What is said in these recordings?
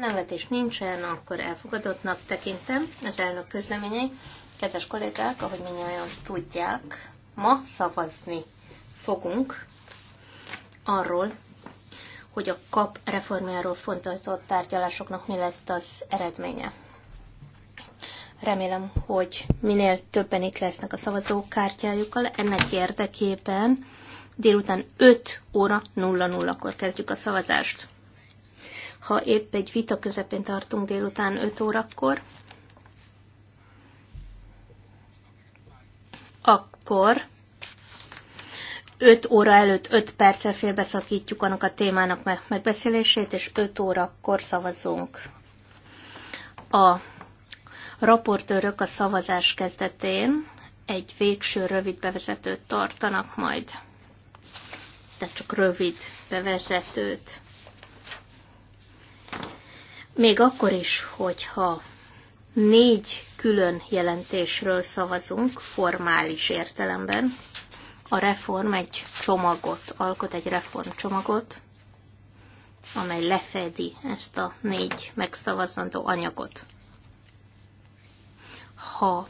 Nevetés nincsen, akkor elfogadottnak tekintem az elnök közleményei. Kedves kollégák, ahogy minnyáján tudják, ma szavazni fogunk arról, hogy a KAP reformjáról fontosított tárgyalásoknak mi lett az eredménye. Remélem, hogy minél többen itt lesznek a szavazókártyájukkal. Ennek érdekében délután 5 óra 00-kor kezdjük a szavazást ha épp egy vita közepén tartunk délután 5 órakor, akkor 5 óra előtt 5 perccel félbeszakítjuk annak a témának megbeszélését, és 5 órakor szavazunk. A raportőrök a szavazás kezdetén egy végső rövid bevezetőt tartanak majd. Tehát csak rövid bevezetőt. Még akkor is, hogyha négy külön jelentésről szavazunk formális értelemben, a reform egy csomagot, alkot egy reformcsomagot, amely lefedi ezt a négy megszavazandó anyagot. Ha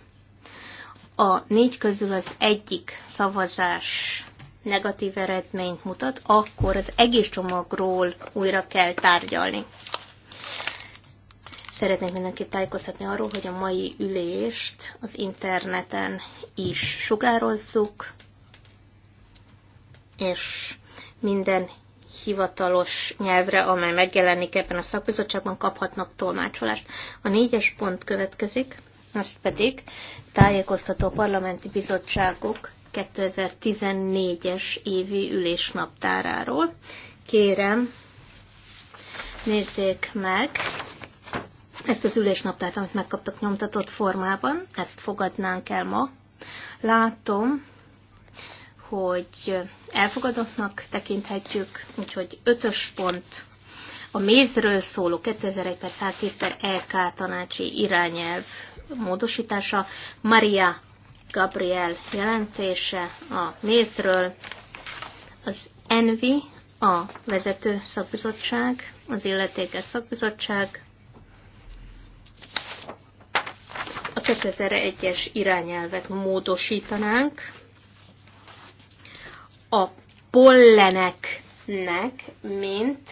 a négy közül az egyik szavazás negatív eredményt mutat, akkor az egész csomagról újra kell tárgyalni. Szeretnék mindenkit tájékoztatni arról, hogy a mai ülést az interneten is sugározzuk, és minden hivatalos nyelvre, amely megjelenik ebben a szakbizottságban, kaphatnak tolmácsolást. A négyes pont következik, azt pedig tájékoztató parlamenti bizottságok 2014-es évi ülésnaptáráról. Kérem, nézzék meg ezt az ülésnaptárt, amit megkaptak nyomtatott formában, ezt fogadnánk el ma. Látom, hogy elfogadottnak tekinthetjük, úgyhogy ötös pont a mézről szóló 2001 per 110 per LK e tanácsi irányelv módosítása, Maria Gabriel jelentése a mézről, az ENVI, a vezető szakbizottság, az illetékes szakbizottság, 2001-es irányelvet módosítanánk, a polleneknek, mint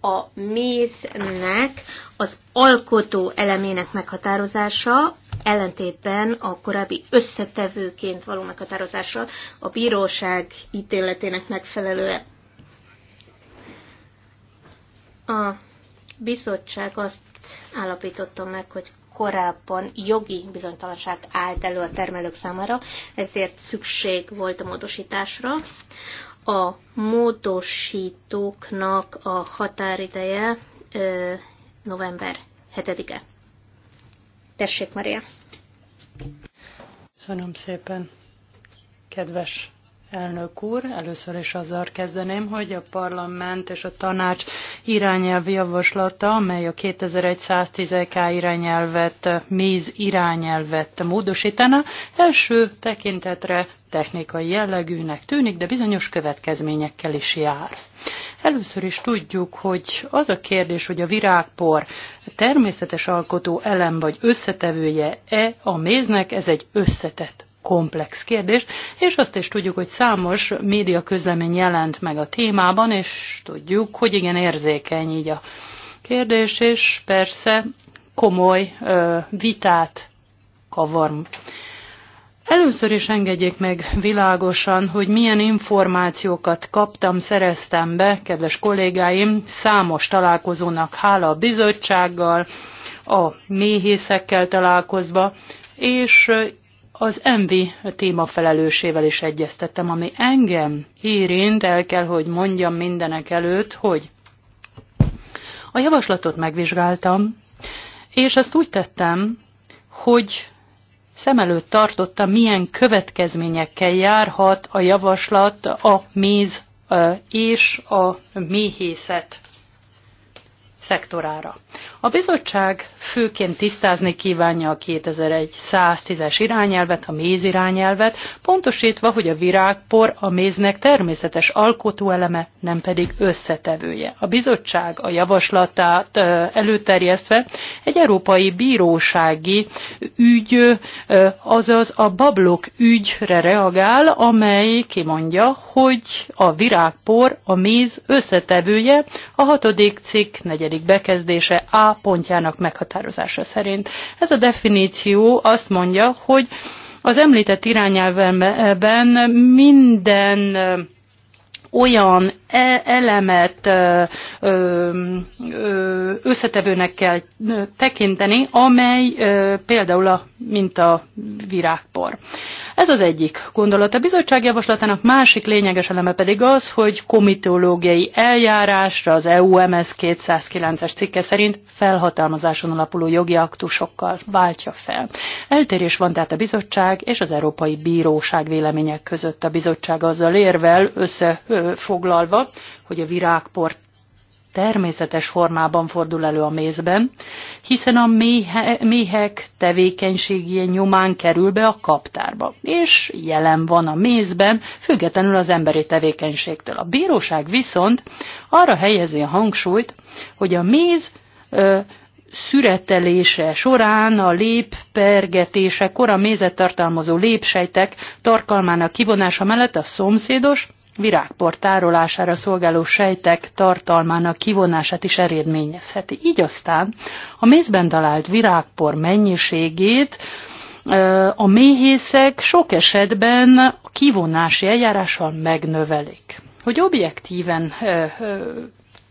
a méznek az alkotó elemének meghatározása, ellentétben a korábbi összetevőként való meghatározása a bíróság ítéletének megfelelően. A bizottság azt állapította meg, hogy korábban jogi bizonytalanság állt elő a termelők számára, ezért szükség volt a módosításra. A módosítóknak a határideje november 7-e. Tessék, Maria! Köszönöm szépen, kedves Elnök úr, először is azzal kezdeném, hogy a parlament és a tanács irányelv javaslata, amely a 2110K irányelvet, MIZ irányelvet módosítana, első tekintetre technikai jellegűnek tűnik, de bizonyos következményekkel is jár. Először is tudjuk, hogy az a kérdés, hogy a virágpor természetes alkotó elem vagy összetevője-e a méznek, ez egy összetett komplex kérdés, és azt is tudjuk, hogy számos média közlemény jelent meg a témában, és tudjuk, hogy igen érzékeny így a kérdés, és persze komoly ö, vitát kavar. Először is engedjék meg világosan, hogy milyen információkat kaptam, szereztem be, kedves kollégáim, számos találkozónak hála a bizottsággal, a méhészekkel találkozva, és az MV témafelelősével is egyeztettem, ami engem érint, el kell, hogy mondjam mindenek előtt, hogy a javaslatot megvizsgáltam, és azt úgy tettem, hogy szem előtt tartotta, milyen következményekkel járhat a javaslat a méz és a méhészet szektorára. A bizottság főként tisztázni kívánja a 2001-110-es irányelvet, a méz irányelvet, pontosítva, hogy a virágpor a méznek természetes alkotóeleme, nem pedig összetevője. A bizottság a javaslatát előterjesztve egy európai bírósági ügy, azaz a bablok ügyre reagál, amely kimondja, hogy a virágpor a méz összetevője, a hatodik cikk negyedik második bekezdése A pontjának meghatározása szerint. Ez a definíció azt mondja, hogy az említett irányelvben minden olyan e, elemet összetevőnek kell tekinteni, amely például a, mint a virágpor. Ez az egyik gondolat. A bizottság javaslatának másik lényeges eleme pedig az, hogy komitológiai eljárásra az EUMS 209-es cikke szerint felhatalmazáson alapuló jogi aktusokkal váltja fel. Eltérés van tehát a bizottság és az Európai Bíróság vélemények között a bizottság azzal érvel összefoglalva, hogy a virágport természetes formában fordul elő a mézben, hiszen a méhe, méhek tevékenységi nyomán kerül be a kaptárba, és jelen van a mézben, függetlenül az emberi tevékenységtől. A bíróság viszont arra helyezi a hangsúlyt, hogy a méz ö, szüretelése során a léppergetésekor a mézet tartalmazó lépsejtek tarkalmának kivonása mellett a szomszédos, virágport tárolására szolgáló sejtek tartalmának kivonását is eredményezheti. Így aztán a mézben talált virágpor mennyiségét a méhészek sok esetben a kivonási eljárással megnövelik. Hogy objektíven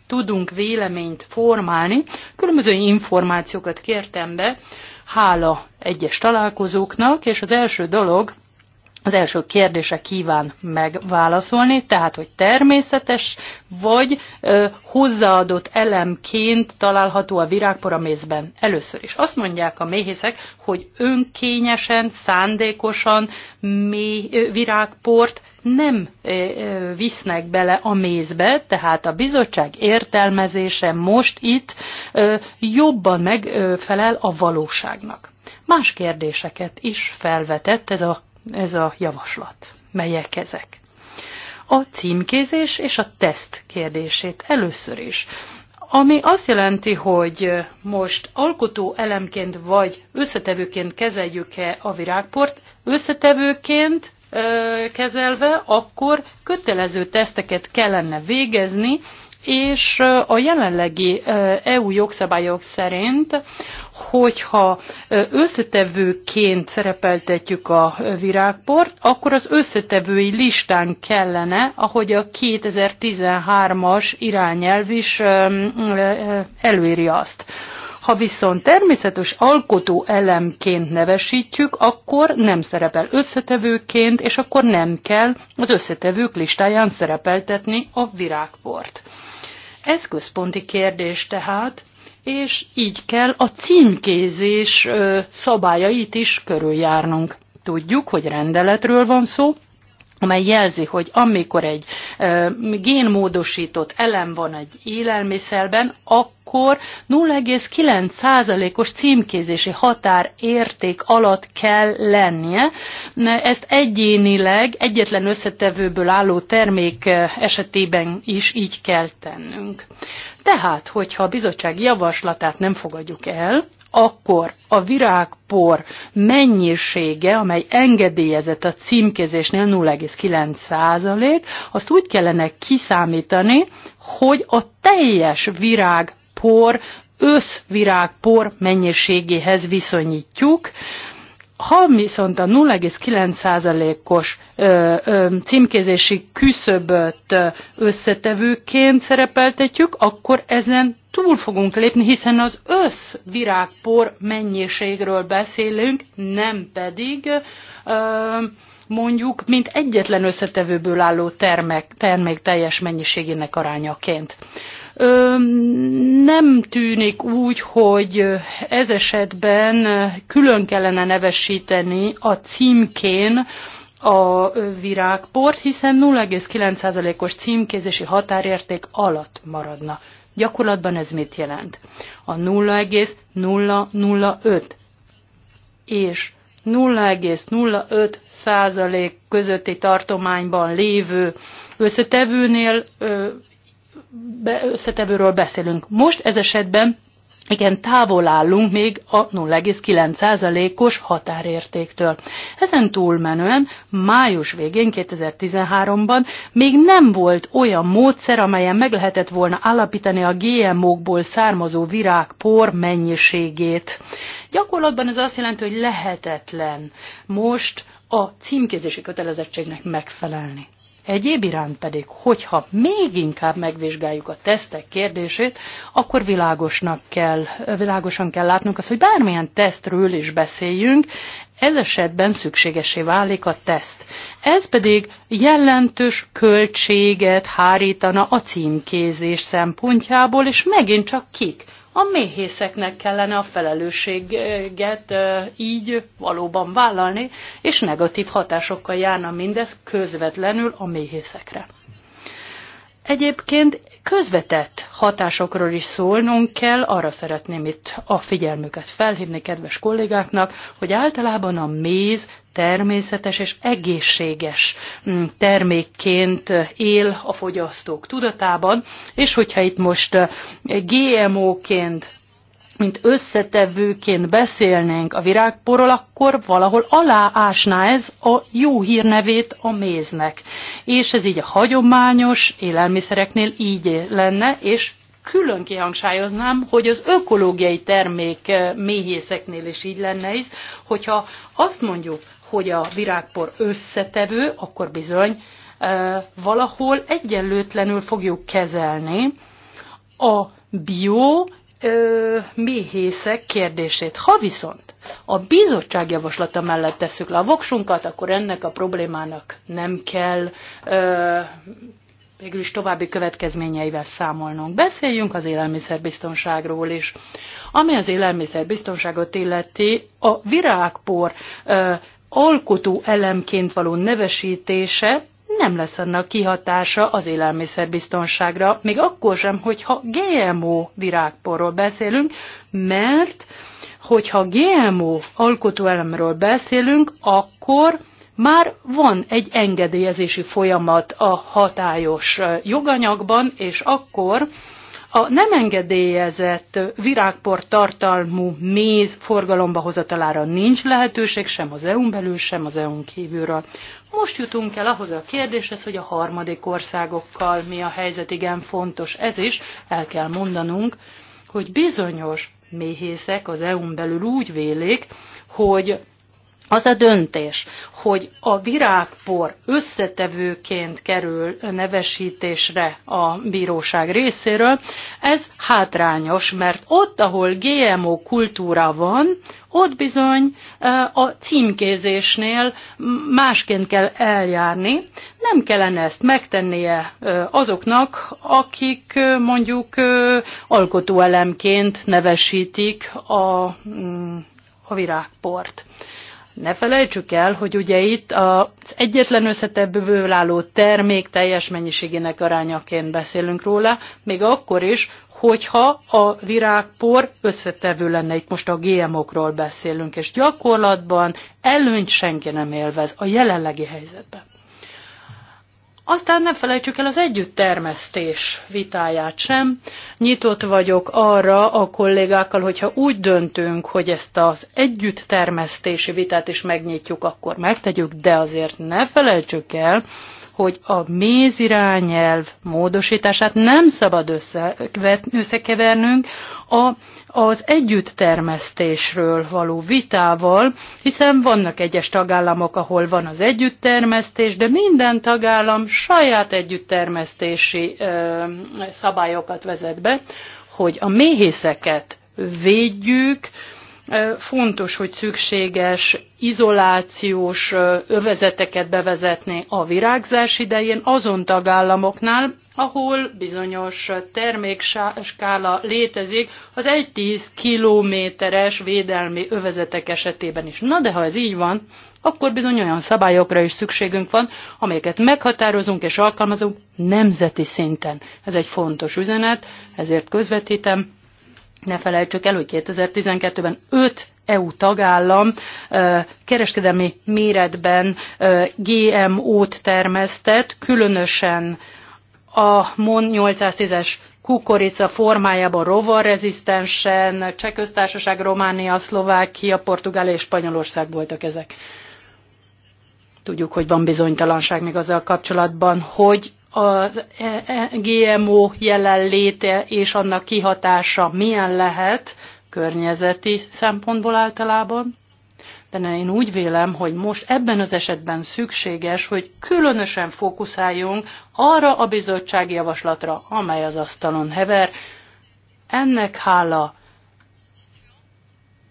tudunk véleményt formálni, különböző információkat kértem be, hála egyes találkozóknak, és az első dolog, az első kérdése kíván megválaszolni, tehát hogy természetes vagy ö, hozzáadott elemként található a virágpor a mézben. Először is azt mondják a méhészek, hogy önkényesen, szándékosan mély, ö, virágport nem visznek bele a mézbe, tehát a bizottság értelmezése most itt jobban megfelel a valóságnak. Más kérdéseket is felvetett ez a ez a javaslat. Melyek ezek? A címkézés és a teszt kérdését először is. Ami azt jelenti, hogy most alkotó elemként vagy összetevőként kezeljük-e a virágport, összetevőként kezelve, akkor kötelező teszteket kellene végezni, és a jelenlegi EU jogszabályok szerint hogyha összetevőként szerepeltetjük a virágport, akkor az összetevői listán kellene, ahogy a 2013-as irányelv is előírja azt. Ha viszont természetes alkotó elemként nevesítjük, akkor nem szerepel összetevőként, és akkor nem kell az összetevők listáján szerepeltetni a virágport. Ez központi kérdés tehát, és így kell a címkézés szabályait is körüljárnunk. Tudjuk, hogy rendeletről van szó, amely jelzi, hogy amikor egy génmódosított elem van egy élelmiszerben, akkor 0,9%-os címkézési határérték alatt kell lennie. Ezt egyénileg egyetlen összetevőből álló termék esetében is így kell tennünk. Tehát, hogyha a bizottság javaslatát nem fogadjuk el, akkor a virágpor mennyisége, amely engedélyezett a címkézésnél 0,9 azt úgy kellene kiszámítani, hogy a teljes virágpor összvirágpor mennyiségéhez viszonyítjuk, ha viszont a 0,9%-os címkézési küszöböt összetevőként szerepeltetjük, akkor ezen túl fogunk lépni, hiszen az össz virágpor mennyiségről beszélünk, nem pedig ö, mondjuk, mint egyetlen összetevőből álló termék, termék teljes mennyiségének arányaként nem tűnik úgy, hogy ez esetben külön kellene nevesíteni a címkén a virágport, hiszen 0,9%-os címkézési határérték alatt maradna. Gyakorlatban ez mit jelent? A 0,005 és 0,05 százalék közötti tartományban lévő összetevőnél összetevőről beszélünk. Most ez esetben igen, távol állunk még a 0,9%-os határértéktől. Ezen túlmenően május végén 2013-ban még nem volt olyan módszer, amelyen meg lehetett volna állapítani a GMO-kból származó virágpor mennyiségét. Gyakorlatban ez azt jelenti, hogy lehetetlen most a címkézési kötelezettségnek megfelelni. Egyéb iránt pedig, hogyha még inkább megvizsgáljuk a tesztek kérdését, akkor világosnak kell, világosan kell látnunk azt, hogy bármilyen tesztről is beszéljünk, ez esetben szükségesé válik a teszt. Ez pedig jelentős költséget hárítana a címkézés szempontjából, és megint csak kik a méhészeknek kellene a felelősséget így valóban vállalni, és negatív hatásokkal járna mindez közvetlenül a méhészekre. Egyébként közvetett hatásokról is szólnunk kell, arra szeretném itt a figyelmüket felhívni kedves kollégáknak, hogy általában a méz természetes és egészséges mm, termékként él a fogyasztók tudatában, és hogyha itt most eh, GMO-ként mint összetevőként beszélnénk a virágporról, akkor valahol aláásná ez a jó hírnevét a méznek. És ez így a hagyományos élelmiszereknél így lenne, és külön kihangsályoznám, hogy az ökológiai termék eh, méhészeknél is így lenne is, hogyha azt mondjuk, hogy a virágpor összetevő, akkor bizony eh, valahol egyenlőtlenül fogjuk kezelni a bio ö, méhészek kérdését. Ha viszont a bizottság javaslata mellett tesszük le a voksunkat, akkor ennek a problémának nem kell ö, végül is további következményeivel számolnunk. Beszéljünk az élelmiszerbiztonságról is. Ami az élelmiszerbiztonságot illeti, a virágpor ö, alkotó elemként való nevesítése nem lesz annak kihatása az élelmiszerbiztonságra, még akkor sem, hogyha GMO virágporról beszélünk, mert hogyha GMO alkotóelemről beszélünk, akkor már van egy engedélyezési folyamat a hatályos joganyagban, és akkor a nem engedélyezett virágpor tartalmú méz forgalomba hozatalára nincs lehetőség sem az EU-n belül, sem az EU-n kívülről. Most jutunk el ahhoz a kérdéshez, hogy a harmadik országokkal mi a helyzet, igen fontos ez is, el kell mondanunk, hogy bizonyos méhészek az EU-n belül úgy vélik, hogy az a döntés, hogy a virágpor összetevőként kerül nevesítésre a bíróság részéről, ez hátrányos, mert ott, ahol GMO kultúra van, ott bizony e, a címkézésnél másként kell eljárni. Nem kellene ezt megtennie e, azoknak, akik e, mondjuk alkotóelemként nevesítik a, mm, a virágport ne felejtsük el, hogy ugye itt az egyetlen összetebből álló termék teljes mennyiségének arányaként beszélünk róla, még akkor is, hogyha a virágpor összetevő lenne, itt most a GMO-król beszélünk, és gyakorlatban előnyt senki nem élvez a jelenlegi helyzetben. Aztán ne felejtsük el az együtttermesztés vitáját sem. Nyitott vagyok arra a kollégákkal, hogyha úgy döntünk, hogy ezt az együtttermesztési vitát is megnyitjuk, akkor megtegyük, de azért ne felejtsük el, hogy a méz módosítását nem szabad összekevernünk a, az együtttermesztésről való vitával, hiszen vannak egyes tagállamok, ahol van az együtttermesztés, de minden tagállam saját együtttermesztési ö, szabályokat vezet be, hogy a méhészeket védjük, fontos, hogy szükséges izolációs övezeteket bevezetni a virágzás idején azon tagállamoknál, ahol bizonyos termékskála létezik az 1-10 kilométeres védelmi övezetek esetében is. Na de ha ez így van, akkor bizony olyan szabályokra is szükségünk van, amelyeket meghatározunk és alkalmazunk nemzeti szinten. Ez egy fontos üzenet, ezért közvetítem, ne felejtsük el, hogy 2012-ben 5 EU tagállam kereskedelmi méretben GMO-t termesztett, különösen a MON 810-es kukorica formájában rovarrezisztensen, Cseh köztársaság, Románia, Szlovákia, Portugália és Spanyolország voltak ezek. Tudjuk, hogy van bizonytalanság még azzal kapcsolatban, hogy az GMO jelenléte és annak kihatása milyen lehet környezeti szempontból általában, de én úgy vélem, hogy most ebben az esetben szükséges, hogy különösen fókuszáljunk arra a bizottsági javaslatra, amely az asztalon hever. Ennek hála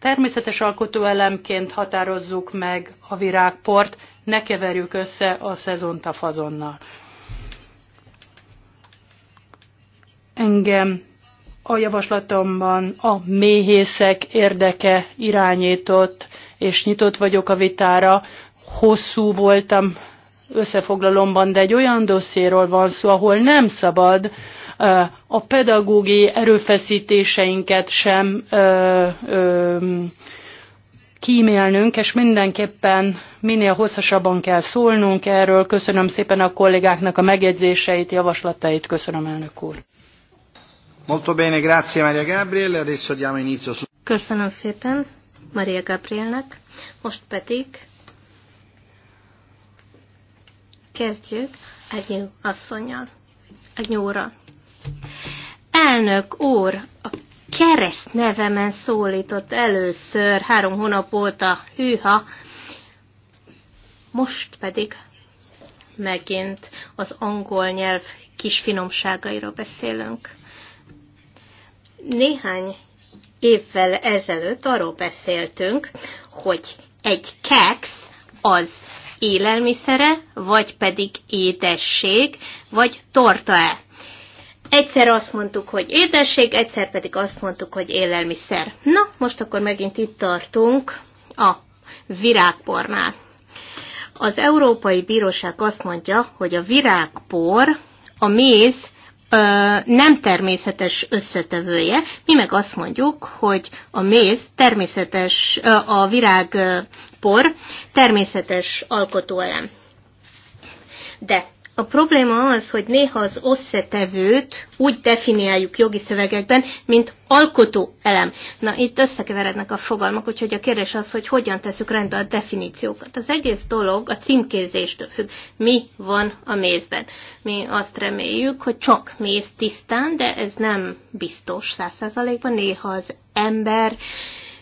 természetes alkotóelemként határozzuk meg a virágport, ne keverjük össze a a fazonnal. Engem a javaslatomban a méhészek érdeke irányított, és nyitott vagyok a vitára. Hosszú voltam összefoglalomban, de egy olyan dosszéről van szó, ahol nem szabad a pedagógiai erőfeszítéseinket sem kímélnünk, és mindenképpen minél hosszasabban kell szólnunk erről. Köszönöm szépen a kollégáknak a megjegyzéseit, javaslatait. Köszönöm, elnök úr. Molto bene, grazie Maria Adesso diamo inizio su... Köszönöm szépen Maria Gabrielnek. Most pedig kezdjük asszonyal, asszonyjal, Egnyúra. Elnök úr, a kereszt nevemen szólított először három hónap óta, hűha, most pedig megint az angol nyelv kis finomságairól beszélünk. Néhány évvel ezelőtt arról beszéltünk, hogy egy keks az élelmiszere, vagy pedig édesség, vagy torta-e. Egyszer azt mondtuk, hogy édesség, egyszer pedig azt mondtuk, hogy élelmiszer. Na, most akkor megint itt tartunk a virágpornál. Az Európai Bíróság azt mondja, hogy a virágpor a méz nem természetes összetevője. Mi meg azt mondjuk, hogy a méz természetes, a virágpor természetes alkotóelem. De a probléma az, hogy néha az összetevőt úgy definiáljuk jogi szövegekben, mint alkotó elem. Na, itt összekeverednek a fogalmak, úgyhogy a kérdés az, hogy hogyan teszük rendbe a definíciókat. Az egész dolog a címkézéstől függ. Mi van a mézben? Mi azt reméljük, hogy csak méz tisztán, de ez nem biztos száz százalékban. Néha az ember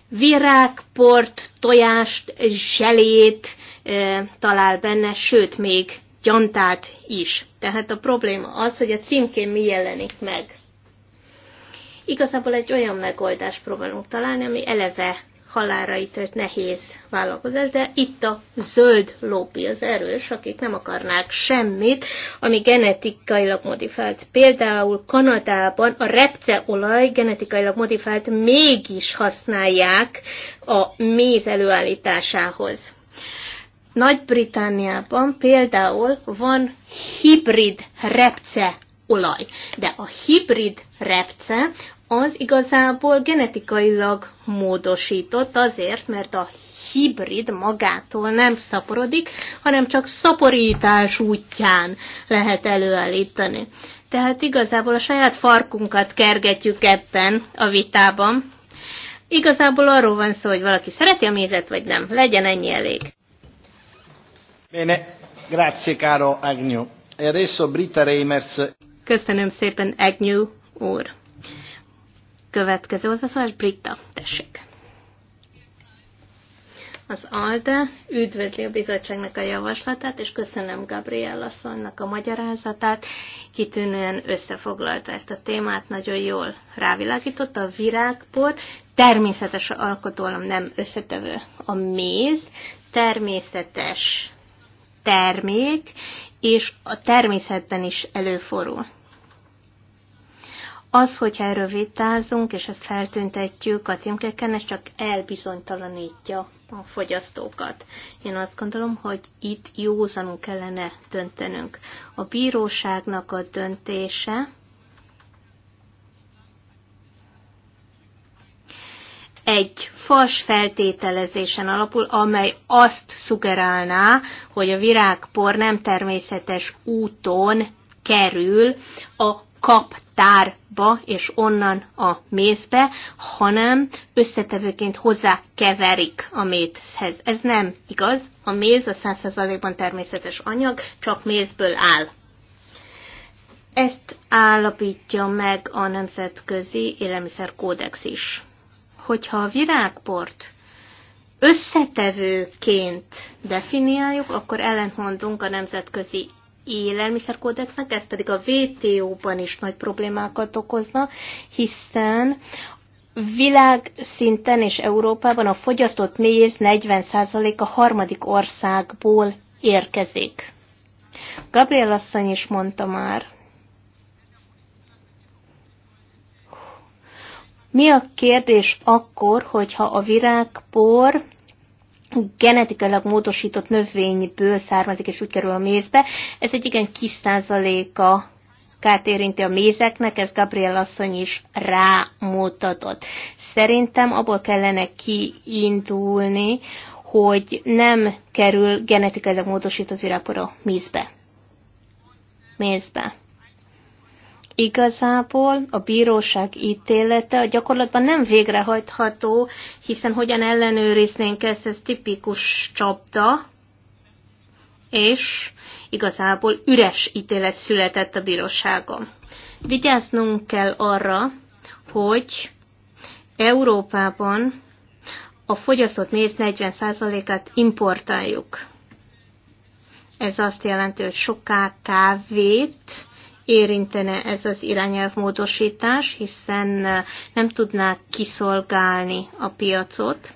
virágport, tojást, zselét, eh, talál benne, sőt, még gyantát is. Tehát a probléma az, hogy a címkén mi jelenik meg. Igazából egy olyan megoldást próbálunk találni, ami eleve halára ítélt nehéz vállalkozás, de itt a zöld lobby az erős, akik nem akarnák semmit, ami genetikailag modifált. Például Kanadában a repceolaj genetikailag modifált mégis használják a méz előállításához. Nagy-Britániában például van hibrid repce olaj, de a hibrid repce az igazából genetikailag módosított azért, mert a hibrid magától nem szaporodik, hanem csak szaporítás útján lehet előállítani. Tehát igazából a saját farkunkat kergetjük ebben a vitában. Igazából arról van szó, hogy valaki szereti a mézet, vagy nem. Legyen ennyi elég. Bene, grazie caro Agnew. E adesso Reimers. Köszönöm szépen, Agnew úr. Következő az hozzászólás, Britta, tessék. Az ALDE üdvözli a bizottságnak a javaslatát, és köszönöm Gabriel asszonynak a magyarázatát. Kitűnően összefoglalta ezt a témát, nagyon jól rávilágította. A virágpor természetes alkotólam nem összetevő. A méz természetes termék, és a természetben is előfordul. Az, hogyha erről és ezt feltüntetjük a címkeken, ez csak elbizonytalanítja a fogyasztókat. Én azt gondolom, hogy itt józanul kellene döntenünk. A bíróságnak a döntése egy fals feltételezésen alapul, amely azt szugerálná, hogy a virágpor nem természetes úton kerül a kaptárba és onnan a mézbe, hanem összetevőként hozzá keverik a mézhez. Ez nem igaz, a méz a 100%-ban természetes anyag, csak mézből áll. Ezt állapítja meg a Nemzetközi Élelmiszerkódex is hogyha a virágport összetevőként definiáljuk, akkor ellentmondunk a nemzetközi élelmiszerkódexnek, ez pedig a WTO-ban is nagy problémákat okozna, hiszen világszinten és Európában a fogyasztott méz 40% a harmadik országból érkezik. Gabriel asszony is mondta már, Mi a kérdés akkor, hogyha a virágpor genetikailag módosított növényből származik, és úgy kerül a mézbe. Ez egy igen kis százaléka kárt érinti a mézeknek, ez Gabriel asszony is rámutatott. Szerintem abból kellene kiindulni, hogy nem kerül genetikailag módosított virágpor a mézbe. Mézbe. Igazából a bíróság ítélete a gyakorlatban nem végrehajtható, hiszen hogyan ellenőriznénk ezt, ez tipikus csapda, és igazából üres ítélet született a bíróságon. Vigyáznunk kell arra, hogy Európában a fogyasztott méz 40%-át importáljuk. Ez azt jelenti, hogy soká kávét érintene ez az irányelvmódosítás, hiszen nem tudnák kiszolgálni a piacot,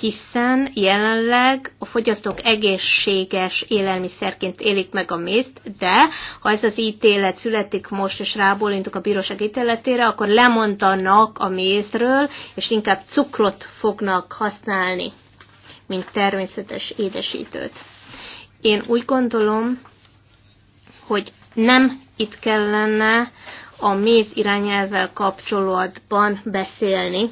hiszen jelenleg a fogyasztók egészséges élelmiszerként élik meg a mézt, de ha ez az ítélet születik most, és rábólintok a bíróság ítéletére, akkor lemondanak a mézről, és inkább cukrot fognak használni, mint természetes édesítőt. Én úgy gondolom, hogy nem itt kellene a méz irányelvvel kapcsolatban beszélni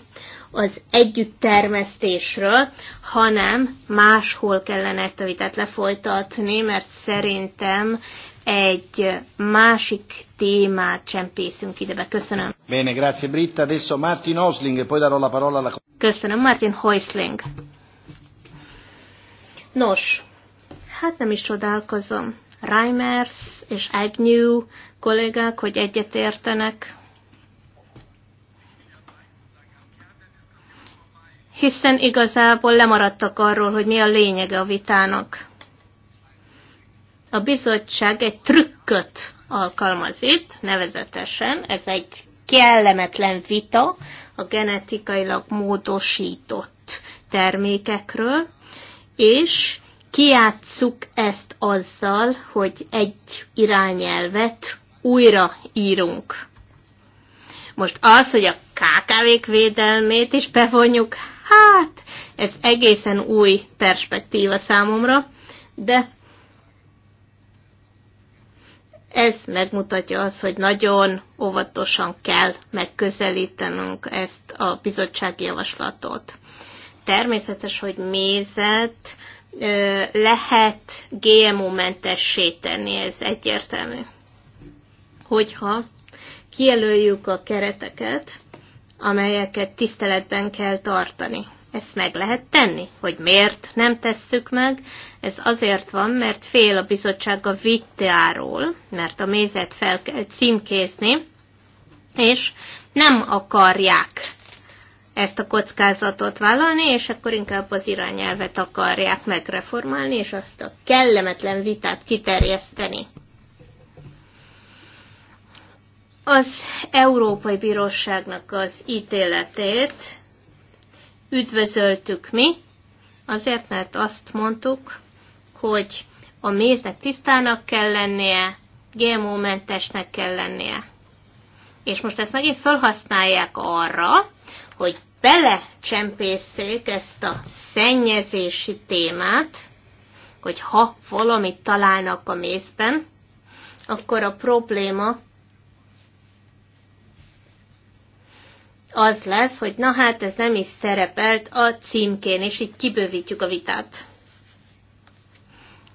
az együtttermesztésről, hanem máshol kellene ezt a vitát lefolytatni, mert szerintem egy másik témát csempészünk idebe. Köszönöm. Bene, grazie Britta. Adesso Martin Hosling, poi darò la parola alla... Köszönöm, Martin Hoisling. Nos, hát nem is csodálkozom. Reimers és Agnew kollégák, hogy egyetértenek. Hiszen igazából lemaradtak arról, hogy mi a lényege a vitának. A bizottság egy trükköt alkalmaz itt, nevezetesen, ez egy kellemetlen vita a genetikailag módosított termékekről, és kiátszuk ezt azzal, hogy egy irányelvet újra írunk. Most az, hogy a KKV-k védelmét is bevonjuk, hát ez egészen új perspektíva számomra, de ez megmutatja azt, hogy nagyon óvatosan kell megközelítenünk ezt a bizottsági javaslatot. Természetes, hogy mézet, lehet GMO-mentessé tenni, ez egyértelmű. Hogyha kijelöljük a kereteket, amelyeket tiszteletben kell tartani. Ezt meg lehet tenni. Hogy miért nem tesszük meg? Ez azért van, mert fél a bizottság a vitteáról, mert a mézet fel kell címkézni, és nem akarják ezt a kockázatot vállalni, és akkor inkább az irányelvet akarják megreformálni, és azt a kellemetlen vitát kiterjeszteni. Az Európai Bíróságnak az ítéletét üdvözöltük mi, azért, mert azt mondtuk, hogy a méznek tisztának kell lennie, GMO-mentesnek kell lennie. És most ezt megint felhasználják arra, hogy belecsempészék ezt a szennyezési témát, hogy ha valamit találnak a mézben, akkor a probléma az lesz, hogy na hát ez nem is szerepelt a címkén, és így kibővítjük a vitát.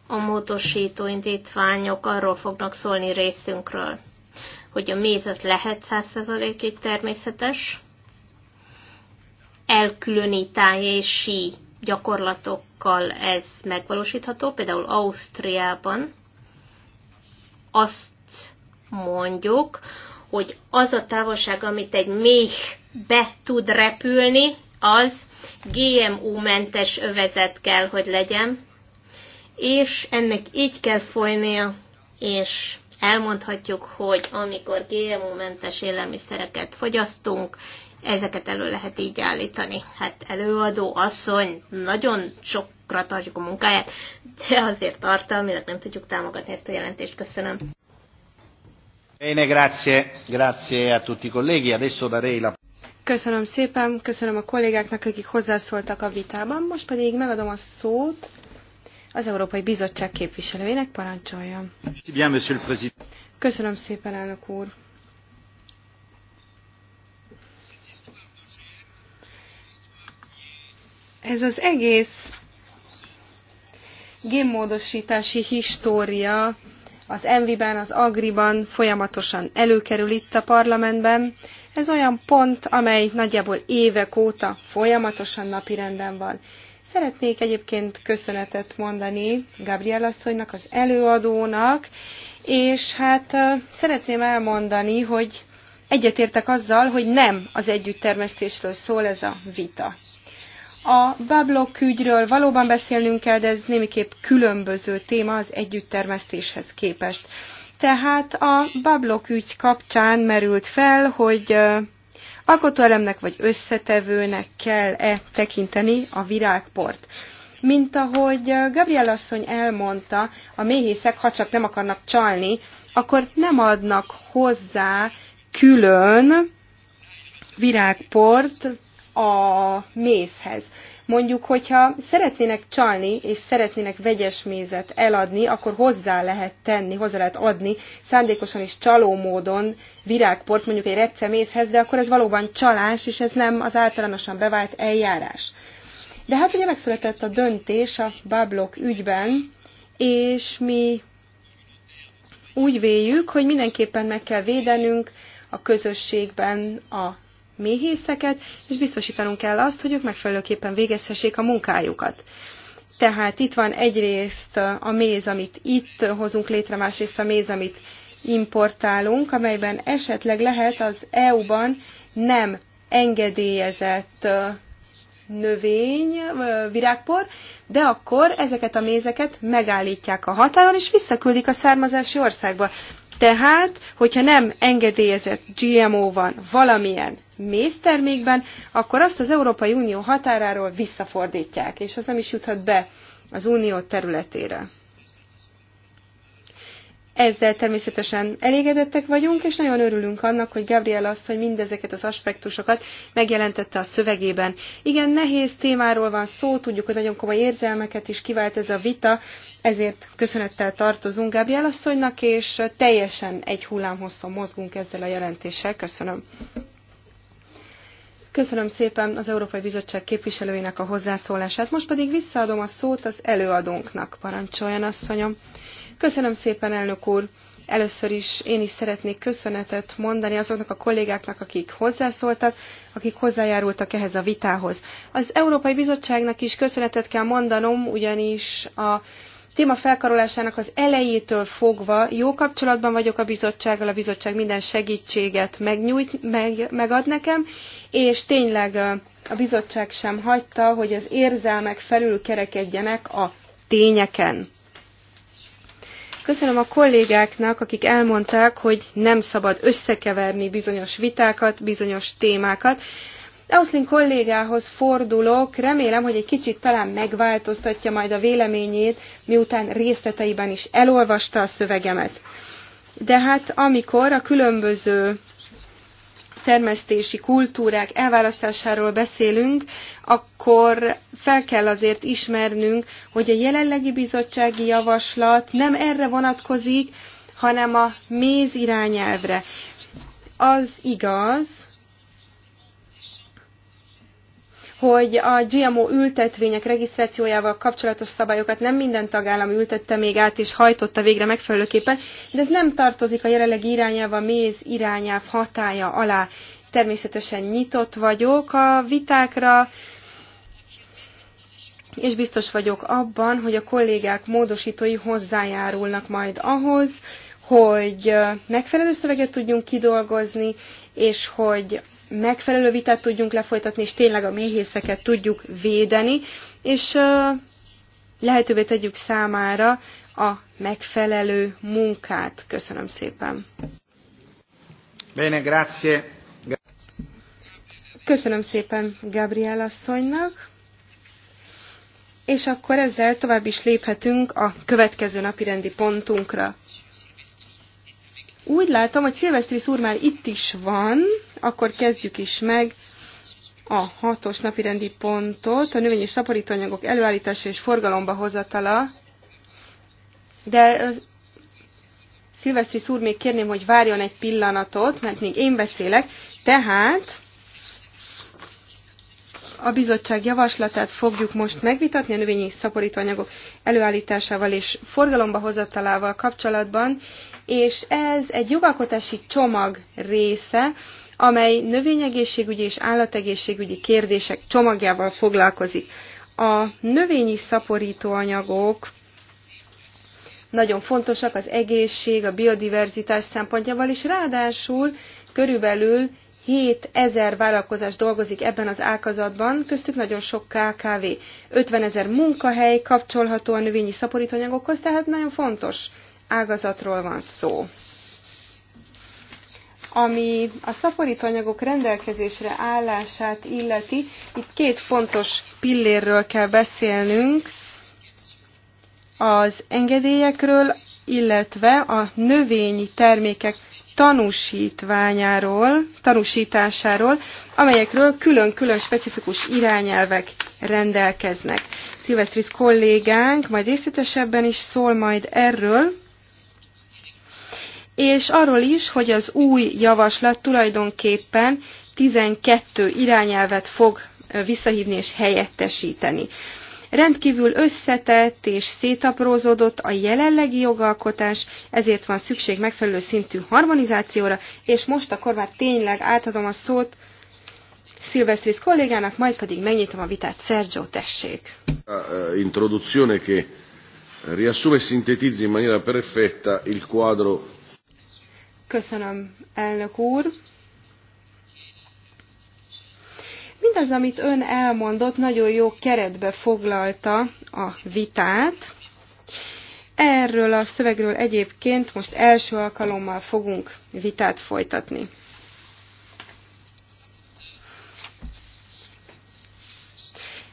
A módosító indítványok arról fognak szólni részünkről, hogy a méz az lehet 100%-ig természetes, elkülönítási gyakorlatokkal ez megvalósítható. Például Ausztriában azt mondjuk, hogy az a távolság, amit egy méh be tud repülni, az GMO-mentes övezet kell, hogy legyen, és ennek így kell folynia, és elmondhatjuk, hogy amikor GMO-mentes élelmiszereket fogyasztunk, ezeket elő lehet így állítani. Hát előadó asszony, nagyon sokra tartjuk a munkáját, de azért tartalmilag nem tudjuk támogatni ezt a jelentést. Köszönöm. Bene, grazie. Grazie a tutti i colleghi. Adesso darei la... Köszönöm szépen, köszönöm a kollégáknak, akik hozzászóltak a vitában. Most pedig megadom a szót az Európai Bizottság képviselőjének, parancsoljon. Köszönöm szépen, elnök úr. Ez az egész gémmódosítási história az Enviben, az Agriban folyamatosan előkerül itt a parlamentben. Ez olyan pont, amely nagyjából évek óta folyamatosan napirenden van. Szeretnék egyébként köszönetet mondani Gabriel asszonynak, az előadónak, és hát szeretném elmondani, hogy egyetértek azzal, hogy nem az együtttermesztésről szól ez a vita. A bablok ügyről valóban beszélnünk kell, de ez némiképp különböző téma az együttermesztéshez képest. Tehát a bablok ügy kapcsán merült fel, hogy alkotóelemnek vagy összetevőnek kell-e tekinteni a virágport. Mint ahogy Gabriel asszony elmondta, a méhészek, ha csak nem akarnak csalni, akkor nem adnak hozzá külön virágport, a mézhez. Mondjuk, hogyha szeretnének csalni, és szeretnének vegyes mézet eladni, akkor hozzá lehet tenni, hozzá lehet adni szándékosan és csaló módon virágport mondjuk egy mézhez, de akkor ez valóban csalás, és ez nem az általánosan bevált eljárás. De hát ugye megszületett a döntés a bablok ügyben, és mi úgy véljük, hogy mindenképpen meg kell védenünk a közösségben a méhészeket, és biztosítanunk kell azt, hogy ők megfelelőképpen végezhessék a munkájukat. Tehát itt van egyrészt a méz, amit itt hozunk létre, másrészt a méz, amit importálunk, amelyben esetleg lehet az EU-ban nem engedélyezett növény, virágpor, de akkor ezeket a mézeket megállítják a határon, és visszaküldik a származási országba. Tehát, hogyha nem engedélyezett GMO van valamilyen méztermékben, akkor azt az Európai Unió határáról visszafordítják, és az nem is juthat be az unió területére. Ezzel természetesen elégedettek vagyunk, és nagyon örülünk annak, hogy Gabriel azt, hogy mindezeket az aspektusokat megjelentette a szövegében. Igen, nehéz témáról van szó, tudjuk, hogy nagyon komoly érzelmeket is kivált ez a vita, ezért köszönettel tartozunk Gabriel asszonynak, és teljesen egy hullámhosszon mozgunk ezzel a jelentéssel. Köszönöm. Köszönöm szépen az Európai Bizottság képviselőinek a hozzászólását. Most pedig visszaadom a szót az előadónknak. Parancsoljon, asszonyom. Köszönöm szépen, elnök úr. Először is én is szeretnék köszönetet mondani azoknak a kollégáknak, akik hozzászóltak, akik hozzájárultak ehhez a vitához. Az Európai Bizottságnak is köszönetet kell mondanom, ugyanis a téma felkarolásának az elejétől fogva jó kapcsolatban vagyok a bizottsággal, a bizottság minden segítséget megnyújt, meg, megad nekem, és tényleg a bizottság sem hagyta, hogy az érzelmek felül kerekedjenek a tényeken. Köszönöm a kollégáknak, akik elmondták, hogy nem szabad összekeverni bizonyos vitákat, bizonyos témákat, Auszlin kollégához fordulok, remélem, hogy egy kicsit talán megváltoztatja majd a véleményét, miután részleteiben is elolvasta a szövegemet. De hát amikor a különböző termesztési kultúrák elválasztásáról beszélünk, akkor fel kell azért ismernünk, hogy a jelenlegi bizottsági javaslat nem erre vonatkozik, hanem a méz irányelvre. Az igaz, hogy a GMO ültetvények regisztrációjával kapcsolatos szabályokat nem minden tagállam ültette még át és hajtotta végre megfelelőképpen, de ez nem tartozik a jelenlegi irányelv, a méz irányelv hatája alá. Természetesen nyitott vagyok a vitákra, és biztos vagyok abban, hogy a kollégák módosítói hozzájárulnak majd ahhoz, hogy megfelelő szöveget tudjunk kidolgozni, és hogy megfelelő vitát tudjunk lefolytatni, és tényleg a méhészeket tudjuk védeni, és lehetővé tegyük számára a megfelelő munkát. Köszönöm szépen. Bene, grazie. Köszönöm szépen Gabriel asszonynak. És akkor ezzel tovább is léphetünk a következő napi rendi pontunkra. Úgy látom, hogy Szilvesztris úr már itt is van, akkor kezdjük is meg a hatos napirendi pontot, a növényi szaporítóanyagok előállítása és forgalomba hozatala. De szilveszti úr még kérném, hogy várjon egy pillanatot, mert még én beszélek. Tehát a bizottság javaslatát fogjuk most megvitatni a növényi szaporítóanyagok előállításával és forgalomba hozatalával kapcsolatban, és ez egy jogalkotási csomag része, amely növényegészségügyi és állategészségügyi kérdések csomagjával foglalkozik. A növényi szaporítóanyagok nagyon fontosak az egészség, a biodiverzitás szempontjából, és ráadásul körülbelül 7000 vállalkozás dolgozik ebben az ágazatban, köztük nagyon sok KKV. 50 ezer munkahely kapcsolható a növényi szaporítóanyagokhoz, tehát nagyon fontos ágazatról van szó. Ami a szaporítóanyagok rendelkezésre állását illeti, itt két fontos pillérről kell beszélnünk, az engedélyekről, illetve a növényi termékek tanúsítványáról, tanúsításáról, amelyekről külön-külön specifikus irányelvek rendelkeznek. Szilvesztris kollégánk majd részletesebben is szól majd erről, és arról is, hogy az új javaslat tulajdonképpen 12 irányelvet fog visszahívni és helyettesíteni. Rendkívül összetett és szétaprózódott a jelenlegi jogalkotás, ezért van szükség megfelelő szintű harmonizációra, és most akkor már tényleg átadom a szót Szilvesztris kollégának, majd pedig megnyitom a vitát. Sergio, tessék! Introduzione che riassume e sintetizza in maniera perfetta il quadro Köszönöm, elnök úr. Mindaz, amit ön elmondott, nagyon jó keretbe foglalta a vitát. Erről a szövegről egyébként most első alkalommal fogunk vitát folytatni.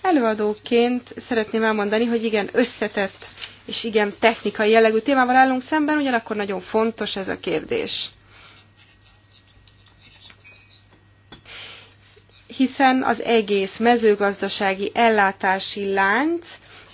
Előadóként szeretném elmondani, hogy igen, összetett és igen technikai jellegű témával állunk szemben, ugyanakkor nagyon fontos ez a kérdés. Hiszen az egész mezőgazdasági ellátási lánc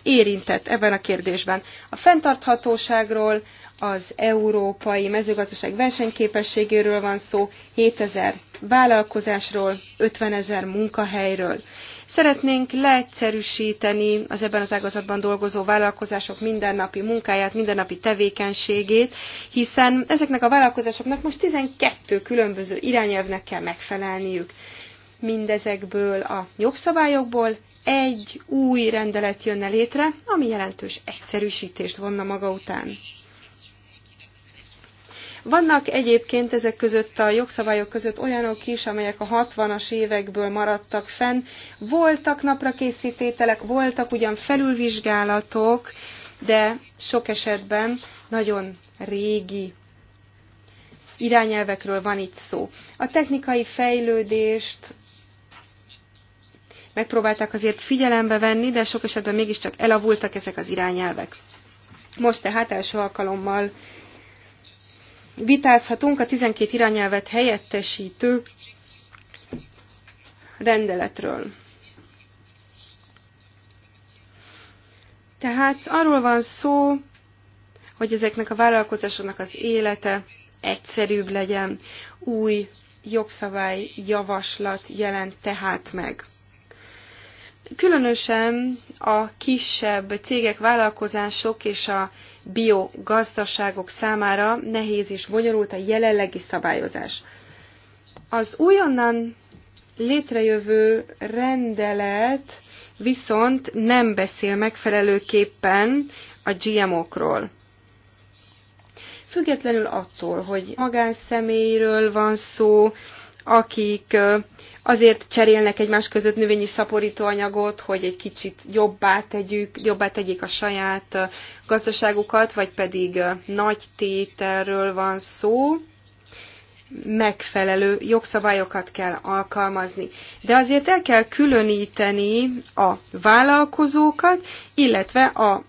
érintett ebben a kérdésben. A fenntarthatóságról, az európai mezőgazdaság versenyképességéről van szó, 7000 vállalkozásról, 50 ezer munkahelyről. Szeretnénk leegyszerűsíteni az ebben az ágazatban dolgozó vállalkozások mindennapi munkáját, mindennapi tevékenységét, hiszen ezeknek a vállalkozásoknak most 12 különböző irányelvnek kell megfelelniük. Mindezekből a jogszabályokból egy új rendelet jönne létre, ami jelentős egyszerűsítést vonna maga után. Vannak egyébként ezek között a jogszabályok között olyanok is, amelyek a 60-as évekből maradtak fenn. Voltak naprakészítételek, voltak ugyan felülvizsgálatok, de sok esetben nagyon régi irányelvekről van itt szó. A technikai fejlődést megpróbálták azért figyelembe venni, de sok esetben mégiscsak elavultak ezek az irányelvek. Most tehát első alkalommal vitázhatunk a 12 irányelvet helyettesítő rendeletről. Tehát arról van szó, hogy ezeknek a vállalkozásoknak az élete egyszerűbb legyen, új jogszabály javaslat jelent tehát meg. Különösen a kisebb cégek, vállalkozások és a biogazdaságok számára nehéz és bonyolult a jelenlegi szabályozás. Az újonnan létrejövő rendelet viszont nem beszél megfelelőképpen a GMO-król. Függetlenül attól, hogy magánszemélyről van szó, akik azért cserélnek egymás között növényi szaporítóanyagot, hogy egy kicsit jobbá tegyük, jobbá tegyék a saját gazdaságukat, vagy pedig nagy tételről van szó, megfelelő jogszabályokat kell alkalmazni. De azért el kell különíteni a vállalkozókat, illetve a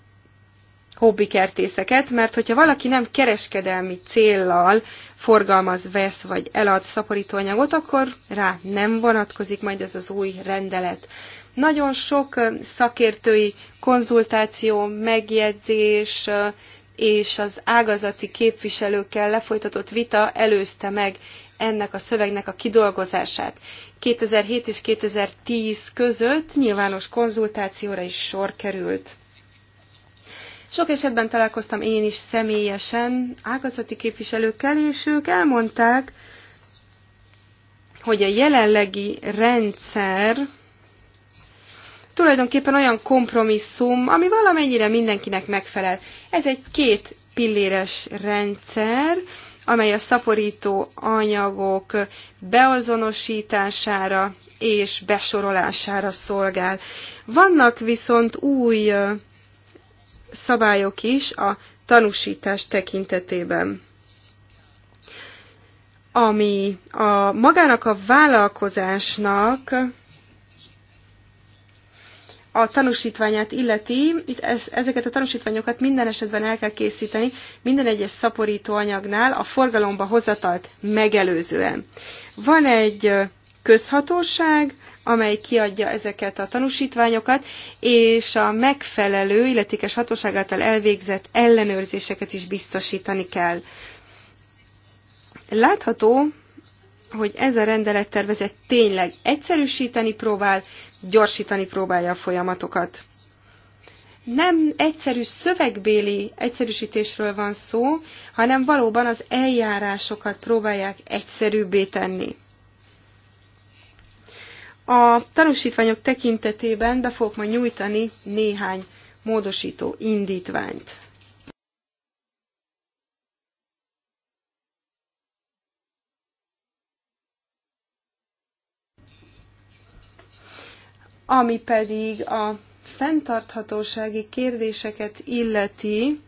hobbikertészeket, mert hogyha valaki nem kereskedelmi céllal forgalmaz, vesz vagy elad szaporítóanyagot, akkor rá nem vonatkozik majd ez az új rendelet. Nagyon sok szakértői konzultáció, megjegyzés és az ágazati képviselőkkel lefolytatott vita előzte meg ennek a szövegnek a kidolgozását. 2007 és 2010 között nyilvános konzultációra is sor került. Sok esetben találkoztam én is személyesen ágazati képviselőkkel, és ők elmondták, hogy a jelenlegi rendszer tulajdonképpen olyan kompromisszum, ami valamennyire mindenkinek megfelel. Ez egy két pilléres rendszer, amely a szaporító anyagok beazonosítására és besorolására szolgál. Vannak viszont új szabályok is a tanúsítás tekintetében. Ami a magának a vállalkozásnak a tanúsítványát illeti, itt ez, ezeket a tanúsítványokat minden esetben el kell készíteni, minden egyes szaporító anyagnál a forgalomba hozatalt megelőzően. Van egy közhatóság, amely kiadja ezeket a tanúsítványokat, és a megfelelő illetékes hatóság által elvégzett ellenőrzéseket is biztosítani kell. Látható, hogy ez a rendelettervezet tényleg egyszerűsíteni próbál, gyorsítani próbálja a folyamatokat. Nem egyszerű szövegbéli egyszerűsítésről van szó, hanem valóban az eljárásokat próbálják egyszerűbbé tenni. A tanúsítványok tekintetében be fogok majd nyújtani néhány módosító indítványt. Ami pedig a fenntarthatósági kérdéseket illeti,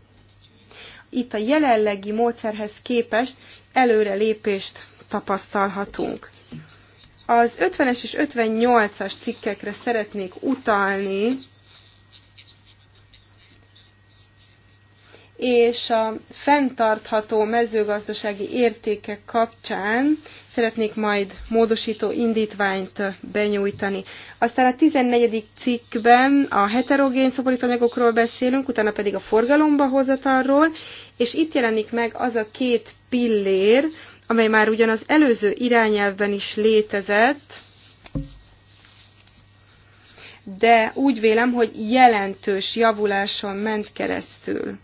itt a jelenlegi módszerhez képest előrelépést tapasztalhatunk. Az 50-es és 58-as cikkekre szeretnék utalni, és a fenntartható mezőgazdasági értékek kapcsán szeretnék majd módosító indítványt benyújtani. Aztán a 14. cikkben a heterogén szaporítanyagokról beszélünk, utána pedig a forgalomba hozatalról, és itt jelenik meg az a két pillér, amely már ugyan az előző irányelvben is létezett, de úgy vélem, hogy jelentős javuláson ment keresztül.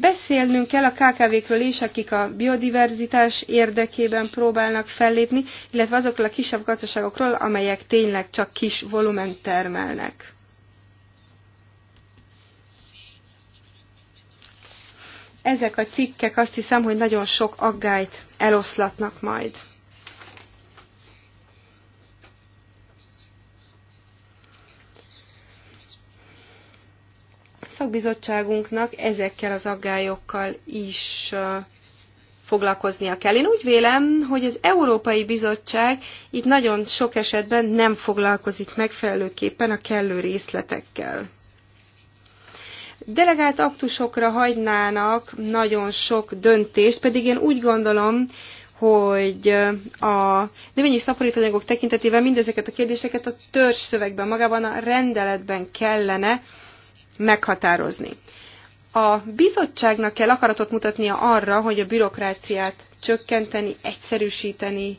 Beszélnünk kell a KKV-kről is, akik a biodiverzitás érdekében próbálnak fellépni, illetve azokról a kisebb gazdaságokról, amelyek tényleg csak kis volumen termelnek. Ezek a cikkek azt hiszem, hogy nagyon sok aggályt eloszlatnak majd. szakbizottságunknak ezekkel az aggályokkal is foglalkoznia kell. Én úgy vélem, hogy az Európai Bizottság itt nagyon sok esetben nem foglalkozik megfelelőképpen a kellő részletekkel delegált aktusokra hagynának nagyon sok döntést, pedig én úgy gondolom, hogy a növényi szaporítóanyagok tekintetében mindezeket a kérdéseket a törzs szövegben, magában a rendeletben kellene meghatározni. A bizottságnak kell akaratot mutatnia arra, hogy a bürokráciát csökkenteni, egyszerűsíteni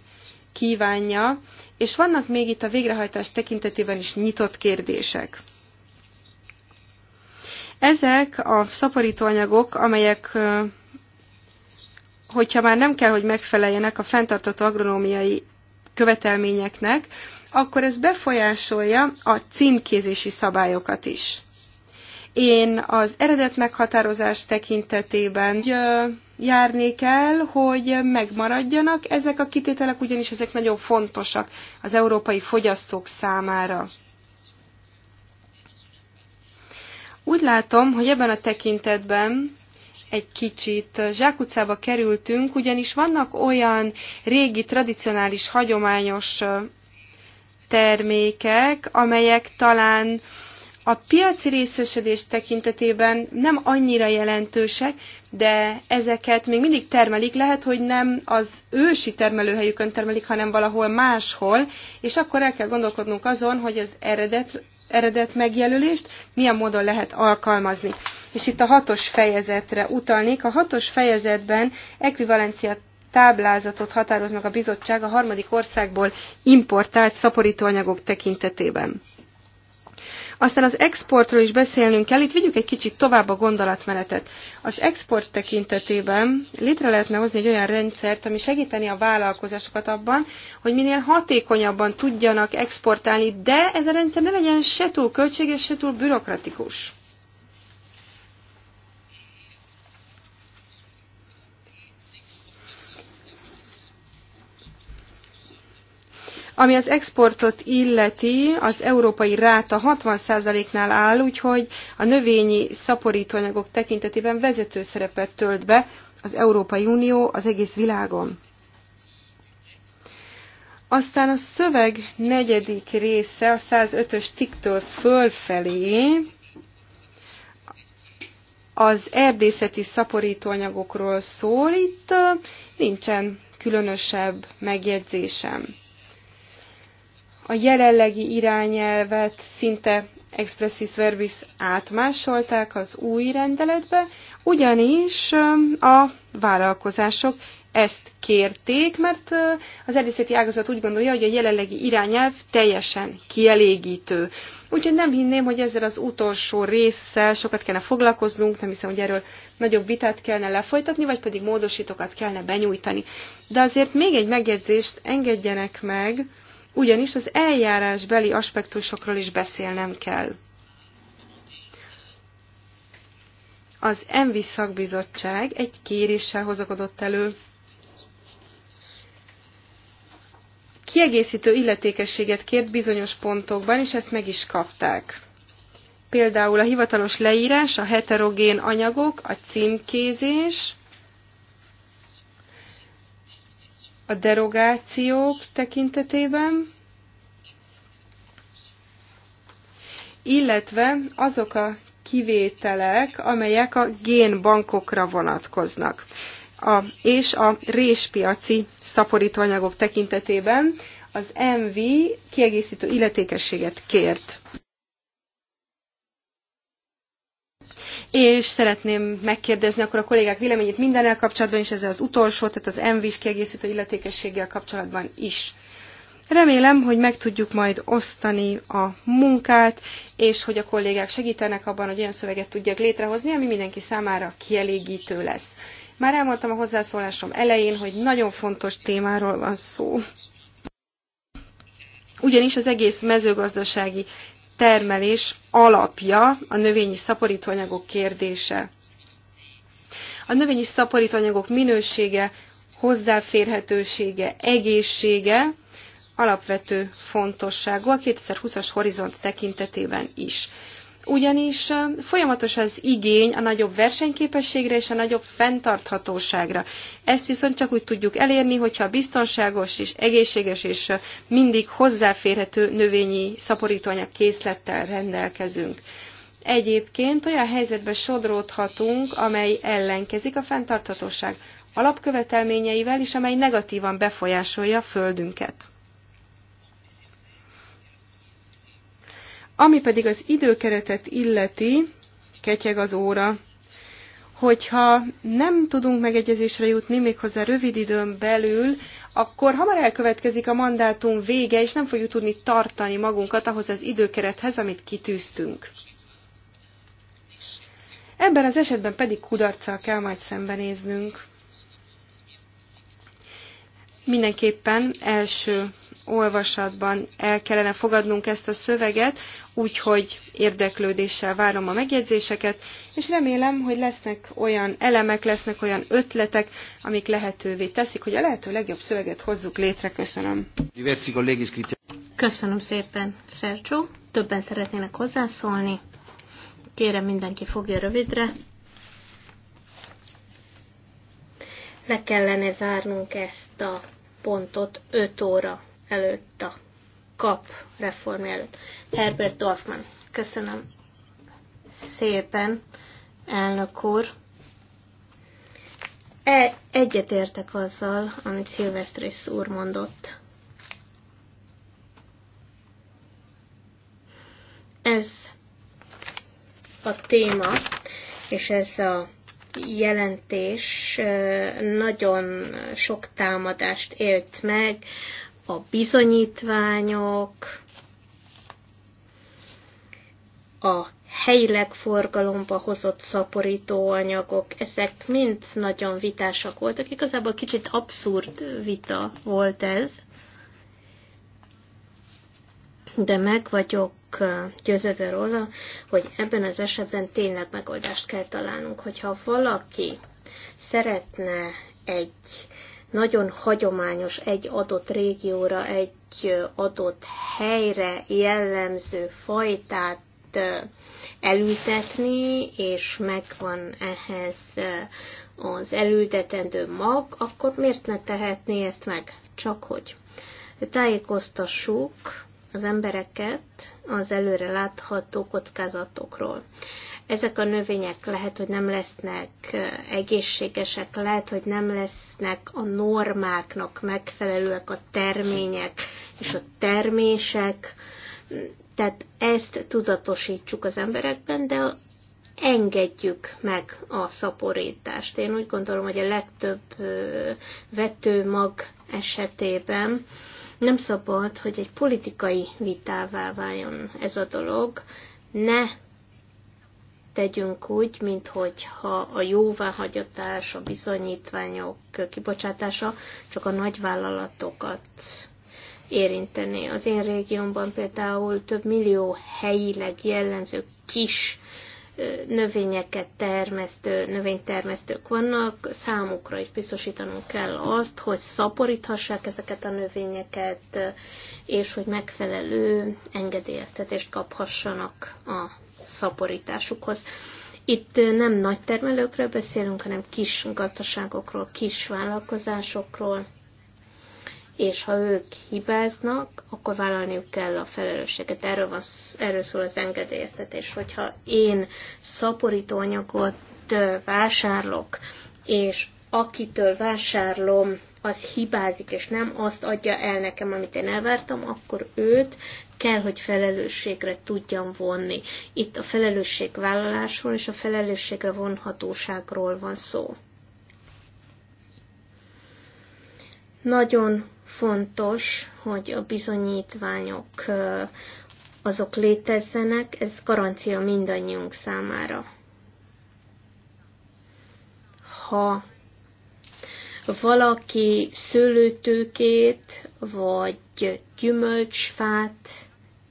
kívánja, és vannak még itt a végrehajtás tekintetében is nyitott kérdések. Ezek a szaporítóanyagok, amelyek hogyha már nem kell, hogy megfeleljenek a fenntartató agronómiai követelményeknek, akkor ez befolyásolja a címkézési szabályokat is. Én az eredet meghatározás tekintetében járnék el, hogy megmaradjanak ezek a kitételek, ugyanis ezek nagyon fontosak az európai fogyasztók számára. Úgy látom, hogy ebben a tekintetben egy kicsit zsákutcába kerültünk, ugyanis vannak olyan régi, tradicionális, hagyományos termékek, amelyek talán a piaci részesedés tekintetében nem annyira jelentősek, de ezeket még mindig termelik, lehet, hogy nem az ősi termelőhelyükön termelik, hanem valahol máshol, és akkor el kell gondolkodnunk azon, hogy az eredet eredet megjelölést milyen módon lehet alkalmazni. És itt a hatos fejezetre utalnék. A hatos fejezetben ekvivalencia táblázatot határoznak meg a bizottság a harmadik országból importált szaporítóanyagok tekintetében. Aztán az exportról is beszélnünk kell, itt vigyük egy kicsit tovább a gondolatmenetet. Az export tekintetében létre lehetne hozni egy olyan rendszert, ami segíteni a vállalkozásokat abban, hogy minél hatékonyabban tudjanak exportálni, de ez a rendszer ne legyen se túl költséges, se túl bürokratikus. Ami az exportot illeti, az európai ráta 60%-nál áll, úgyhogy a növényi szaporítóanyagok tekintetében vezető szerepet tölt be az Európai Unió az egész világon. Aztán a szöveg negyedik része a 105-ös cikktől fölfelé az erdészeti szaporítóanyagokról szól, itt nincsen különösebb megjegyzésem a jelenlegi irányelvet szinte expressis verbis átmásolták az új rendeletbe, ugyanis um, a vállalkozások ezt kérték, mert uh, az erdészeti ágazat úgy gondolja, hogy a jelenlegi irányelv teljesen kielégítő. Úgyhogy nem hinném, hogy ezzel az utolsó résszel sokat kellene foglalkoznunk, nem hiszem, hogy erről nagyobb vitát kellene lefolytatni, vagy pedig módosítókat kellene benyújtani. De azért még egy megjegyzést engedjenek meg, ugyanis az eljárásbeli aspektusokról is beszélnem kell. Az ENVI szakbizottság egy kéréssel hozakodott elő. Kiegészítő illetékességet kért bizonyos pontokban, és ezt meg is kapták. Például a hivatalos leírás, a heterogén anyagok, a címkézés, a derogációk tekintetében, illetve azok a kivételek, amelyek a génbankokra vonatkoznak, a, és a réspiaci szaporítóanyagok tekintetében az MV kiegészítő illetékességet kért. és szeretném megkérdezni akkor a kollégák véleményét mindennel kapcsolatban, is ez az utolsó, tehát az MV-s kiegészítő illetékességgel kapcsolatban is. Remélem, hogy meg tudjuk majd osztani a munkát, és hogy a kollégák segítenek abban, hogy olyan szöveget tudjak létrehozni, ami mindenki számára kielégítő lesz. Már elmondtam a hozzászólásom elején, hogy nagyon fontos témáról van szó. Ugyanis az egész mezőgazdasági termelés alapja a növényi szaporítóanyagok kérdése. A növényi szaporítóanyagok minősége, hozzáférhetősége, egészsége alapvető fontosságú a 2020-as horizont tekintetében is ugyanis folyamatos az igény a nagyobb versenyképességre és a nagyobb fenntarthatóságra. Ezt viszont csak úgy tudjuk elérni, hogyha biztonságos és egészséges és mindig hozzáférhető növényi szaporítóanyag készlettel rendelkezünk. Egyébként olyan helyzetbe sodródhatunk, amely ellenkezik a fenntarthatóság alapkövetelményeivel, és amely negatívan befolyásolja földünket. Ami pedig az időkeretet illeti, ketyeg az óra, hogyha nem tudunk megegyezésre jutni méghozzá rövid időn belül, akkor hamar elkövetkezik a mandátum vége, és nem fogjuk tudni tartani magunkat ahhoz az időkerethez, amit kitűztünk. Ebben az esetben pedig kudarccal kell majd szembenéznünk. Mindenképpen első olvasatban el kellene fogadnunk ezt a szöveget, úgyhogy érdeklődéssel várom a megjegyzéseket, és remélem, hogy lesznek olyan elemek, lesznek olyan ötletek, amik lehetővé teszik, hogy a lehető legjobb szöveget hozzuk létre. Köszönöm. Köszönöm szépen, Sergio. Többen szeretnének hozzászólni. Kérem, mindenki fogja rövidre. Le kellene zárnunk ezt a pontot 5 óra előtt, a kap reform előtt. Herbert Dorfman. Köszönöm szépen, elnök úr. E, egyetértek azzal, amit Szilvesztrész úr mondott. Ez a téma, és ez a jelentés nagyon sok támadást élt meg a bizonyítványok, a helyileg forgalomba hozott szaporítóanyagok ezek mind nagyon vitásak voltak. Igazából kicsit abszurd vita volt ez, de meg vagyok győződve róla, hogy ebben az esetben tényleg megoldást kell találnunk, hogyha valaki szeretne egy nagyon hagyományos egy adott régióra, egy adott helyre jellemző fajtát elültetni, és megvan ehhez az elültetendő mag, akkor miért ne tehetné ezt meg? Csak hogy tájékoztassuk az embereket az előre látható kockázatokról ezek a növények lehet, hogy nem lesznek egészségesek, lehet, hogy nem lesznek a normáknak megfelelőek a termények és a termések. Tehát ezt tudatosítsuk az emberekben, de engedjük meg a szaporítást. Én úgy gondolom, hogy a legtöbb vetőmag esetében nem szabad, hogy egy politikai vitává váljon ez a dolog, ne tegyünk úgy, minthogyha a jóváhagyatás, a bizonyítványok kibocsátása csak a nagyvállalatokat érinteni. Az én régiómban például több millió helyileg jellemző kis növényeket termesztő, növénytermesztők vannak, számukra is biztosítanunk kell azt, hogy szaporíthassák ezeket a növényeket, és hogy megfelelő engedélyeztetést kaphassanak a szaporításukhoz. Itt nem nagy termelőkről beszélünk, hanem kis gazdaságokról, kis vállalkozásokról, és ha ők hibáznak, akkor vállalniuk kell a felelősséget. Erről, van, erről szól az engedélyeztetés. Hogyha én szaporítóanyagot vásárlok, és akitől vásárlom, az hibázik, és nem azt adja el nekem, amit én elvártam, akkor őt kell, hogy felelősségre tudjam vonni. Itt a felelősségvállalásról és a felelősségre vonhatóságról van szó. Nagyon fontos, hogy a bizonyítványok azok létezzenek, ez garancia mindannyiunk számára. Ha valaki szőlőtőkét, vagy egy gyümölcsfát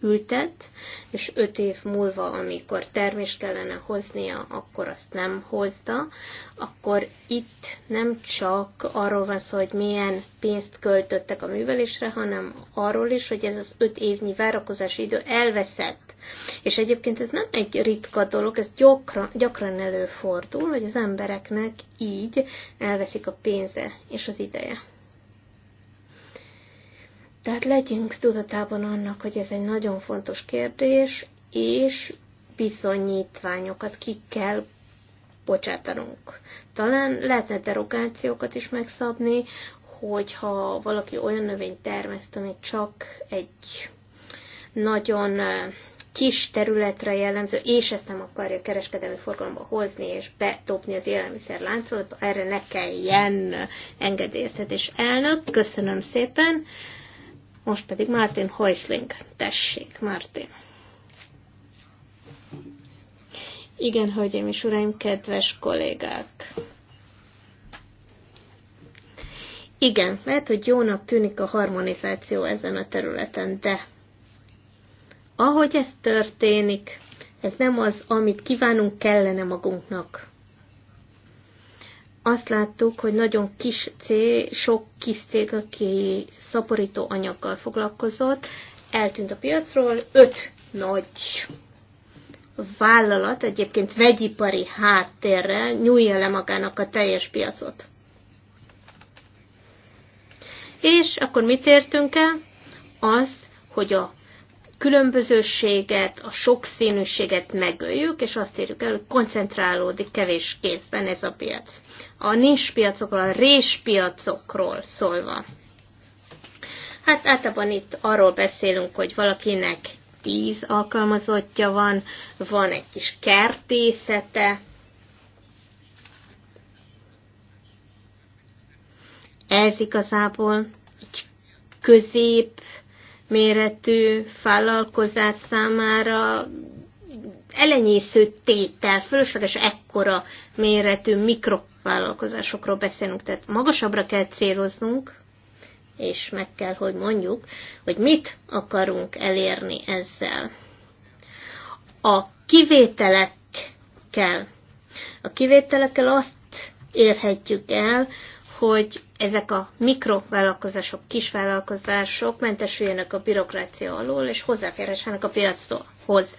ültet, és öt év múlva, amikor termés kellene hoznia, akkor azt nem hozta, akkor itt nem csak arról van szó, hogy milyen pénzt költöttek a művelésre, hanem arról is, hogy ez az öt évnyi várakozási idő elveszett. És egyébként ez nem egy ritka dolog, ez gyakran, gyakran előfordul, hogy az embereknek így elveszik a pénze és az ideje. Tehát legyünk tudatában annak, hogy ez egy nagyon fontos kérdés, és bizonyítványokat ki kell bocsátanunk. Talán lehetne derogációkat is megszabni, hogyha valaki olyan növényt termeszt, ami csak egy nagyon kis területre jellemző, és ezt nem akarja kereskedelmi forgalomba hozni és betopni az élelmiszer láncolatba, erre ne kelljen engedélyeztetés. Elnök, köszönöm szépen. Most pedig Martin Heusling. Tessék, Martin. Igen, hölgyeim és uraim, kedves kollégák. Igen, lehet, hogy jónak tűnik a harmonizáció ezen a területen, de ahogy ez történik, ez nem az, amit kívánunk kellene magunknak azt láttuk, hogy nagyon kis cég, sok kis cég, aki szaporító anyaggal foglalkozott, eltűnt a piacról, öt nagy vállalat, egyébként vegyipari háttérrel nyújja le magának a teljes piacot. És akkor mit értünk el? Az, hogy a különbözőséget, a sokszínűséget megöljük, és azt érjük el, hogy koncentrálódik kevés kézben ez a piac. A nincs piacokról, a réspiacokról szólva. Hát általában itt arról beszélünk, hogy valakinek tíz alkalmazottja van, van egy kis kertészete, ez igazából egy közép méretű vállalkozás számára elenyésző tétel, fölösleges ekkora méretű mikrovállalkozásokról beszélünk, tehát magasabbra kell céloznunk, és meg kell, hogy mondjuk, hogy mit akarunk elérni ezzel. A kivételekkel. A kivételekkel azt érhetjük el, hogy ezek a mikrovállalkozások, kisvállalkozások mentesüljenek a bürokrácia alól, és hozzáférhessenek a piachoz.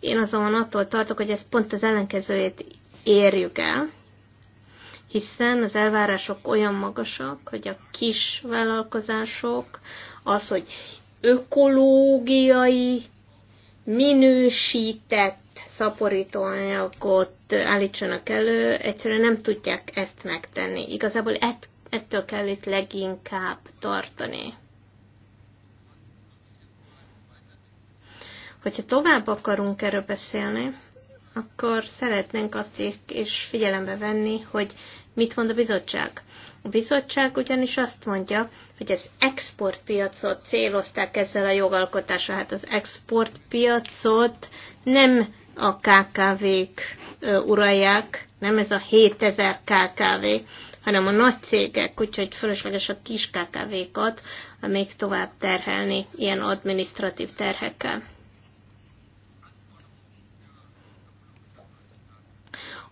Én azonban attól tartok, hogy ez pont az ellenkezőjét érjük el, hiszen az elvárások olyan magasak, hogy a kis vállalkozások, az, hogy ökológiai minősített szaporítóanyagot állítsanak elő, egyszerűen nem tudják ezt megtenni. Igazából ezt Ettől kell itt leginkább tartani. Hogyha tovább akarunk erről beszélni, akkor szeretnénk azt is figyelembe venni, hogy mit mond a bizottság. A bizottság ugyanis azt mondja, hogy az exportpiacot célozták ezzel a jogalkotásra. Hát az exportpiacot nem a KKV-k uralják, nem ez a 7000 KKV, hanem a nagy cégek, úgyhogy fölösleges a kis KKV-kat még tovább terhelni ilyen administratív terhekkel.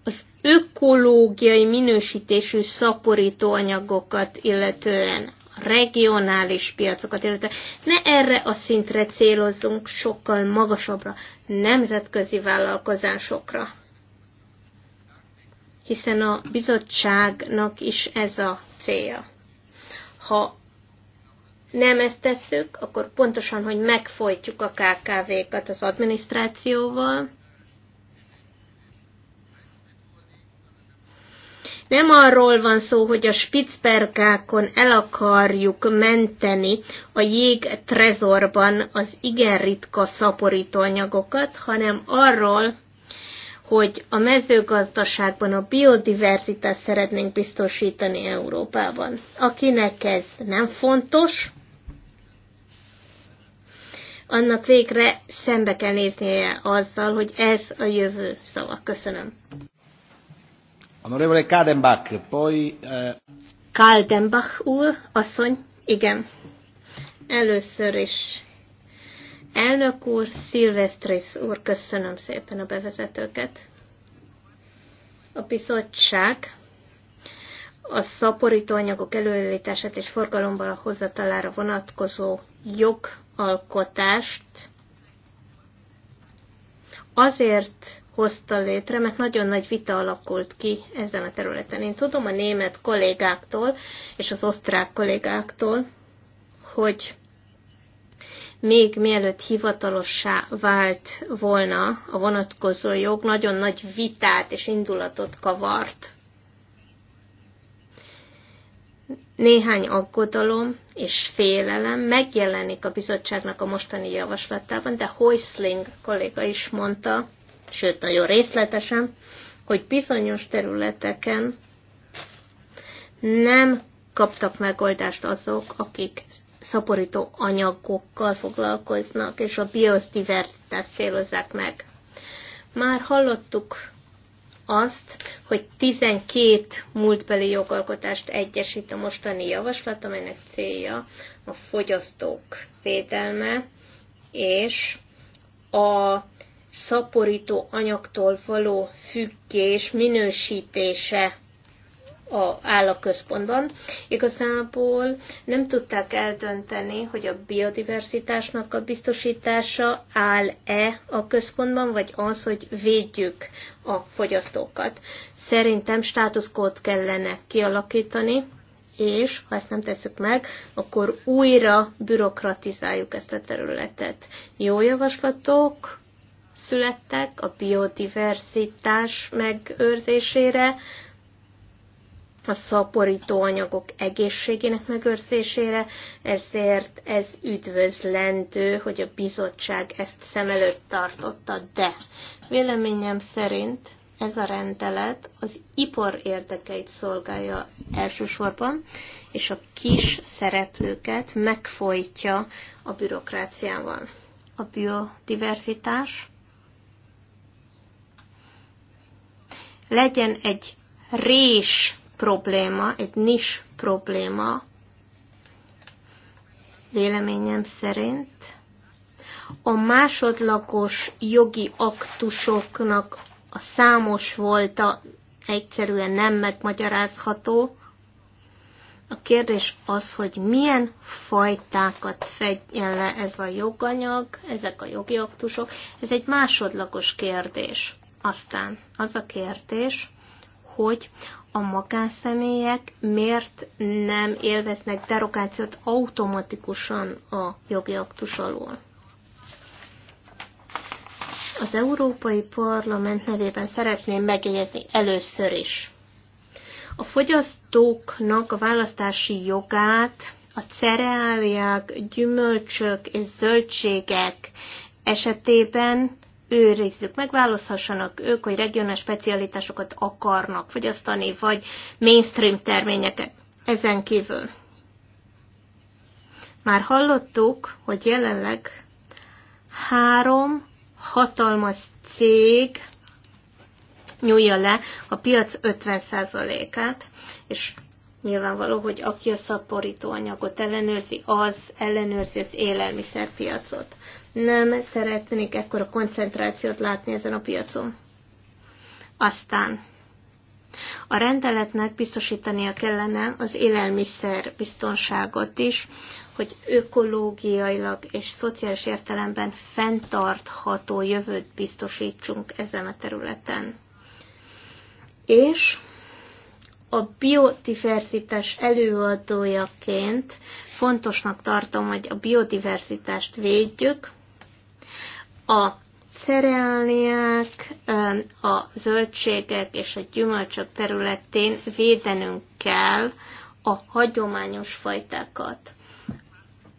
Az ökológiai minősítésű szaporítóanyagokat illetően regionális piacokat, illetve ne erre a szintre célozzunk, sokkal magasabbra, nemzetközi vállalkozásokra hiszen a bizottságnak is ez a célja. Ha nem ezt tesszük, akkor pontosan, hogy megfojtjuk a KKV-kat az adminisztrációval. Nem arról van szó, hogy a Spitzbergákon el akarjuk menteni a jég trezorban az igen ritka szaporítóanyagokat, hanem arról, hogy a mezőgazdaságban a biodiverzitást szeretnénk biztosítani Európában. Akinek ez nem fontos, annak végre szembe kell néznie azzal, hogy ez a jövő szava. Köszönöm. Honorable Kadenbach, poi... Uh... Eh, Kaldenbach úr, asszony, igen. Először is Elnök úr, Szilvesztris úr, köszönöm szépen a bevezetőket. A bizottság a szaporító anyagok előállítását és forgalomban a hozatalára vonatkozó jogalkotást azért hozta létre, mert nagyon nagy vita alakult ki ezen a területen. Én tudom a német kollégáktól és az osztrák kollégáktól, hogy még mielőtt hivatalossá vált volna a vonatkozó jog, nagyon nagy vitát és indulatot kavart. Néhány aggodalom és félelem megjelenik a bizottságnak a mostani javaslatában, de Hoisling kolléga is mondta, sőt nagyon részletesen, hogy bizonyos területeken nem kaptak megoldást azok, akik szaporító anyagokkal foglalkoznak, és a biodiverzitást célozzák meg. Már hallottuk azt, hogy 12 múltbeli jogalkotást egyesít a mostani javaslat, amelynek célja a fogyasztók védelme és a szaporító anyagtól való függés minősítése a, áll a központban. Igazából nem tudták eldönteni, hogy a biodiverzitásnak a biztosítása áll-e a központban, vagy az, hogy védjük a fogyasztókat. Szerintem státuszkód kellene kialakítani, és ha ezt nem tesszük meg, akkor újra bürokratizáljuk ezt a területet. Jó javaslatok születtek a biodiverzitás megőrzésére, a szaporító anyagok egészségének megőrzésére, ezért ez üdvözlendő, hogy a bizottság ezt szem előtt tartotta, de véleményem szerint ez a rendelet az ipar érdekeit szolgálja elsősorban, és a kis szereplőket megfojtja a bürokráciával. A biodiverzitás legyen egy rés probléma, egy nis probléma, véleményem szerint. A másodlagos jogi aktusoknak a számos volta egyszerűen nem megmagyarázható. A kérdés az, hogy milyen fajtákat fedjen le ez a joganyag, ezek a jogi aktusok. Ez egy másodlagos kérdés. Aztán az a kérdés, hogy a magánszemélyek miért nem élveznek derogációt automatikusan a jogi aktus alól. Az Európai Parlament nevében szeretném megjegyezni először is. A fogyasztóknak a választási jogát a cereáliák, gyümölcsök és zöldségek esetében őrizzük részük megválaszthassanak, ők, hogy regionális specialitásokat akarnak fogyasztani, vagy mainstream terményeket ezen kívül. Már hallottuk, hogy jelenleg három hatalmas cég nyúlja le a piac 50%-át, és nyilvánvaló, hogy aki a szaporító anyagot ellenőrzi, az ellenőrzi az élelmiszerpiacot nem szeretnék ekkora koncentrációt látni ezen a piacon. Aztán a rendeletnek biztosítania kellene az élelmiszer biztonságot is, hogy ökológiailag és szociális értelemben fenntartható jövőt biztosítsunk ezen a területen. És a biodiverzitás előadójaként fontosnak tartom, hogy a biodiverzitást védjük, a cereáliák, a zöldségek és a gyümölcsök területén védenünk kell a hagyományos fajtákat.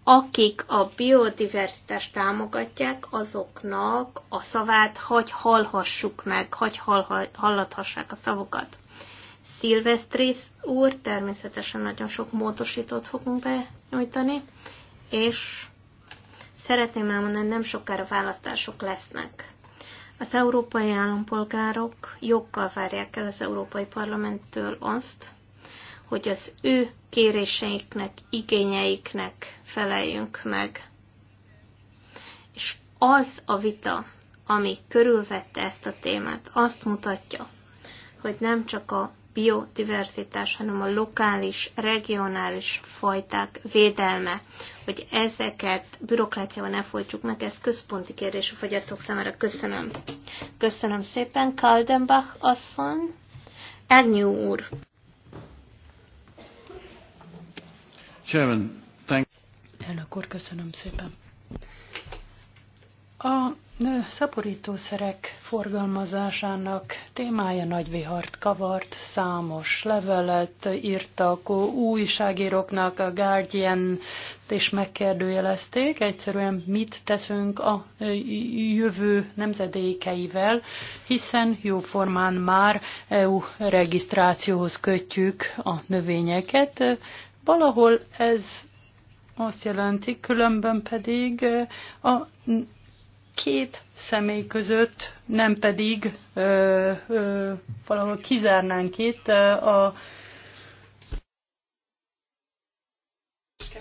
Akik a biodiversitást támogatják, azoknak a szavát hagy hallhassuk meg, hagy hallathassák a szavukat. Szilvesztris úr, természetesen nagyon sok módosítót fogunk benyújtani, és Szeretném elmondani, nem sokára választások lesznek. Az európai állampolgárok joggal várják el az Európai Parlamenttől azt, hogy az ő kéréseiknek, igényeiknek feleljünk meg. És az a vita, ami körülvette ezt a témát, azt mutatja, hogy nem csak a biodiverzitás, hanem a lokális, regionális fajták védelme, hogy ezeket bürokráciával ne folytsuk meg, ez központi kérdés a fogyasztók számára. Köszönöm. Köszönöm szépen, Kaldenbach asszony. Agnew úr. Chairman, thank Elnök úr, köszönöm szépen. A szaporítószerek forgalmazásának témája nagy vihart kavart, számos levelet írtak újságíróknak, a Guardian és megkérdőjelezték, egyszerűen mit teszünk a jövő nemzedékeivel, hiszen jóformán már EU regisztrációhoz kötjük a növényeket. Valahol ez azt jelenti, különben pedig a két személy között, nem pedig ö, ö, valahol kizárnánk itt a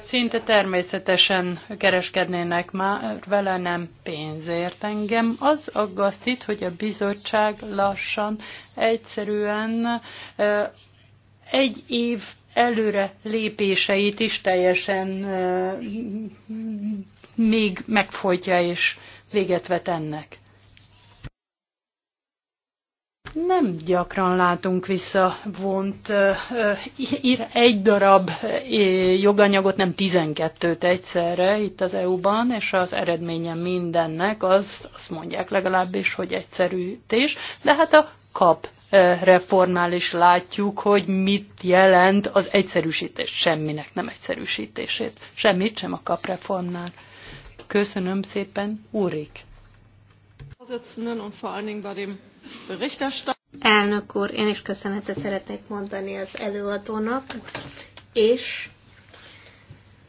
Szinte természetesen kereskednének már vele, nem pénzért engem. Az aggaszt itt, hogy a bizottság lassan, egyszerűen egy év előre lépéseit is teljesen még megfogyja és véget vet ennek. Nem gyakran látunk vissza vont egy darab joganyagot, nem 12-t egyszerre itt az EU-ban, és az eredménye mindennek az, azt mondják legalábbis, hogy egyszerűtés, de hát a kap reformál is látjuk, hogy mit jelent az egyszerűsítés. Semminek nem egyszerűsítését. Semmit sem a kapreformnál. reformnál. Köszönöm szépen, Úrik! Elnök úr, én is köszönetet szeretnék mondani az előadónak, és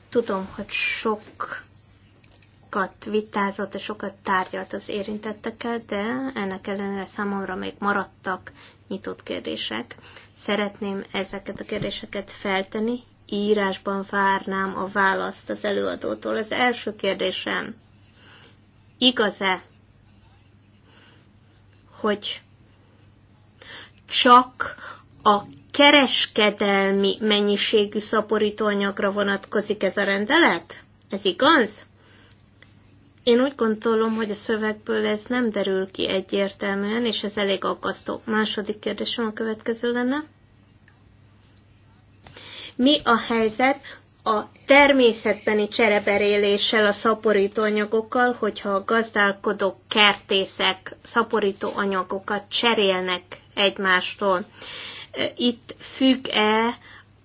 tudom, hogy sokat vitázott és sokat tárgyalt az érintettekkel, de ennek ellenére számomra még maradtak nyitott kérdések. Szeretném ezeket a kérdéseket feltenni, írásban várnám a választ az előadótól. Az első kérdésem, igaz-e, hogy csak a kereskedelmi mennyiségű szaporítóanyagra vonatkozik ez a rendelet? Ez igaz? Én úgy gondolom, hogy a szövegből ez nem derül ki egyértelműen, és ez elég aggasztó. Második kérdésem a következő lenne. Mi a helyzet a természetbeni csereberéléssel, a szaporítóanyagokkal, hogyha a gazdálkodók, kertészek szaporítóanyagokat cserélnek egymástól? Itt függ-e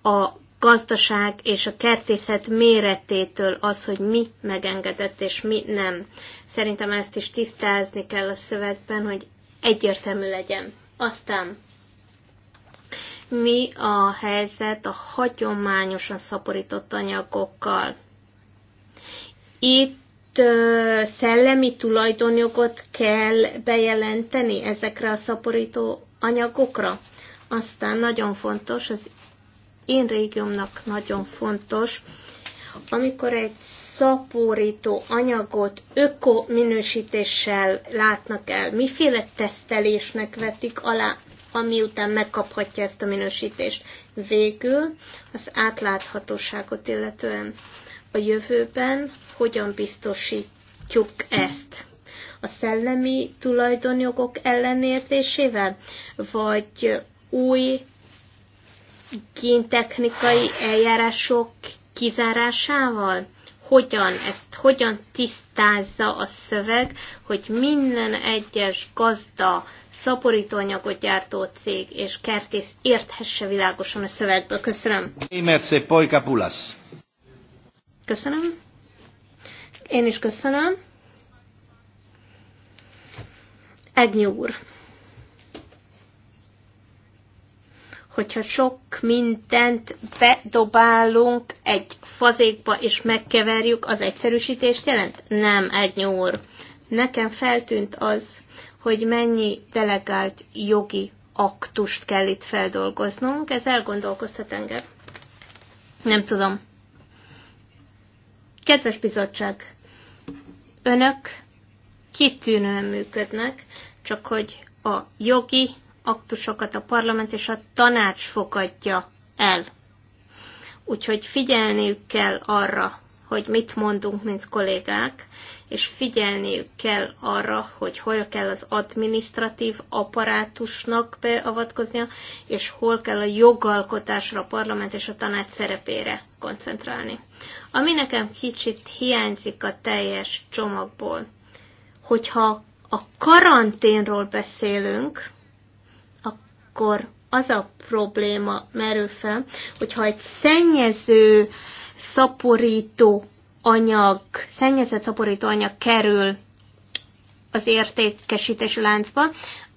a gazdaság és a kertészet méretétől az, hogy mi megengedett és mi nem. Szerintem ezt is tisztázni kell a szövegben, hogy egyértelmű legyen. Aztán mi a helyzet a hagyományosan szaporított anyagokkal. Itt ö, szellemi tulajdonjogot kell bejelenteni ezekre a szaporító anyagokra. Aztán nagyon fontos, az én régiómnak nagyon fontos, amikor egy szaporító anyagot öko minősítéssel látnak el, miféle tesztelésnek vetik alá, amiután megkaphatja ezt a minősítést. Végül az átláthatóságot illetően a jövőben hogyan biztosítjuk ezt? A szellemi tulajdonjogok ellenérzésével, vagy új géntechnikai eljárások kizárásával? hogyan, ezt hogyan tisztázza a szöveg, hogy minden egyes gazda, szaporítóanyagot gyártó cég és kertész érthesse világosan a szövegből. Köszönöm. Köszönöm. Én is köszönöm. Egnyúr. hogyha sok mindent bedobálunk egy fazékba és megkeverjük, az egyszerűsítést jelent? Nem, egy nyúr. Nekem feltűnt az, hogy mennyi delegált jogi aktust kell itt feldolgoznunk. Ez elgondolkoztat engem. Nem tudom. Kedves bizottság, önök kitűnően működnek, csak hogy a jogi aktusokat a parlament és a tanács fogadja el. Úgyhogy figyelniük kell arra, hogy mit mondunk, mint kollégák, és figyelniük kell arra, hogy hol kell az administratív apparátusnak beavatkoznia, és hol kell a jogalkotásra, a parlament és a tanács szerepére koncentrálni. Ami nekem kicsit hiányzik a teljes csomagból, hogyha a karanténról beszélünk, akkor az a probléma merül fel, hogyha egy szennyező, szaporító anyag, szennyezett szaporító anyag kerül az értékesítési láncba,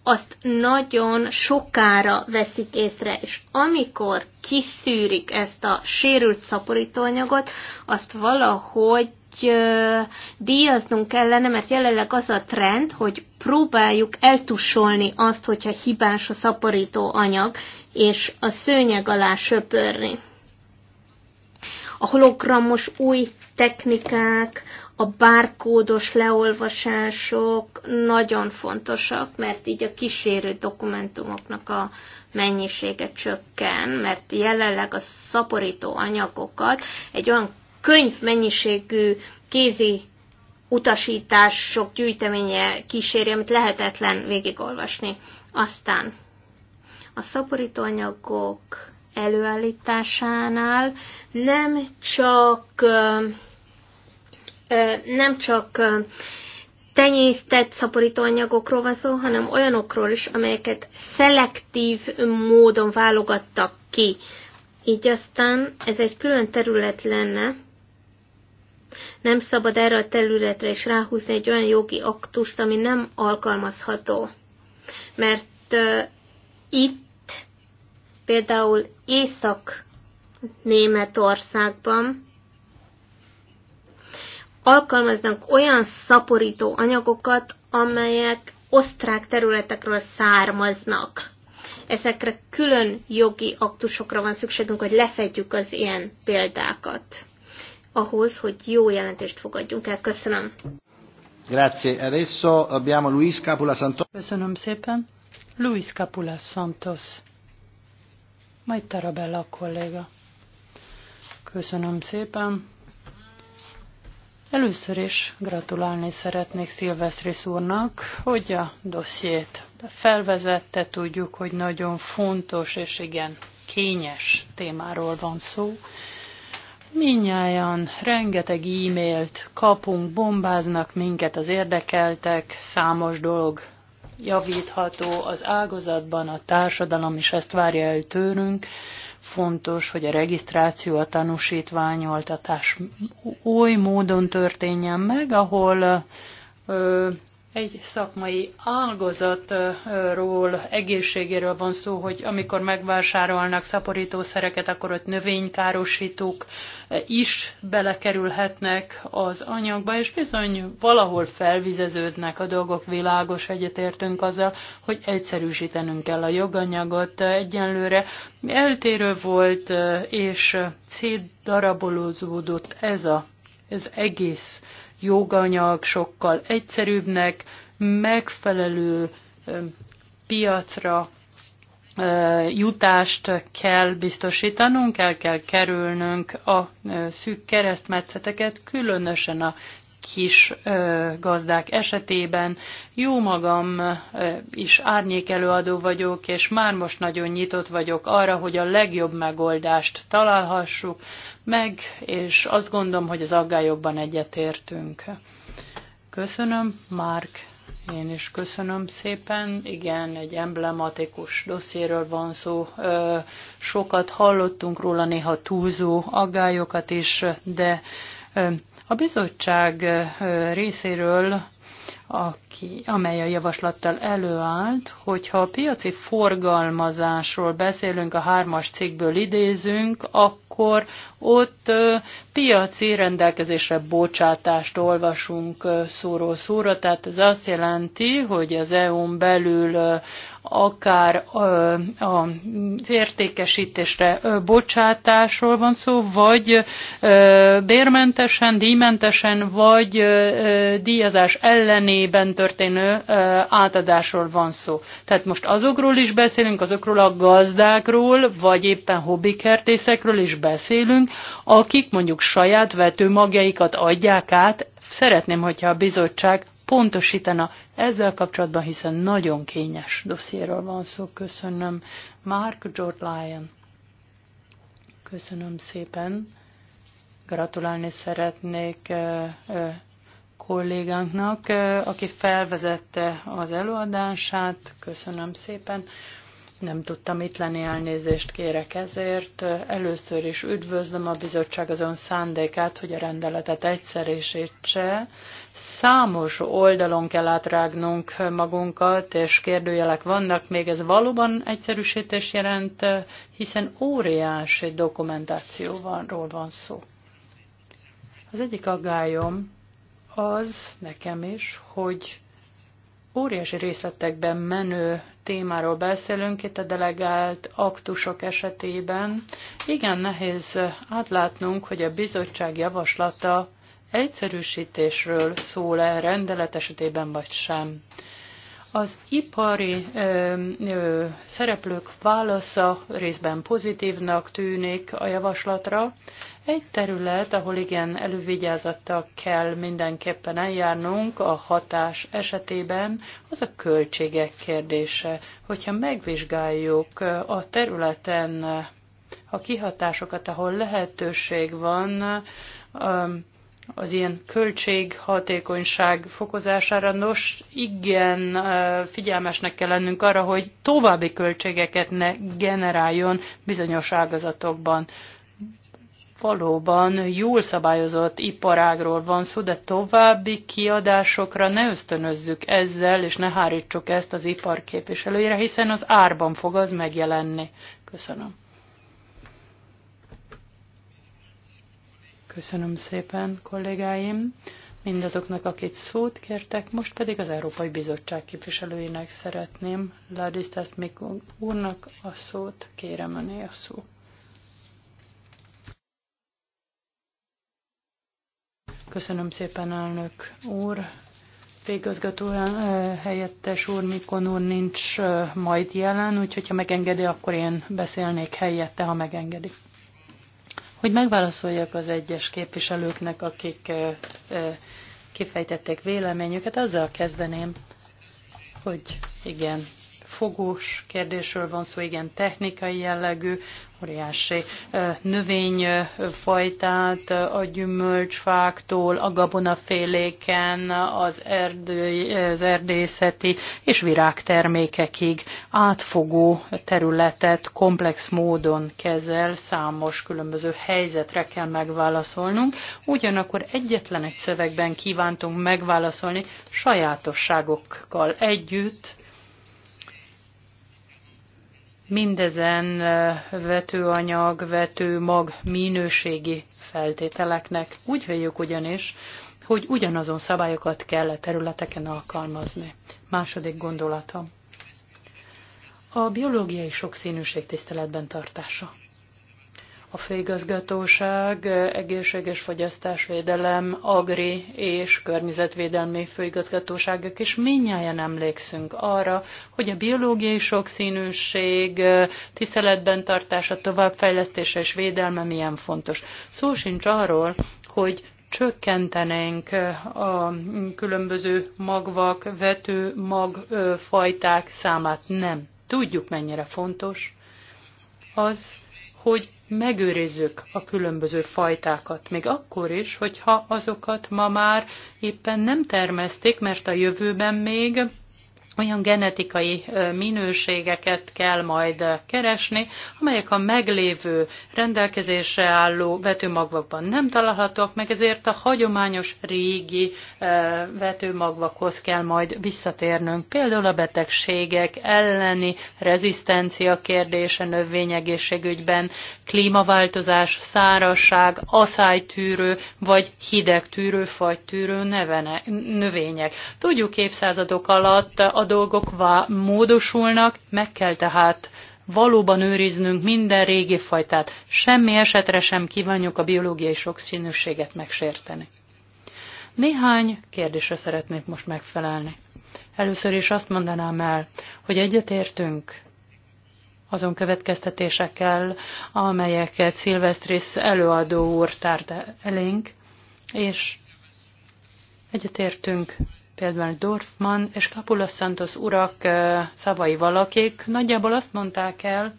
azt nagyon sokára veszik észre, és amikor kiszűrik ezt a sérült szaporítóanyagot, azt valahogy hogy díjaznunk kellene, mert jelenleg az a trend, hogy próbáljuk eltusolni azt, hogyha hibás a szaporító anyag, és a szőnyeg alá söpörni. A hologramos új technikák, a bárkódos leolvasások nagyon fontosak, mert így a kísérő dokumentumoknak a mennyisége csökken, mert jelenleg a szaporító anyagokat egy olyan könyv mennyiségű kézi utasítások gyűjteménye kíséri, amit lehetetlen végigolvasni. Aztán a szaporítóanyagok előállításánál nem csak nem csak tenyésztett szaporítóanyagokról van szó, hanem olyanokról is, amelyeket szelektív módon válogattak ki. Így aztán ez egy külön terület lenne, nem szabad erre a területre is ráhúzni egy olyan jogi aktust, ami nem alkalmazható. Mert uh, itt például Észak-Németországban alkalmaznak olyan szaporító anyagokat, amelyek osztrák területekről származnak. Ezekre külön jogi aktusokra van szükségünk, hogy lefedjük az ilyen példákat ahhoz, hogy jó jelentést fogadjunk el. Köszönöm. Grazie. Adesso abbiamo Luis Capula Santos. Köszönöm szépen. Luis Capula Santos. Majd Tarabella kolléga. Köszönöm szépen. Először is gratulálni szeretnék Szilvesztris úrnak, hogy a dossziét felvezette, tudjuk, hogy nagyon fontos és igen kényes témáról van szó, Minnyáján rengeteg e-mailt kapunk, bombáznak minket az érdekeltek, számos dolog javítható az ágazatban, a társadalom is ezt várja el tőlünk. Fontos, hogy a regisztráció, a tanúsítványoltatás oly módon történjen meg, ahol ö, egy szakmai ágazatról, egészségéről van szó, hogy amikor megvásárolnak szaporítószereket, akkor ott növénykárosítók eh, is belekerülhetnek az anyagba, és bizony valahol felvizeződnek a dolgok, világos egyetértünk azzal, hogy egyszerűsítenünk kell a joganyagot egyenlőre. Eltérő volt, eh, és szétdarabolózódott ez a, ez egész joganyag sokkal egyszerűbbnek, megfelelő piacra jutást kell biztosítanunk, el kell kerülnünk a szűk keresztmetszeteket, különösen a kis ö, gazdák esetében. Jó magam ö, is árnyékelőadó vagyok, és már most nagyon nyitott vagyok arra, hogy a legjobb megoldást találhassuk meg, és azt gondolom, hogy az aggályokban egyetértünk. Köszönöm, Márk. Én is köszönöm szépen. Igen, egy emblematikus dosszéről van szó. Sokat hallottunk róla, néha túlzó aggályokat is, de a bizottság részéről aki, amely a javaslattal előállt, hogyha a piaci forgalmazásról beszélünk, a hármas cikkből idézünk, akkor ott piaci rendelkezésre bocsátást olvasunk szóról szóra, tehát ez azt jelenti, hogy az EU-n belül akár a értékesítésre bocsátásról van szó, vagy bérmentesen, díjmentesen, vagy díjazás ellenében történő átadásról van szó. Tehát most azokról is beszélünk, azokról a gazdákról, vagy éppen hobbikertészekről is beszélünk, akik mondjuk saját vetőmagjaikat adják át szeretném, hogyha a bizottság pontosítana ezzel kapcsolatban, hiszen nagyon kényes dossziéről van szó. Köszönöm. Mark George Lyon. Köszönöm szépen. Gratulálni szeretnék eh, eh, kollégánknak, eh, aki felvezette az előadását. Köszönöm szépen. Nem tudtam itt lenni, elnézést kérek ezért. Először is üdvözlöm a bizottság azon szándékát, hogy a rendeletet egyszerűsítse. Számos oldalon kell átrágnunk magunkat, és kérdőjelek vannak. Még ez valóban egyszerűsítés jelent, hiszen óriási dokumentációról van szó. Az egyik aggályom az nekem is, hogy óriási részletekben menő témáról beszélünk itt a delegált aktusok esetében. Igen nehéz átlátnunk, hogy a bizottság javaslata egyszerűsítésről szól-e rendelet esetében vagy sem. Az ipari ö, ö, szereplők válasza részben pozitívnak tűnik a javaslatra, egy terület, ahol igen elővigyázatta kell mindenképpen eljárnunk a hatás esetében, az a költségek kérdése. Hogyha megvizsgáljuk a területen a kihatásokat, ahol lehetőség van um, az ilyen költséghatékonyság fokozására, nos, igen, uh, figyelmesnek kell lennünk arra, hogy további költségeket ne generáljon bizonyos ágazatokban valóban jól szabályozott iparágról van szó, de további kiadásokra ne ösztönözzük ezzel, és ne hárítsuk ezt az ipar képviselőjére, hiszen az árban fog az megjelenni. Köszönöm. Köszönöm szépen, kollégáim, mindazoknak, akik szót kértek, most pedig az Európai Bizottság képviselőinek szeretném Ladisztász Mikó úrnak a szót, kérem a szót. Köszönöm szépen, elnök úr. Végözgató eh, helyettes úr, Mikon úr nincs eh, majd jelen, úgyhogy ha megengedi, akkor én beszélnék helyette, ha megengedi. Hogy megválaszoljak az egyes képviselőknek, akik eh, kifejtették véleményüket, azzal kezdeném, hogy igen, fogós kérdésről van szó, igen technikai jellegű, óriási növényfajtát a gyümölcsfáktól, a gabonaféléken, az, erdő, az erdészeti és virágtermékekig átfogó területet komplex módon kezel, számos különböző helyzetre kell megválaszolnunk. Ugyanakkor egyetlen egy szövegben kívántunk megválaszolni sajátosságokkal együtt, mindezen vetőanyag, vetőmag minőségi feltételeknek. Úgy véljük ugyanis, hogy ugyanazon szabályokat kell a területeken alkalmazni. Második gondolatom. A biológiai sokszínűség tiszteletben tartása a főigazgatóság, eh, egészséges fogyasztásvédelem, agri és környezetvédelmi főigazgatóságok, és minnyáján emlékszünk arra, hogy a biológiai sokszínűség eh, tiszteletben tartása, továbbfejlesztése és védelme milyen fontos. Szó sincs arról, hogy csökkentenénk eh, a különböző magvak, vető magfajták számát. Nem. Tudjuk, mennyire fontos az, hogy megőrizzük a különböző fajtákat, még akkor is, hogyha azokat ma már éppen nem termesztik, mert a jövőben még olyan genetikai minőségeket kell majd keresni, amelyek a meglévő rendelkezésre álló vetőmagvakban nem találhatók, meg ezért a hagyományos régi vetőmagvakhoz kell majd visszatérnünk. Például a betegségek elleni rezisztencia kérdése növényegészségügyben, klímaváltozás, szárasság, aszálytűrő vagy hidegtűrő, fagytűrő növények. Tudjuk évszázadok alatt a a dolgok módosulnak, meg kell tehát valóban őriznünk minden régi fajtát. Semmi esetre sem kívánjuk a biológiai sokszínűséget megsérteni. Néhány kérdésre szeretnék most megfelelni. Először is azt mondanám el, hogy egyetértünk azon következtetésekkel, amelyeket Szilvesztris előadó úr tárta elénk, és egyetértünk például Dorfman és Capula Santos urak szavai valakik nagyjából azt mondták el,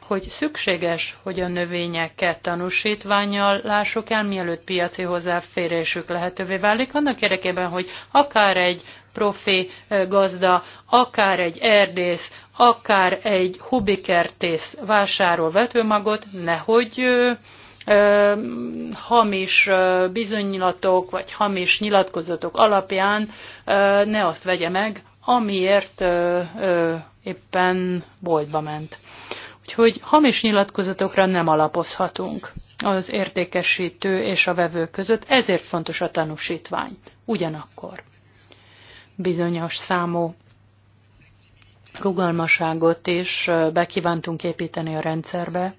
hogy szükséges, hogy a növényeket tanúsítványjal lássuk el, mielőtt piaci hozzáférésük lehetővé válik, annak érdekében, hogy akár egy profi gazda, akár egy erdész, akár egy hubikertész vásárol vetőmagot, nehogy hamis bizonylatok vagy hamis nyilatkozatok alapján ne azt vegye meg, amiért éppen boltba ment. Úgyhogy hamis nyilatkozatokra nem alapozhatunk az értékesítő és a vevő között, ezért fontos a tanúsítvány. Ugyanakkor bizonyos számú rugalmaságot is bekívántunk építeni a rendszerbe,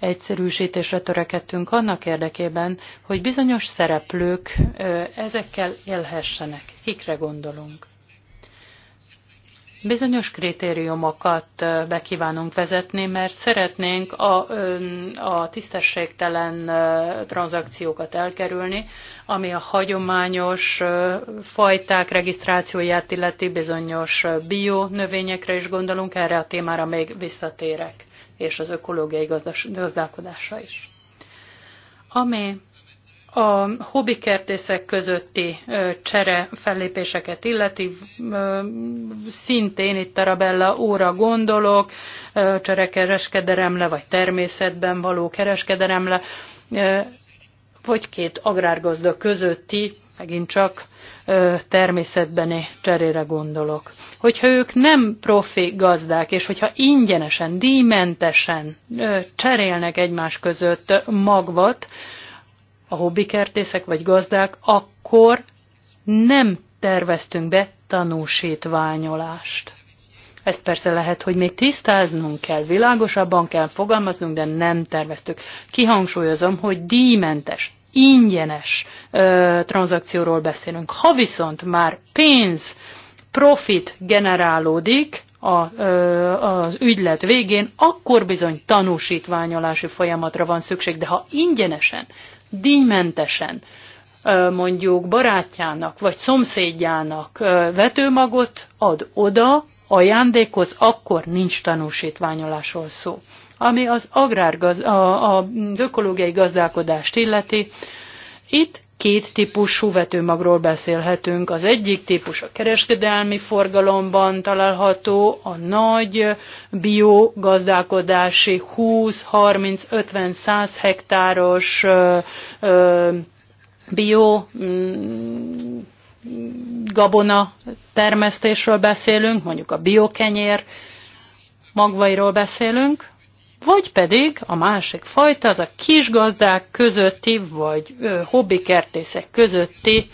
egyszerűsítésre törekedtünk annak érdekében, hogy bizonyos szereplők ezekkel élhessenek. Kikre gondolunk? Bizonyos kritériumokat bekívánunk vezetni, mert szeretnénk a, a tisztességtelen tranzakciókat elkerülni, ami a hagyományos fajták regisztrációját illeti bizonyos bio növényekre is gondolunk, erre a témára még visszatérek és az ökológiai gazdálkodásra is. Ami a kertészek közötti csere fellépéseket illeti, szintén itt Tarabella óra gondolok, cserekereskedelemle, vagy természetben való kereskedelemle, vagy két agrárgazda közötti, megint csak természetbeni cserére gondolok. Hogyha ők nem profi gazdák, és hogyha ingyenesen, díjmentesen cserélnek egymás között magvat, a hobbikertészek vagy gazdák, akkor nem terveztünk be tanúsítványolást. Ezt persze lehet, hogy még tisztáznunk kell, világosabban kell fogalmaznunk, de nem terveztük. Kihangsúlyozom, hogy díjmentes, ingyenes ö, tranzakcióról beszélünk. Ha viszont már pénz, profit generálódik, a, ö, az ügylet végén, akkor bizony tanúsítványolási folyamatra van szükség, de ha ingyenesen, díjmentesen, ö, mondjuk barátjának vagy szomszédjának ö, vetőmagot ad oda, ajándékoz, akkor nincs tanúsítványolásról szó ami az, agrárgaz, a, a, az ökológiai gazdálkodást illeti. Itt két típusú vetőmagról beszélhetünk. Az egyik típus a kereskedelmi forgalomban található, a nagy biogazdálkodási 20-30-50-100 hektáros ö, ö, bio mm, gabona termesztésről beszélünk, mondjuk a biokenyér magvairól beszélünk, vagy pedig a másik fajta, az a kisgazdák közötti, vagy hobbikertészek közötti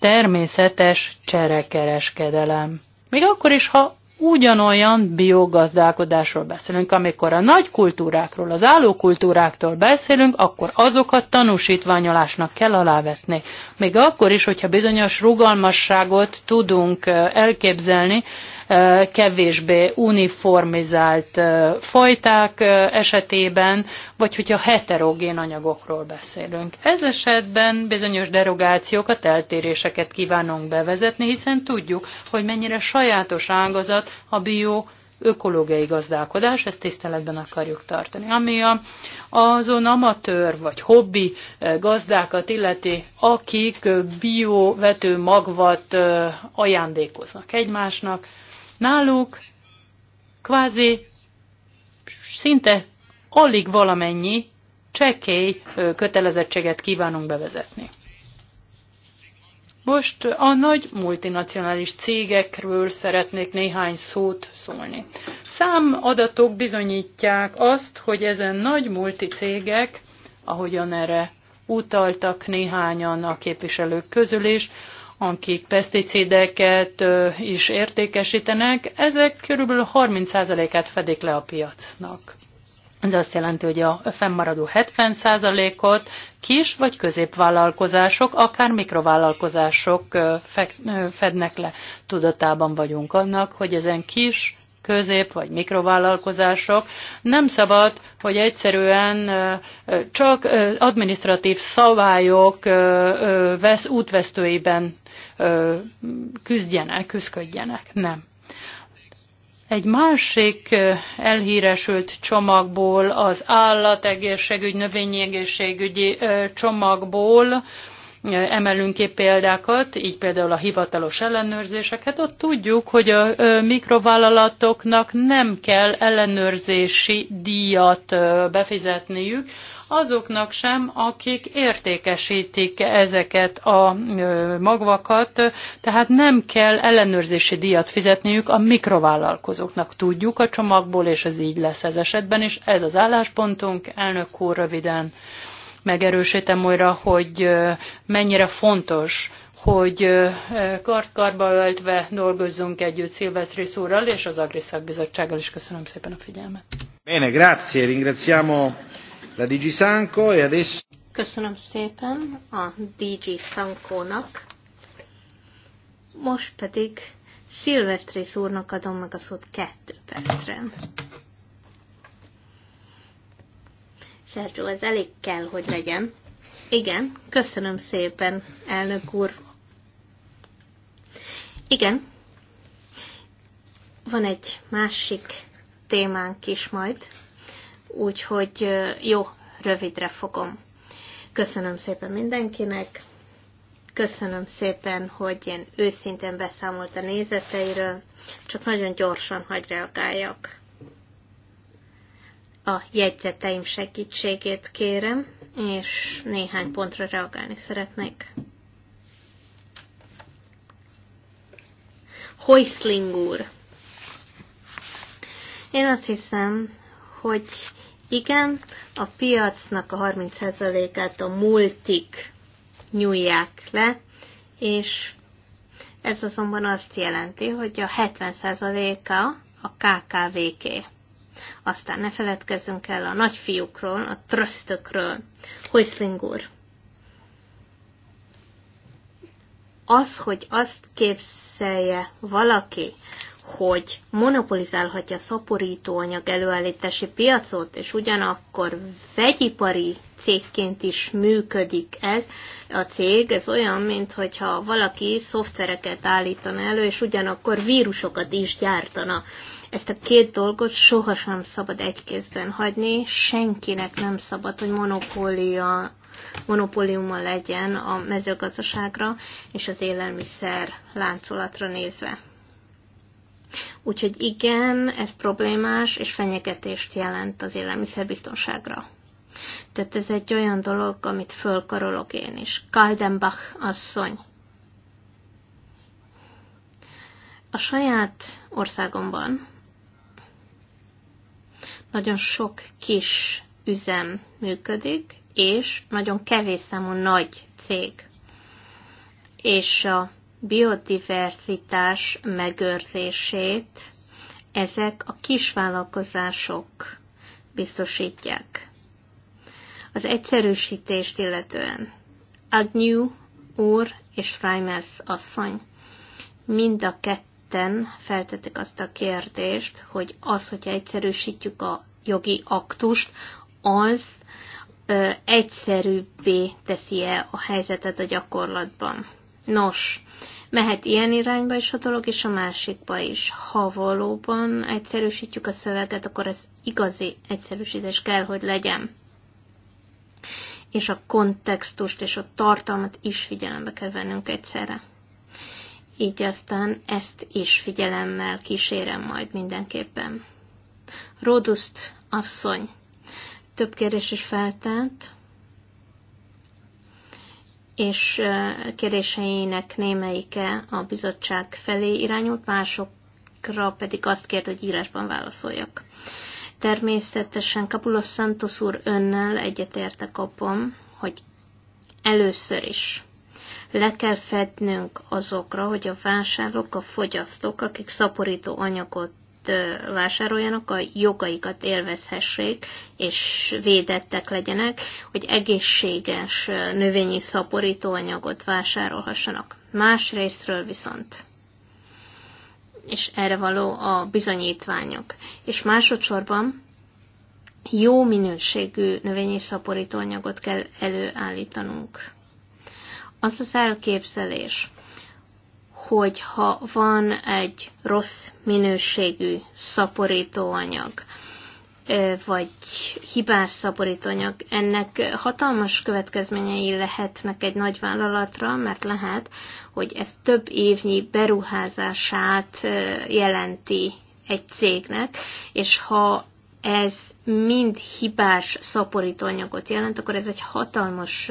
természetes cserekereskedelem. Még akkor is, ha ugyanolyan biogazdálkodásról beszélünk. Amikor a nagy kultúrákról, az állókultúráktól beszélünk, akkor azokat tanúsítványolásnak kell alávetni. Még akkor is, hogyha bizonyos rugalmasságot tudunk elképzelni, kevésbé uniformizált fajták esetében, vagy hogyha heterogén anyagokról beszélünk. Ez esetben bizonyos derogációkat, eltéréseket kívánunk bevezetni, hiszen tudjuk, hogy mennyire sajátos ágazat a bio ökológiai gazdálkodás, ezt tiszteletben akarjuk tartani. Ami a, azon amatőr vagy hobbi gazdákat illeti, akik biovető magvat ajándékoznak egymásnak, Náluk kvázi szinte alig valamennyi csekély kötelezettséget kívánunk bevezetni. Most a nagy multinacionális cégekről szeretnék néhány szót szólni. Számadatok bizonyítják azt, hogy ezen nagy multicégek, ahogyan erre utaltak néhányan a képviselők közül is, akik peszticideket is értékesítenek, ezek körülbelül 30%-át fedik le a piacnak. Ez azt jelenti, hogy a fennmaradó 70%-ot kis vagy középvállalkozások, akár mikrovállalkozások fednek le. Tudatában vagyunk annak, hogy ezen kis, közép vagy mikrovállalkozások nem szabad, hogy egyszerűen csak administratív szabályok vesz útvesztőiben küzdjenek, küzdködjenek. Nem. Egy másik elhíresült csomagból, az állategészségügy, növényegészségügyi csomagból emelünk ki példákat, így például a hivatalos ellenőrzéseket, ott tudjuk, hogy a mikrovállalatoknak nem kell ellenőrzési díjat befizetniük, azoknak sem, akik értékesítik ezeket a magvakat, tehát nem kell ellenőrzési díjat fizetniük a mikrovállalkozóknak. Tudjuk a csomagból, és ez így lesz ez esetben is. Ez az álláspontunk. Elnök úr, röviden megerősítem újra, hogy mennyire fontos hogy kartkarba öltve dolgozzunk együtt Szilvesztris szúrral és az Agriszak Bizottsággal is. Köszönöm szépen a figyelmet. Bene, grazie, ringraziamo la DG Sanko e adesso... Köszönöm szépen a DG Sankónak. Most pedig Szilvesztrész úrnak adom meg a szót kettő percre. Szerzsó, ez elég kell, hogy legyen. Igen, köszönöm szépen, elnök úr. Igen, van egy másik témánk is majd, Úgyhogy jó, rövidre fogom. Köszönöm szépen mindenkinek, köszönöm szépen, hogy ilyen őszintén beszámolt a nézeteiről, csak nagyon gyorsan hagy reagáljak. A jegyzeteim segítségét kérem, és néhány pontra reagálni szeretnék. Hoisling úr. Én azt hiszem, hogy igen, a piacnak a 30%-át a multik nyúlják le, és ez azonban azt jelenti, hogy a 70%-a a KKV-ké. Aztán ne feledkezzünk el a nagyfiúkról, a trösztökről. Hoisling úr. Az, hogy azt képzelje valaki, hogy monopolizálhatja a szaporítóanyag előállítási piacot, és ugyanakkor vegyipari cégként is működik ez a cég. Ez olyan, mintha valaki szoftvereket állítana elő, és ugyanakkor vírusokat is gyártana. Ezt a két dolgot sohasem szabad egy kézben hagyni, senkinek nem szabad, hogy monopólia monopóliuma legyen a mezőgazdaságra és az élelmiszer láncolatra nézve. Úgyhogy igen, ez problémás, és fenyegetést jelent az élelmiszerbiztonságra. Tehát ez egy olyan dolog, amit fölkarolok én is. Kaldenbach asszony. A saját országomban nagyon sok kis üzem működik, és nagyon kevés számú nagy cég. És a biodiverzitás megőrzését ezek a kisvállalkozások biztosítják. Az egyszerűsítést illetően Agnew úr és Freimers asszony mind a ketten feltettek azt a kérdést, hogy az, hogyha egyszerűsítjük a jogi aktust, az ö, egyszerűbbé teszi-e a helyzetet a gyakorlatban. Nos, mehet ilyen irányba is a dolog, és a másikba is. Ha valóban egyszerűsítjük a szöveget, akkor ez igazi egyszerűsítés kell, hogy legyen. És a kontextust és a tartalmat is figyelembe kell vennünk egyszerre. Így aztán ezt is figyelemmel kísérem majd mindenképpen. Róduszt asszony több kérdés is feltett, és kérdéseinek némelyike a bizottság felé irányult, másokra pedig azt kért, hogy írásban válaszoljak. Természetesen Kapulos Santos úr önnel egyetértek abban, hogy először is le kell fednünk azokra, hogy a vásárlók, a fogyasztók, akik szaporító anyagot vásároljanak, a jogaikat élvezhessék, és védettek legyenek, hogy egészséges növényi szaporítóanyagot vásárolhassanak. Más részről viszont és erre való a bizonyítványok. És másodszorban jó minőségű növényi szaporítóanyagot kell előállítanunk. Az az elképzelés, hogyha van egy rossz minőségű szaporítóanyag, vagy hibás szaporítóanyag, ennek hatalmas következményei lehetnek egy nagy vállalatra, mert lehet, hogy ez több évnyi beruházását jelenti egy cégnek, és ha ez mind hibás szaporítóanyagot jelent, akkor ez egy hatalmas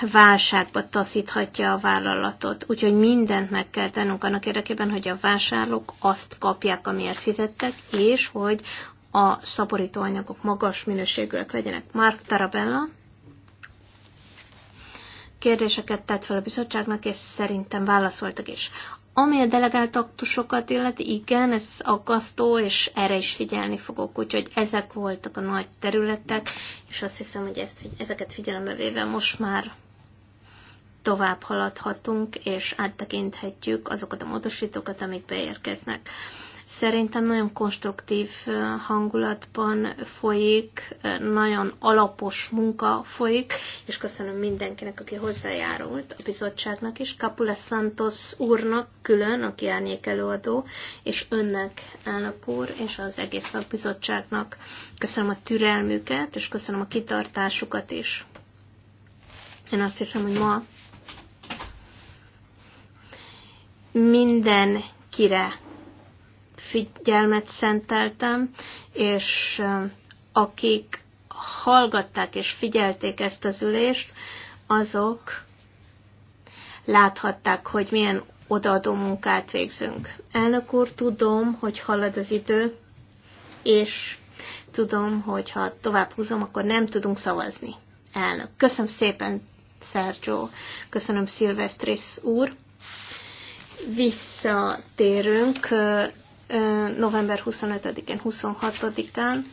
válságba taszíthatja a vállalatot. Úgyhogy mindent meg kell tennünk annak érdekében, hogy a vásárlók azt kapják, amiért fizettek, és hogy a szaporítóanyagok magas minőségűek legyenek. Mark Tarabella kérdéseket tett fel a bizottságnak, és szerintem válaszoltak is. Ami a delegált aktusokat illeti, igen, ez aggasztó, és erre is figyelni fogok. Úgyhogy ezek voltak a nagy területek, és azt hiszem, hogy ezt, ezeket figyelembe véve most már tovább haladhatunk, és áttekinthetjük azokat a módosítókat, amik beérkeznek. Szerintem nagyon konstruktív hangulatban folyik, nagyon alapos munka folyik, és köszönöm mindenkinek, aki hozzájárult a bizottságnak is, Kapula Santos úrnak külön, aki árnyék előadó, és önnek, elnök úr, és az egész szakbizottságnak. Köszönöm a türelmüket, és köszönöm a kitartásukat is. Én azt hiszem, hogy ma mindenkire figyelmet szenteltem, és akik hallgatták és figyelték ezt az ülést, azok láthatták, hogy milyen odaadó munkát végzünk. Elnök úr, tudom, hogy halad az idő, és tudom, hogy ha tovább húzom, akkor nem tudunk szavazni. Elnök. Köszönöm szépen, Sergio. Köszönöm, Szilvesztris úr visszatérünk november 25-én, 26-án,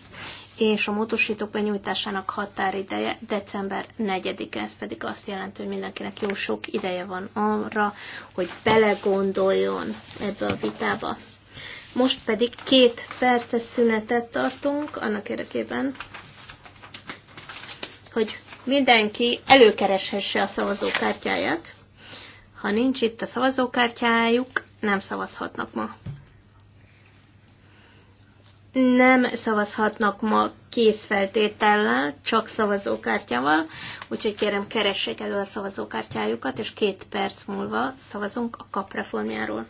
és a módosítók benyújtásának határideje december 4-e, ez pedig azt jelenti, hogy mindenkinek jó sok ideje van arra, hogy belegondoljon ebbe a vitába. Most pedig két perces szünetet tartunk, annak érdekében, hogy mindenki előkereshesse a szavazókártyáját. Ha nincs itt a szavazókártyájuk, nem szavazhatnak ma. Nem szavazhatnak ma készfeltétellel, csak szavazókártyával, úgyhogy kérem keressék elő a szavazókártyájukat, és két perc múlva szavazunk a kapreformjáról.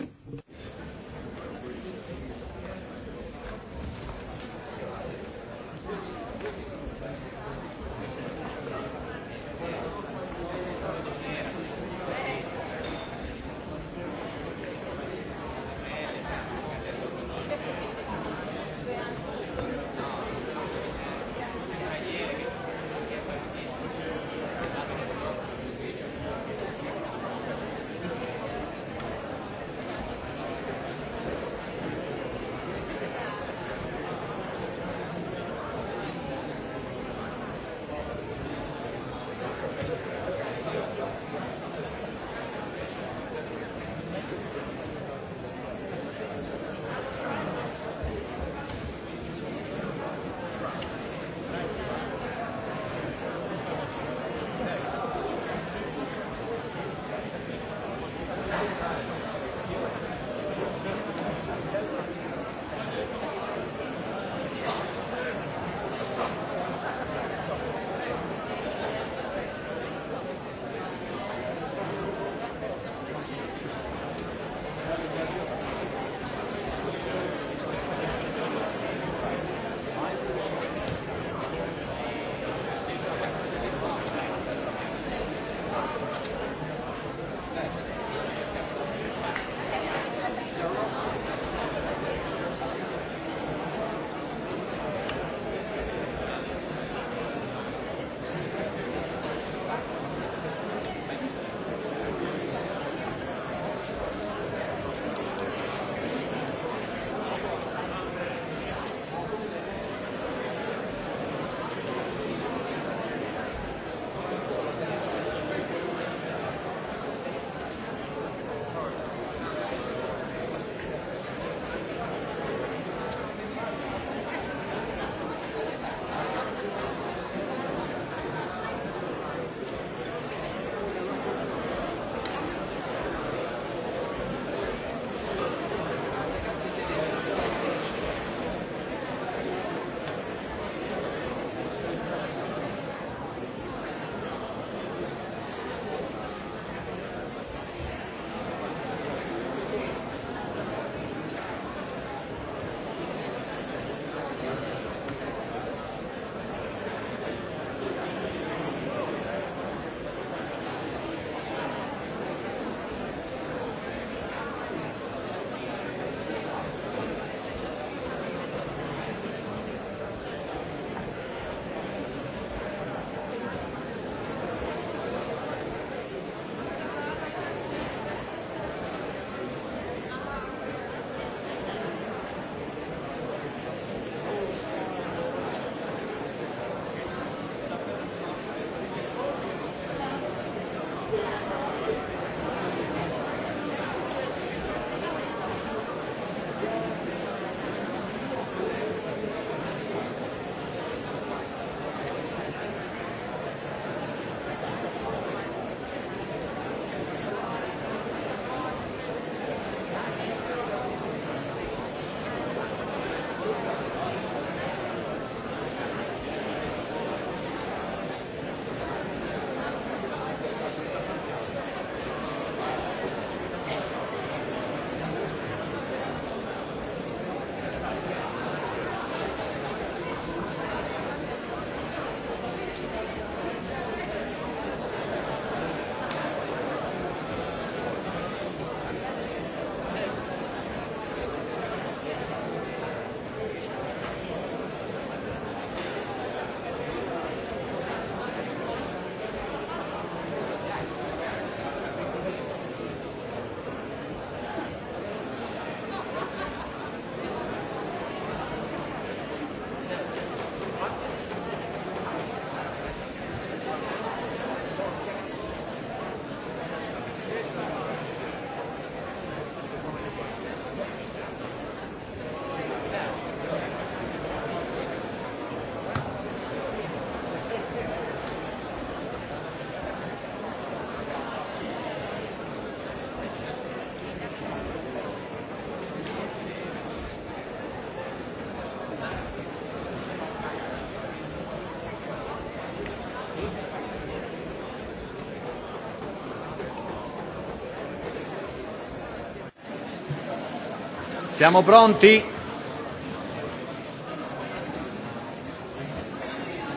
Siamo pronti?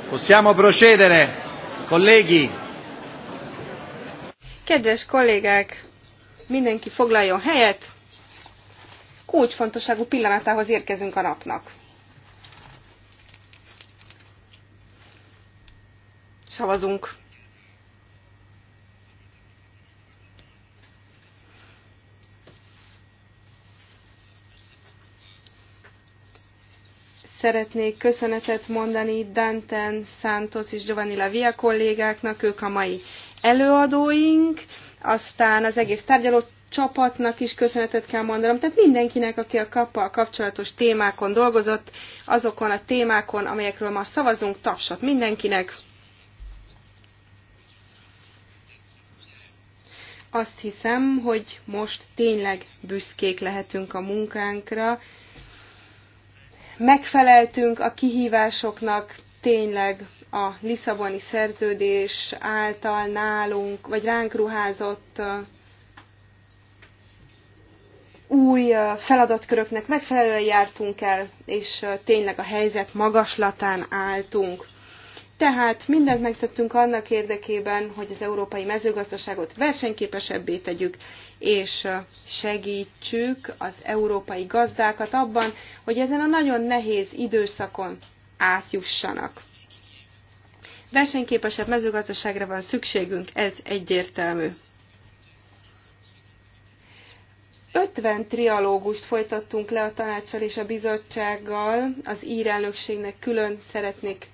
Possiamo procedere, colleghi? Kedves kollégák, mindenki foglaljon helyet. Kulcsfontosságú pillanatához érkezünk a napnak. Szavazunk. Szeretnék köszönetet mondani Danten, Santos és Giovanni Lavia kollégáknak, ők a mai előadóink, aztán az egész tárgyaló csapatnak is köszönetet kell mondanom, tehát mindenkinek, aki a kappal kapcsolatos témákon dolgozott, azokon a témákon, amelyekről ma szavazunk, tapsot mindenkinek. Azt hiszem, hogy most tényleg büszkék lehetünk a munkánkra, megfeleltünk a kihívásoknak, tényleg a Lisszaboni szerződés által nálunk, vagy ránk ruházott új feladatköröknek megfelelően jártunk el, és tényleg a helyzet magaslatán álltunk. Tehát mindent megtettünk annak érdekében, hogy az európai mezőgazdaságot versenyképesebbé tegyük, és segítsük az európai gazdákat abban, hogy ezen a nagyon nehéz időszakon átjussanak. Versenyképesebb mezőgazdaságra van szükségünk, ez egyértelmű. 50 trialógust folytattunk le a tanácssal és a bizottsággal, az írelnökségnek külön szeretnék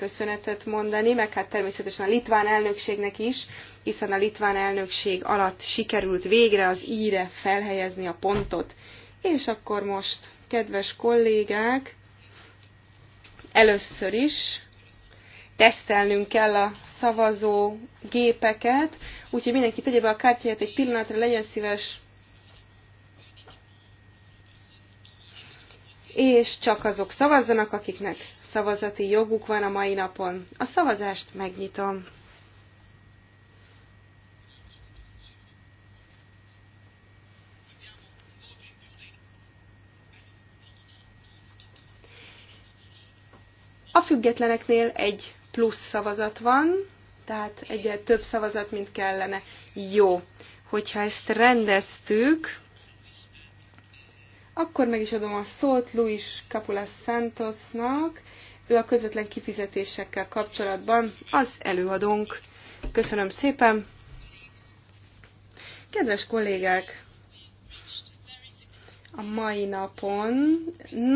köszönetet mondani, meg hát természetesen a litván elnökségnek is, hiszen a litván elnökség alatt sikerült végre az íre felhelyezni a pontot. És akkor most, kedves kollégák, először is tesztelnünk kell a szavazó gépeket, úgyhogy mindenki tegye be a kártyáját egy pillanatra, legyen szíves és csak azok szavazzanak, akiknek szavazati joguk van a mai napon. A szavazást megnyitom. A függetleneknél egy plusz szavazat van, tehát egyre több szavazat, mint kellene. Jó, hogyha ezt rendeztük, akkor meg is adom a szót Luis Capula Santosnak, ő a közvetlen kifizetésekkel kapcsolatban az előadónk. Köszönöm szépen! Kedves kollégák! A mai napon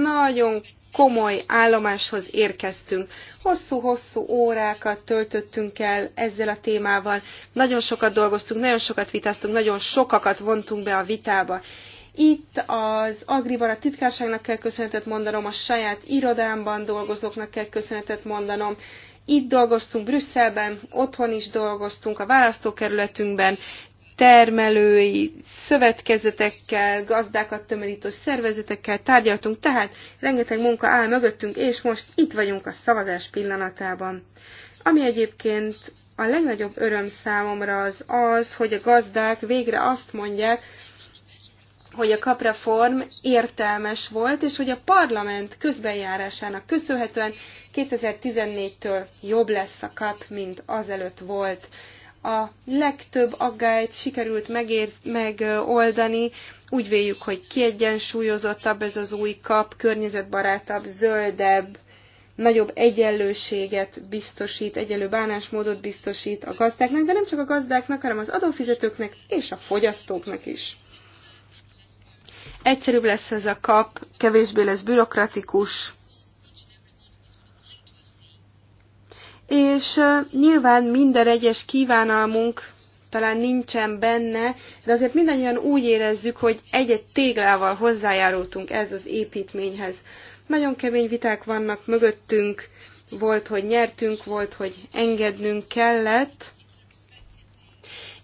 nagyon komoly állomáshoz érkeztünk. Hosszú-hosszú órákat töltöttünk el ezzel a témával, nagyon sokat dolgoztunk, nagyon sokat vitáztunk, nagyon sokakat vontunk be a vitába. Itt az Agriban a titkárságnak kell köszönetet mondanom, a saját irodámban dolgozóknak kell köszönetet mondanom, itt dolgoztunk Brüsszelben, otthon is dolgoztunk a választókerületünkben, termelői szövetkezetekkel, gazdákat tömörítő szervezetekkel tárgyaltunk, tehát rengeteg munka áll mögöttünk, és most itt vagyunk a szavazás pillanatában. Ami egyébként a legnagyobb öröm számomra az az, hogy a gazdák végre azt mondják, hogy a kapreform értelmes volt, és hogy a parlament közbenjárásának köszönhetően 2014-től jobb lesz a kap, mint azelőtt volt. A legtöbb aggályt sikerült megoldani, úgy véljük, hogy kiegyensúlyozottabb ez az új kap, környezetbarátabb, zöldebb, nagyobb egyenlőséget biztosít, egyenlő bánásmódot biztosít a gazdáknak, de nem csak a gazdáknak, hanem az adófizetőknek és a fogyasztóknak is. Egyszerűbb lesz ez a kap, kevésbé lesz bürokratikus, és nyilván minden egyes kívánalmunk talán nincsen benne, de azért mindannyian úgy érezzük, hogy egy-egy téglával hozzájárultunk ez az építményhez. Nagyon kemény viták vannak mögöttünk, volt, hogy nyertünk, volt, hogy engednünk kellett,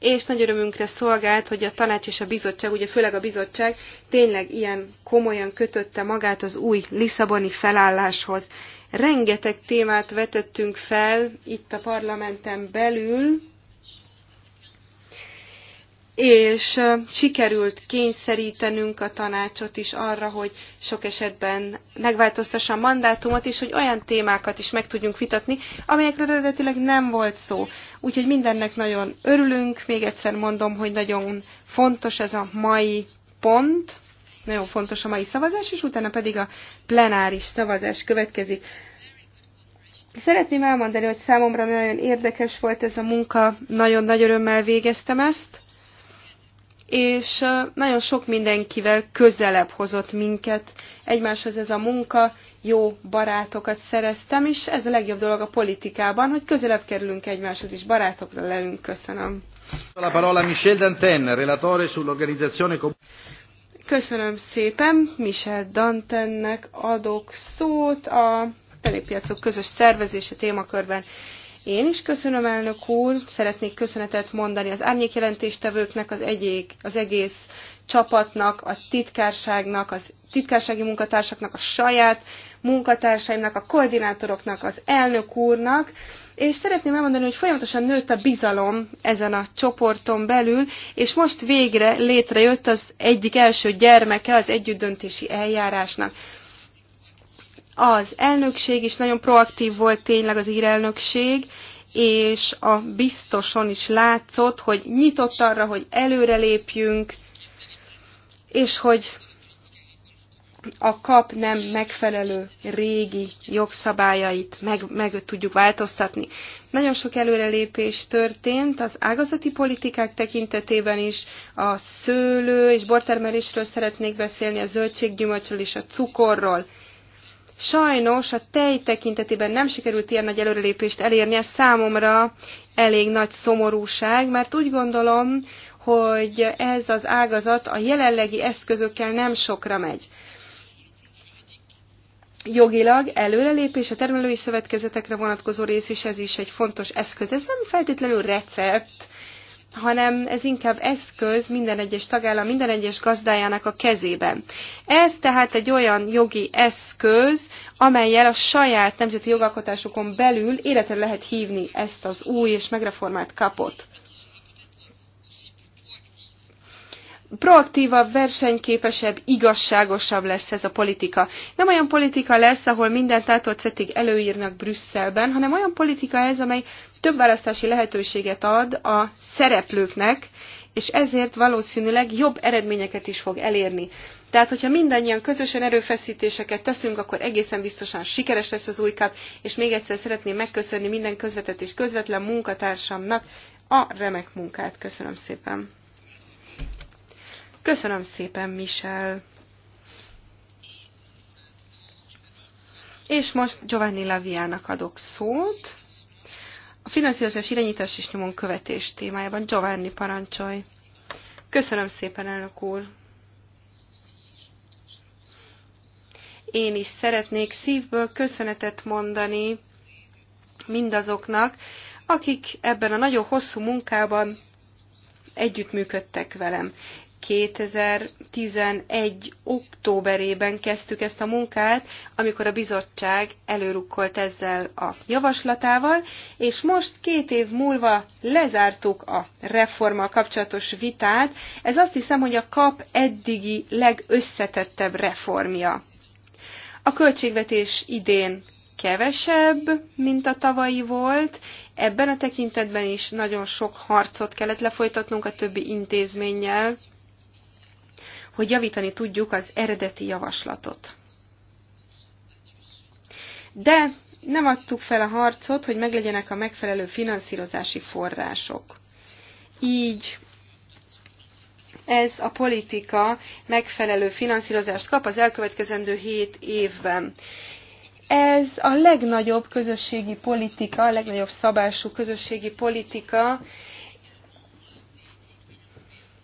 és nagy örömünkre szolgált, hogy a tanács és a bizottság, ugye főleg a bizottság tényleg ilyen komolyan kötötte magát az új Lisszaboni felálláshoz. Rengeteg témát vetettünk fel itt a parlamenten belül, és sikerült kényszerítenünk a tanácsot is arra, hogy sok esetben megváltoztassa a mandátumot, és hogy olyan témákat is meg tudjunk vitatni, amelyekről eredetileg nem volt szó. Úgyhogy mindennek nagyon örülünk, még egyszer mondom, hogy nagyon fontos ez a mai pont, nagyon fontos a mai szavazás, és utána pedig a plenáris szavazás következik. Szeretném elmondani, hogy számomra nagyon érdekes volt ez a munka, nagyon nagy örömmel végeztem ezt és nagyon sok mindenkivel közelebb hozott minket egymáshoz ez a munka, jó barátokat szereztem, és ez a legjobb dolog a politikában, hogy közelebb kerülünk egymáshoz, és barátokra lelünk. Köszönöm. La parola relatore sull'organizzazione Köszönöm szépen, Michel Dantennek adok szót a terépiacok közös szervezése témakörben. Én is köszönöm, elnök úr, szeretnék köszönetet mondani az árnyékjelentéstevőknek, az, egyék, az egész csapatnak, a titkárságnak, az titkársági munkatársaknak, a saját munkatársaimnak, a koordinátoroknak, az elnök úrnak, és szeretném elmondani, hogy folyamatosan nőtt a bizalom ezen a csoporton belül, és most végre létrejött az egyik első gyermeke az együttdöntési eljárásnak. Az elnökség is nagyon proaktív volt tényleg az írelnökség, és a biztoson is látszott, hogy nyitott arra, hogy előrelépjünk, és hogy a kap nem megfelelő régi jogszabályait meg, meg tudjuk változtatni. Nagyon sok előrelépés történt az ágazati politikák tekintetében is, a szőlő és bortermelésről szeretnék beszélni, a zöldséggyümölcsről és a cukorról. Sajnos a tej tekintetében nem sikerült ilyen nagy előrelépést elérni, ez számomra elég nagy szomorúság, mert úgy gondolom, hogy ez az ágazat a jelenlegi eszközökkel nem sokra megy. Jogilag előrelépés a termelői szövetkezetekre vonatkozó rész is, ez is egy fontos eszköz. Ez nem feltétlenül recept, hanem ez inkább eszköz minden egyes tagállam, minden egyes gazdájának a kezében. Ez tehát egy olyan jogi eszköz, amelyel a saját nemzeti jogalkotásokon belül életre lehet hívni ezt az új és megreformált kapot. proaktívabb, versenyképesebb, igazságosabb lesz ez a politika. Nem olyan politika lesz, ahol mindent ától szetig előírnak Brüsszelben, hanem olyan politika ez, amely több választási lehetőséget ad a szereplőknek, és ezért valószínűleg jobb eredményeket is fog elérni. Tehát, hogyha mindannyian közösen erőfeszítéseket teszünk, akkor egészen biztosan sikeres lesz az új kap, és még egyszer szeretném megköszönni minden közvetett és közvetlen munkatársamnak a remek munkát. Köszönöm szépen! Köszönöm szépen, Michel. És most Giovanni Laviának adok szót. A finanszírozás irányítás és nyomon követés témájában Giovanni parancsolj. Köszönöm szépen, elnök úr. Én is szeretnék szívből köszönetet mondani mindazoknak, akik ebben a nagyon hosszú munkában együttműködtek velem. 2011. októberében kezdtük ezt a munkát, amikor a bizottság előrukkolt ezzel a javaslatával, és most két év múlva lezártuk a reformmal kapcsolatos vitát. Ez azt hiszem, hogy a kap eddigi legösszetettebb reformja. A költségvetés idén kevesebb, mint a tavalyi volt. Ebben a tekintetben is nagyon sok harcot kellett lefolytatnunk a többi intézménnyel, hogy javítani tudjuk az eredeti javaslatot. De nem adtuk fel a harcot, hogy meglegyenek a megfelelő finanszírozási források. Így ez a politika megfelelő finanszírozást kap az elkövetkezendő 7 évben. Ez a legnagyobb közösségi politika, a legnagyobb szabású közösségi politika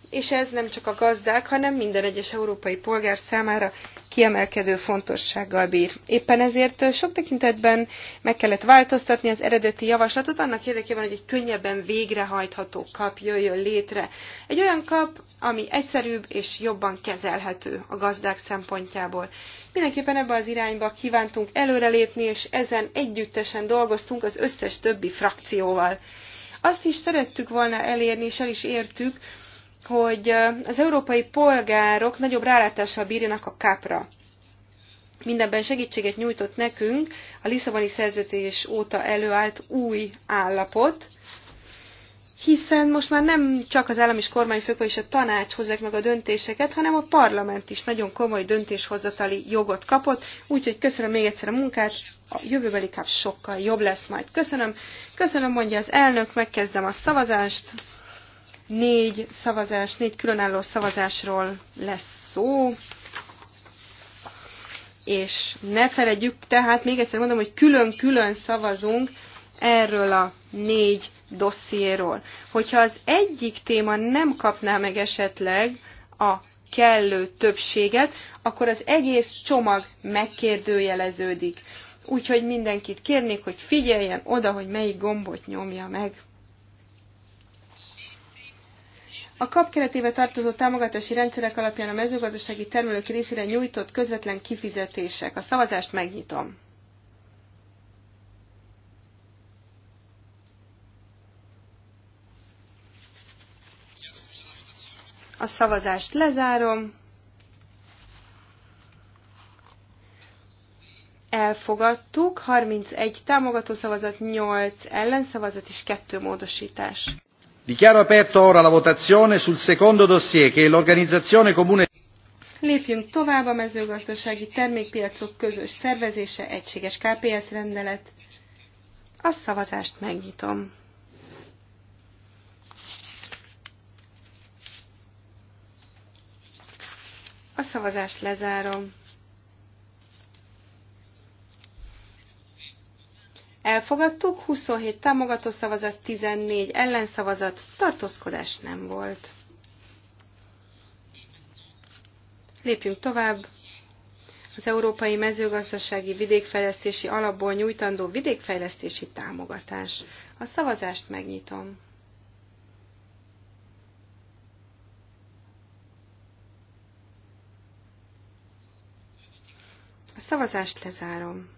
és ez nem csak a gazdák, hanem minden egyes európai polgár számára kiemelkedő fontossággal bír. Éppen ezért sok tekintetben meg kellett változtatni az eredeti javaslatot annak érdekében, hogy egy könnyebben végrehajtható kap jöjjön létre. Egy olyan kap, ami egyszerűbb és jobban kezelhető a gazdák szempontjából. Mindenképpen ebbe az irányba kívántunk előrelépni, és ezen együttesen dolgoztunk az összes többi frakcióval. Azt is szerettük volna elérni, és el is értük, hogy az európai polgárok nagyobb rálátással bírjanak a kápra. Mindenben segítséget nyújtott nekünk a Lisszaboni szerződés óta előállt új állapot, hiszen most már nem csak az állam és kormányfők és a tanács hozzák meg a döntéseket, hanem a parlament is nagyon komoly döntéshozatali jogot kapott, úgyhogy köszönöm még egyszer a munkát, a jövőbeli kap sokkal jobb lesz majd. Köszönöm, köszönöm mondja az elnök, megkezdem a szavazást négy szavazás, négy különálló szavazásról lesz szó. És ne feledjük, tehát még egyszer mondom, hogy külön-külön szavazunk erről a négy dossziéról. Hogyha az egyik téma nem kapná meg esetleg a kellő többséget, akkor az egész csomag megkérdőjeleződik. Úgyhogy mindenkit kérnék, hogy figyeljen oda, hogy melyik gombot nyomja meg. A kap keretébe tartozó támogatási rendszerek alapján a mezőgazdasági termelők részére nyújtott közvetlen kifizetések. A szavazást megnyitom. A szavazást lezárom. Elfogadtuk, 31 támogató szavazat, 8 ellenszavazat és 2 módosítás dichiaro aperta ora la votazione sul secondo dossier che è l'organizzazione comune. Lépjünk tovább a mezőgazdasági termékpiacok közös szervezése, egységes KPS rendelet. A szavazást megnyitom. A szavazást lezárom. Elfogadtuk, 27 támogató szavazat, 14 ellenszavazat, tartózkodás nem volt. Lépjünk tovább. Az Európai Mezőgazdasági Vidékfejlesztési Alapból nyújtandó vidékfejlesztési támogatás. A szavazást megnyitom. A szavazást lezárom.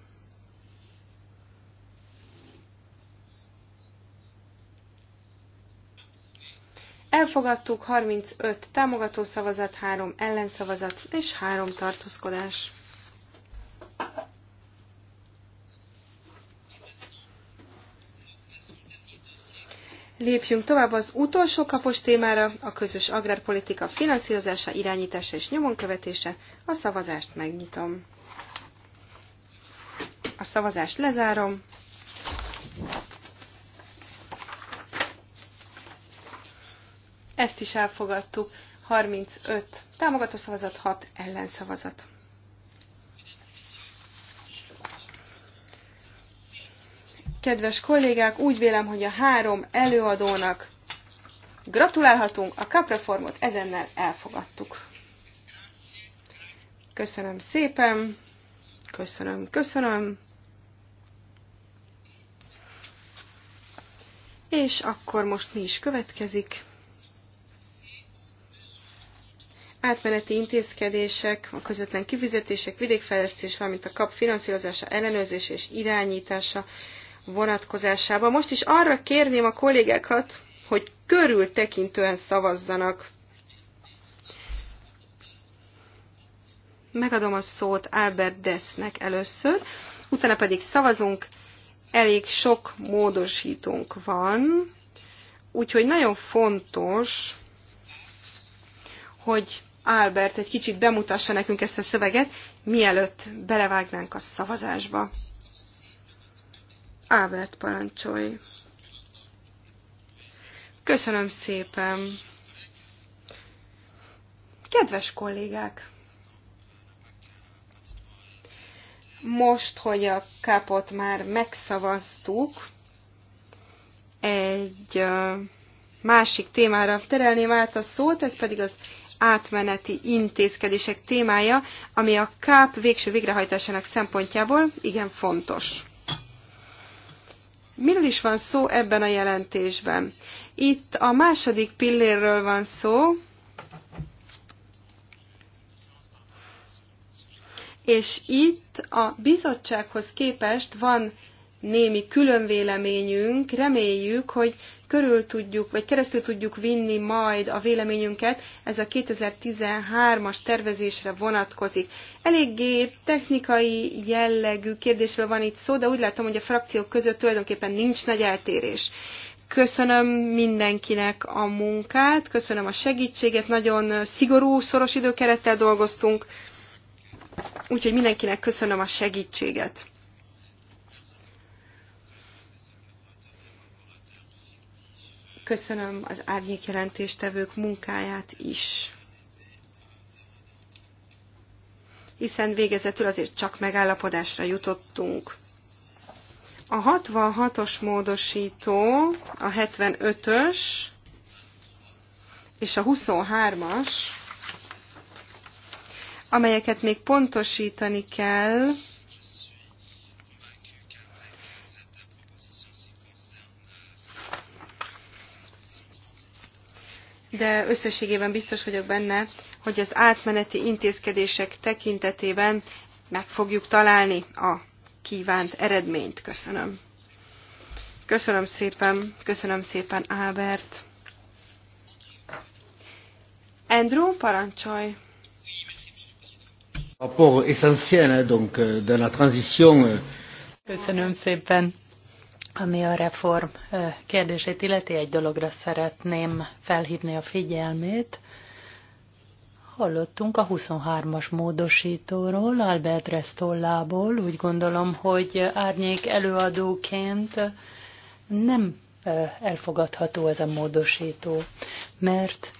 Elfogadtuk 35 támogató szavazat, 3 ellenszavazat és 3 tartózkodás. Lépjünk tovább az utolsó kapos témára, a közös agrárpolitika finanszírozása, irányítása és nyomonkövetése. A szavazást megnyitom. A szavazást lezárom. Ezt is elfogadtuk. 35 támogató szavazat, 6 ellenszavazat. Kedves kollégák, úgy vélem, hogy a három előadónak gratulálhatunk, a kapreformot ezennel elfogadtuk. Köszönöm szépen, köszönöm, köszönöm. És akkor most mi is következik? átmeneti intézkedések, a közvetlen kifizetések, vidékfejlesztés, valamint a kap finanszírozása, ellenőrzés és irányítása vonatkozásában. Most is arra kérném a kollégákat, hogy körültekintően szavazzanak. Megadom a szót Albert Desznek először, utána pedig szavazunk, elég sok módosítónk van, úgyhogy nagyon fontos, hogy Albert egy kicsit bemutassa nekünk ezt a szöveget, mielőtt belevágnánk a szavazásba. Albert, parancsolj! Köszönöm szépen! Kedves kollégák! Most, hogy a kapot már megszavaztuk, egy másik témára terelném át a szót, ez pedig az átmeneti intézkedések témája, ami a KÁP végső végrehajtásának szempontjából igen fontos. Miről is van szó ebben a jelentésben? Itt a második pillérről van szó, és itt a bizottsághoz képest van némi különvéleményünk, reméljük, hogy körül tudjuk, vagy keresztül tudjuk vinni majd a véleményünket, ez a 2013-as tervezésre vonatkozik. Eléggé technikai jellegű kérdésről van itt szó, de úgy látom, hogy a frakciók között tulajdonképpen nincs nagy eltérés. Köszönöm mindenkinek a munkát, köszönöm a segítséget, nagyon szigorú, szoros időkerettel dolgoztunk, úgyhogy mindenkinek köszönöm a segítséget. Köszönöm az árnyék jelentéstevők munkáját is. Hiszen végezetül azért csak megállapodásra jutottunk. A 66-os módosító, a 75-ös és a 23-as, amelyeket még pontosítani kell, de összességében biztos vagyok benne, hogy az átmeneti intézkedések tekintetében meg fogjuk találni a kívánt eredményt. Köszönöm. Köszönöm szépen, köszönöm szépen, Ábert. Andrew, parancsolj! Rapport essentiel, donc, euh, la transition. Euh. Köszönöm szépen. Ami a reform kérdését illeti, egy dologra szeretném felhívni a figyelmét. Hallottunk a 23-as módosítóról, Albert Restollából. Úgy gondolom, hogy árnyék előadóként nem elfogadható ez a módosító, mert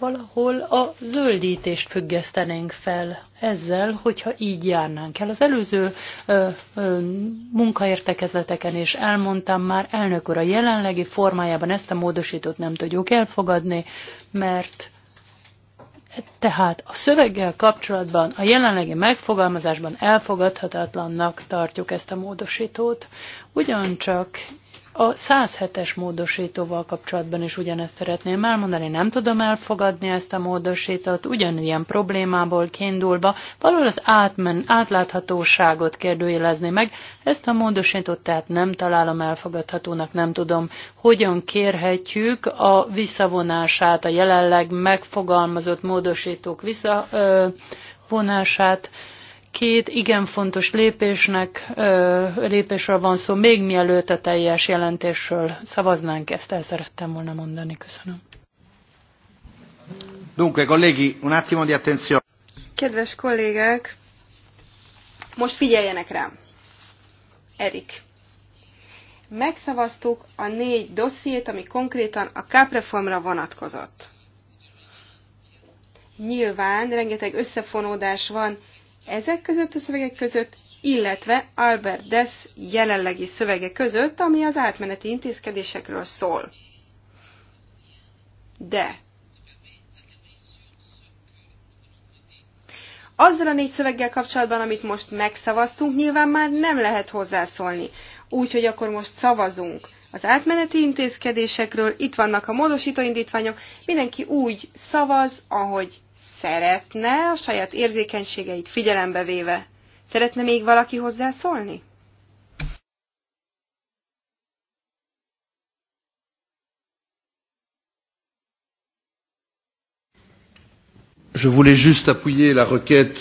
valahol a zöldítést függesztenénk fel ezzel, hogyha így járnánk el. Az előző ö, ö, munkaértekezleteken is elmondtam már, elnök úr, a jelenlegi formájában ezt a módosítót nem tudjuk elfogadni, mert tehát a szöveggel kapcsolatban, a jelenlegi megfogalmazásban elfogadhatatlannak tartjuk ezt a módosítót, ugyancsak a 107-es módosítóval kapcsolatban is ugyanezt szeretném elmondani, nem tudom elfogadni ezt a módosítót, ugyanilyen problémából kiindulva, valahol az átmen, átláthatóságot kérdőjelezni meg, ezt a módosítót tehát nem találom elfogadhatónak, nem tudom, hogyan kérhetjük a visszavonását, a jelenleg megfogalmazott módosítók visszavonását, két igen fontos lépésnek, lépésről van szó, még mielőtt a teljes jelentésről szavaznánk, ezt el szerettem volna mondani. Köszönöm. Dunque, colleghi, un attimo di attenzione. Kedves kollégák, most figyeljenek rám. Erik. Megszavaztuk a négy dossziét, ami konkrétan a kápreformra vonatkozott. Nyilván rengeteg összefonódás van ezek között a szövegek között, illetve Albert Dess jelenlegi szövege között, ami az átmeneti intézkedésekről szól. De azzal a négy szöveggel kapcsolatban, amit most megszavaztunk, nyilván már nem lehet hozzászólni. Úgyhogy akkor most szavazunk. Az átmeneti intézkedésekről itt vannak a módosító indítványok, mindenki úgy szavaz, ahogy szeretne, a saját érzékenységeit figyelembe véve. Szeretne még valaki hozzászólni? Je voulais juste appuyer la requête.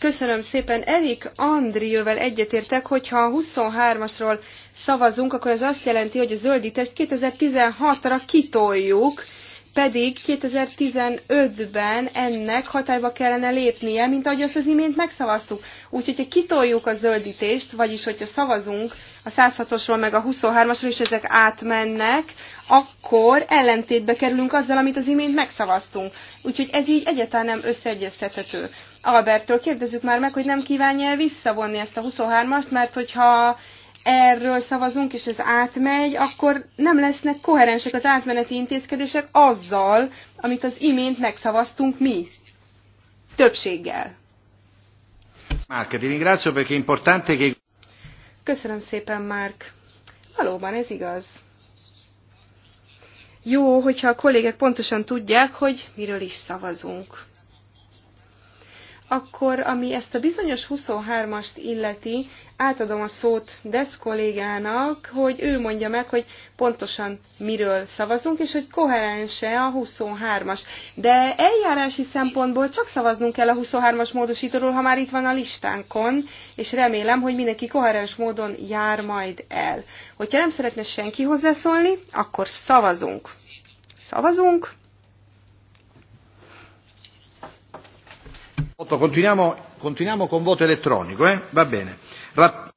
Köszönöm szépen. Erik Andriővel egyetértek, hogyha a 23-asról szavazunk, akkor ez azt jelenti, hogy a zöldítést 2016-ra kitoljuk, pedig 2015-ben ennek hatályba kellene lépnie, mint ahogy azt az imént megszavaztuk. Úgyhogy, ha kitoljuk a zöldítést, vagyis hogyha szavazunk a 106-osról meg a 23 osról és ezek átmennek, akkor ellentétbe kerülünk azzal, amit az imént megszavaztunk. Úgyhogy ez így egyáltalán nem összeegyeztethető. Albertől kérdezzük már meg, hogy nem kívánja -e visszavonni ezt a 23-ast, mert hogyha erről szavazunk, és ez átmegy, akkor nem lesznek koherensek az átmeneti intézkedések azzal, amit az imént megszavaztunk mi. Többséggel. Köszönöm szépen, Márk. Valóban, ez igaz. Jó, hogyha a kollégek pontosan tudják, hogy miről is szavazunk. Akkor, ami ezt a bizonyos 23-ast illeti, átadom a szót Desz kollégának, hogy ő mondja meg, hogy pontosan miről szavazunk, és hogy koherense a 23-as. De eljárási szempontból csak szavaznunk kell a 23-as módosítóról, ha már itt van a listánkon, és remélem, hogy mindenki koherens módon jár majd el. Hogyha nem szeretne senki hozzászólni, akkor szavazunk. Szavazunk. Continuiamo, continuiamo con voto elettronico, eh? Va bene. Rap-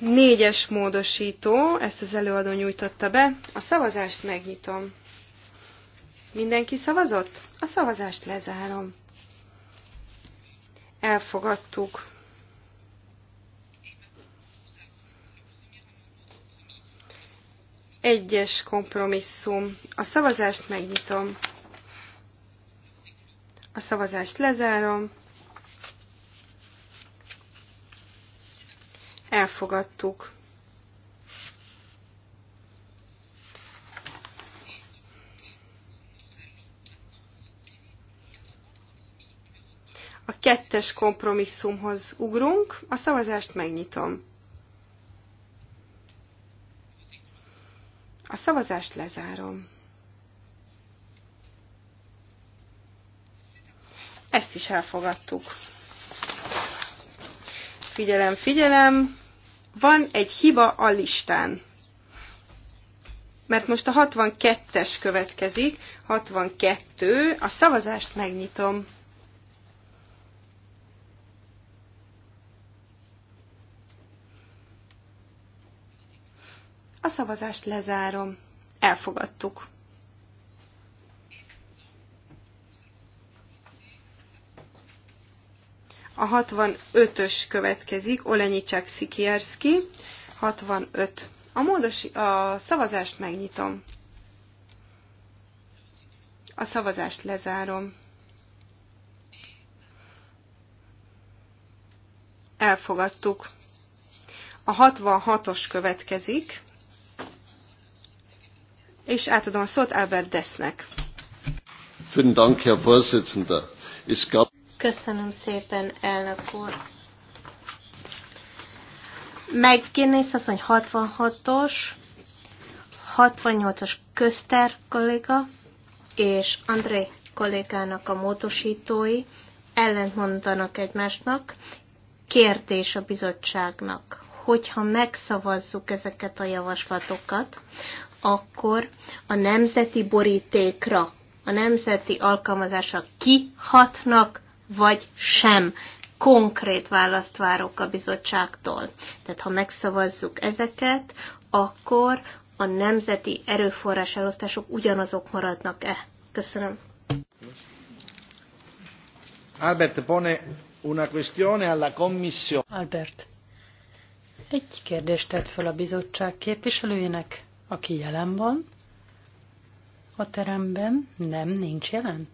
Négyes módosító, ezt az előadó nyújtotta be. A szavazást megnyitom. Mindenki szavazott? A szavazást lezárom. Elfogadtuk. Egyes kompromisszum. A szavazást megnyitom. A szavazást lezárom. Elfogadtuk. A kettes kompromisszumhoz ugrunk, a szavazást megnyitom. A szavazást lezárom. Ezt is elfogadtuk. Figyelem, figyelem, van egy hiba a listán. Mert most a 62-es következik, 62, a szavazást megnyitom. A szavazást lezárom. Elfogadtuk. A 65-ös következik, Olenicsák Szikierszki, 65. A, módos, a szavazást megnyitom. A szavazást lezárom. Elfogadtuk. A 66-os következik, és átadom a szót Albert Desznek. Vielen Dank, Herr Vorsitzender. Es gab Köszönöm szépen, elnök úr. Megkérnész hogy 66-os, 68-as közter kolléga és André kollégának a módosítói ellentmondanak egymásnak. Kérdés a bizottságnak, hogyha megszavazzuk ezeket a javaslatokat, akkor a nemzeti borítékra, a nemzeti alkalmazásra kihatnak vagy sem. Konkrét választ várok a bizottságtól. Tehát ha megszavazzuk ezeket, akkor a nemzeti erőforrás elosztások ugyanazok maradnak-e? Köszönöm. Albert pone una questione alla commissione. Albert, egy kérdést tett fel a bizottság képviselőjének, aki jelen van a teremben. Nem, nincs jelen.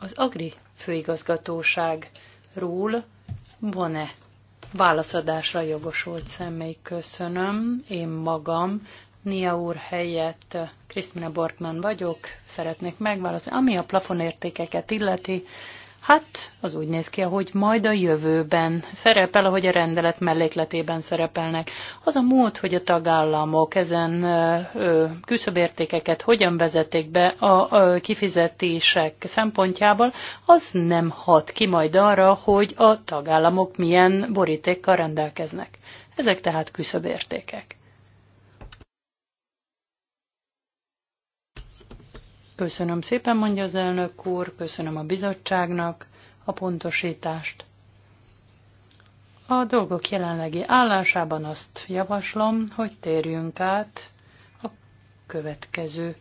az Agri főigazgatóságról van-e válaszadásra jogosult személy? Köszönöm. Én magam Nia úr helyett Krisztina Borkman vagyok, szeretnék megválaszolni. Ami a plafonértékeket illeti, Hát, az úgy néz ki, ahogy majd a jövőben szerepel, ahogy a rendelet mellékletében szerepelnek. Az a mód, hogy a tagállamok ezen küszöbértékeket hogyan vezetik be a, a kifizetések szempontjából, az nem hat ki majd arra, hogy a tagállamok milyen borítékkal rendelkeznek. Ezek tehát küszöbértékek. Köszönöm szépen, mondja az elnök úr, köszönöm a bizottságnak a pontosítást. A dolgok jelenlegi állásában azt javaslom, hogy térjünk át a következő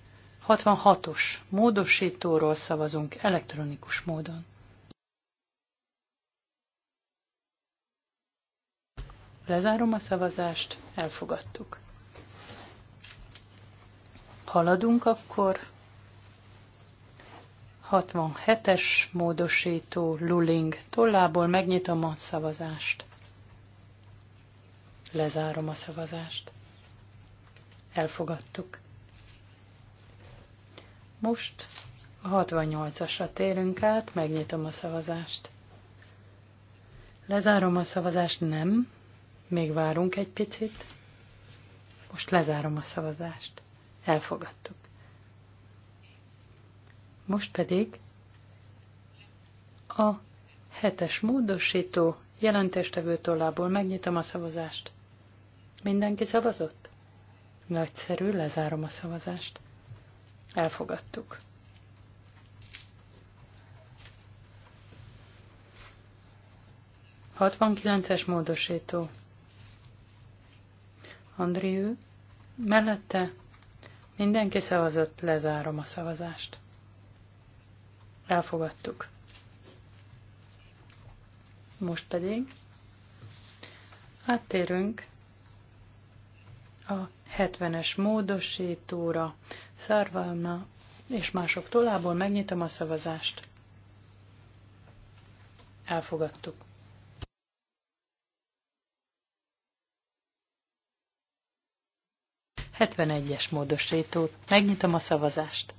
66-os módosítóról szavazunk elektronikus módon. Lezárom a szavazást, elfogadtuk. Haladunk akkor 67-es módosító Luling tollából megnyitom a szavazást. Lezárom a szavazást. Elfogadtuk. Most a 68-asra térünk át, megnyitom a szavazást. Lezárom a szavazást, nem. Még várunk egy picit. Most lezárom a szavazást. Elfogadtuk. Most pedig a hetes módosító jelentéstevő tollából megnyitom a szavazást. Mindenki szavazott? Nagyszerű, lezárom a szavazást. Elfogadtuk. Hatvankilences módosító. Andriő, mellette mindenki szavazott, lezárom a szavazást. Elfogadtuk. Most pedig áttérünk a 70-es módosítóra. szárvalna és mások tollából megnyitom a szavazást. Elfogadtuk. Hetvenegyes módosító. Megnyitom a szavazást.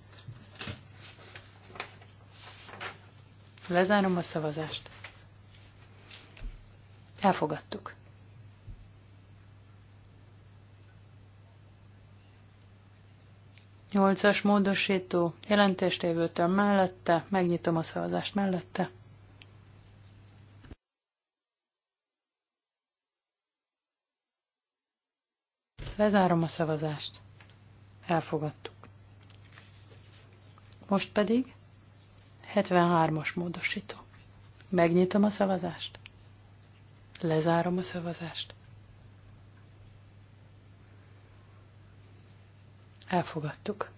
Lezárom a szavazást. Elfogadtuk. Nyolcas módosító jelentéstévőtől mellette, megnyitom a szavazást mellette. Lezárom a szavazást. Elfogadtuk. Most pedig 73-as módosító. Megnyitom a szavazást. Lezárom a szavazást. Elfogadtuk.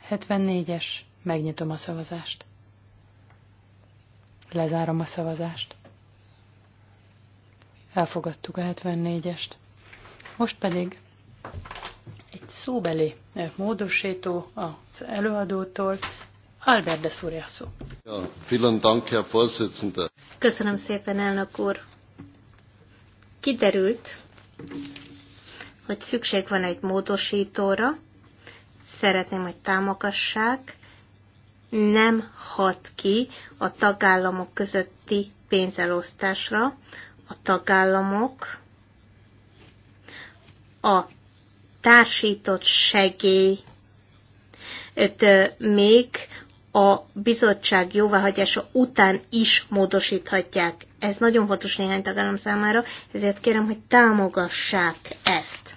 Hetvennégyes. Megnyitom a szavazást. Lezárom a szavazást. Elfogadtuk a 74-est. Most pedig szóbeli eh, módosító az előadótól. Albert de Szúriászó. Ja, Köszönöm szépen, elnök úr. Kiderült, hogy szükség van egy módosítóra, szeretném, hogy támogassák, nem hat ki a tagállamok közötti pénzelosztásra. A tagállamok a társított segély, még a bizottság jóváhagyása után is módosíthatják. Ez nagyon fontos néhány tagállam számára, ezért kérem, hogy támogassák ezt.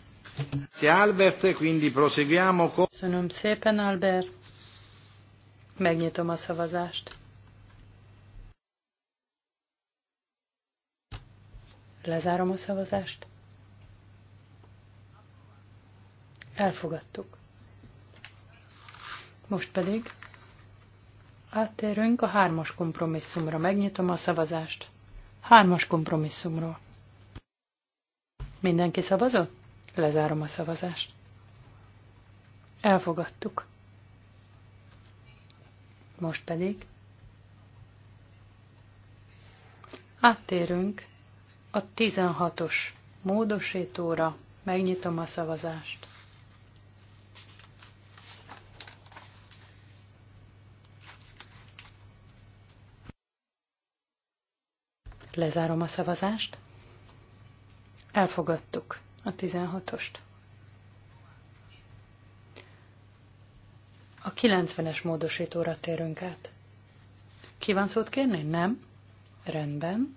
Köszönöm szépen, Albert. Megnyitom a szavazást. Lezárom a szavazást. Elfogadtuk. Most pedig áttérünk a hármas kompromisszumra. Megnyitom a szavazást. Hármas kompromisszumról. Mindenki szavazott? Lezárom a szavazást. Elfogadtuk. Most pedig áttérünk a 16-os módosítóra. Megnyitom a szavazást. Lezárom a szavazást. Elfogadtuk a 16-ost. A 90-es módosítóra térünk át. Ki van szót kérni? Nem? Rendben.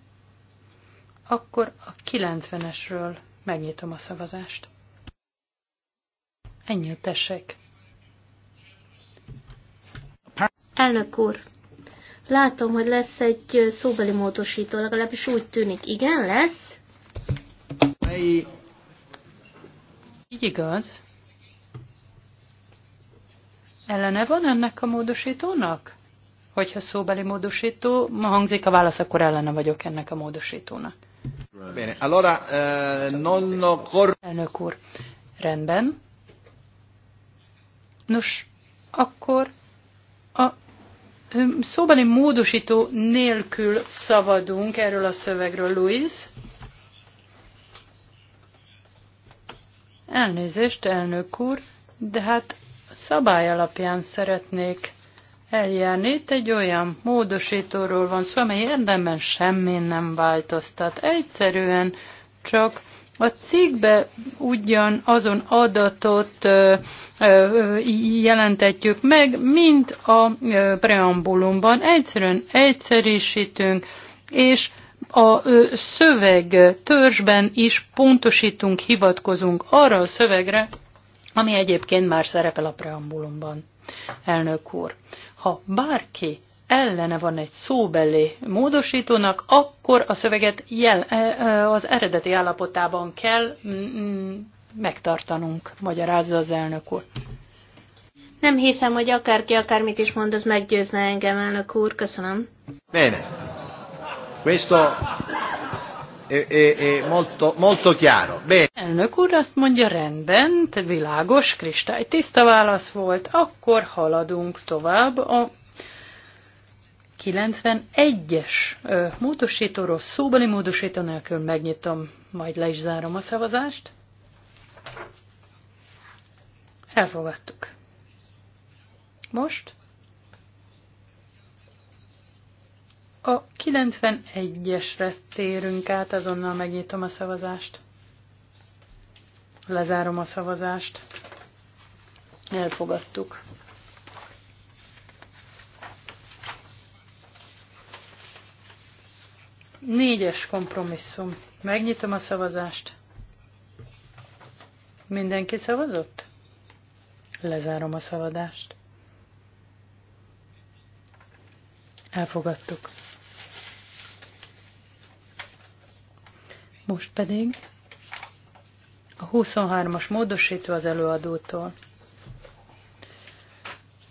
Akkor a 90-esről megnyitom a szavazást. Ennyi tessék. Elnök úr, Látom, hogy lesz egy szóbeli módosító, legalábbis úgy tűnik. Igen, lesz? Így igaz. Ellene van ennek a módosítónak? Hogyha szóbeli módosító, ma hangzik a válasz, akkor ellene vagyok ennek a módosítónak. Bene, allora, eh, nonno cor... Elnök úr, rendben. Nos, akkor a Szóbeli módosító nélkül szabadunk erről a szövegről, Louis. Elnézést, elnök úr, de hát szabály alapján szeretnék eljárni. Itt egy olyan módosítóról van szó, amely érdemben semmi nem változtat. Egyszerűen csak a cégbe ugyan azon adatot jelentetjük meg, mint a preambulumban. Egyszerűen egyszerűsítünk, és a szöveg törzsben is pontosítunk, hivatkozunk arra a szövegre, ami egyébként már szerepel a preambulumban. Elnök úr, ha bárki ellene van egy szóbeli módosítónak, akkor a szöveget jel, e, e, az eredeti állapotában kell megtartanunk, magyarázza az elnök úr. Nem hiszem, hogy akárki akármit is mond, az meggyőzne engem, elnök úr. Köszönöm. Bene. Questo è, è, è molto, molto chiaro. Bene. Elnök úr azt mondja, rendben, világos, tiszta válasz volt, akkor haladunk tovább a 91-es módosítóról szóbeli módosító nélkül megnyitom, majd le is zárom a szavazást. Elfogadtuk. Most a 91-esre térünk át, azonnal megnyitom a szavazást. Lezárom a szavazást. Elfogadtuk. Négyes kompromisszum. Megnyitom a szavazást. Mindenki szavazott? Lezárom a szavazást. Elfogadtuk. Most pedig a 23-as módosító az előadótól.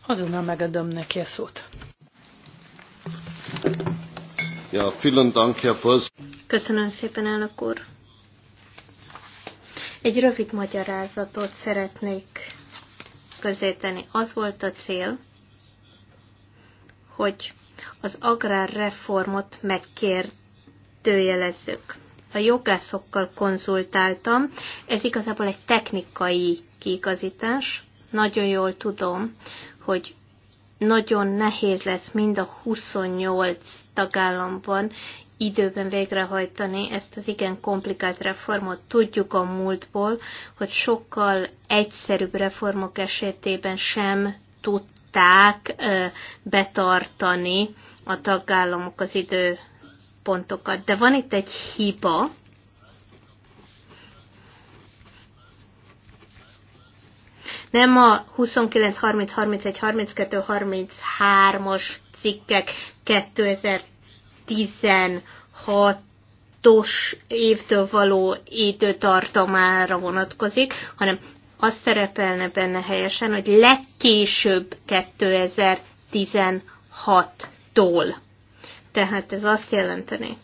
Azonnal megadom neki a szót. Ja, vielen Dank, Herr Köszönöm szépen, elnök úr. Egy rövid magyarázatot szeretnék közéteni. Az volt a cél, hogy az agrárreformot megkérdőjelezzük. A jogászokkal konzultáltam, ez igazából egy technikai kiigazítás. Nagyon jól tudom, hogy nagyon nehéz lesz mind a 28 tagállamban időben végrehajtani ezt az igen komplikált reformot. Tudjuk a múltból, hogy sokkal egyszerűbb reformok esetében sem tudták betartani a tagállamok az időpontokat. De van itt egy hiba, nem a 29, 30, 31, 32, 33-as cikkek 2016 os évtől való időtartamára vonatkozik, hanem az szerepelne benne helyesen, hogy legkésőbb 2016-tól. Tehát ez azt jelenteni,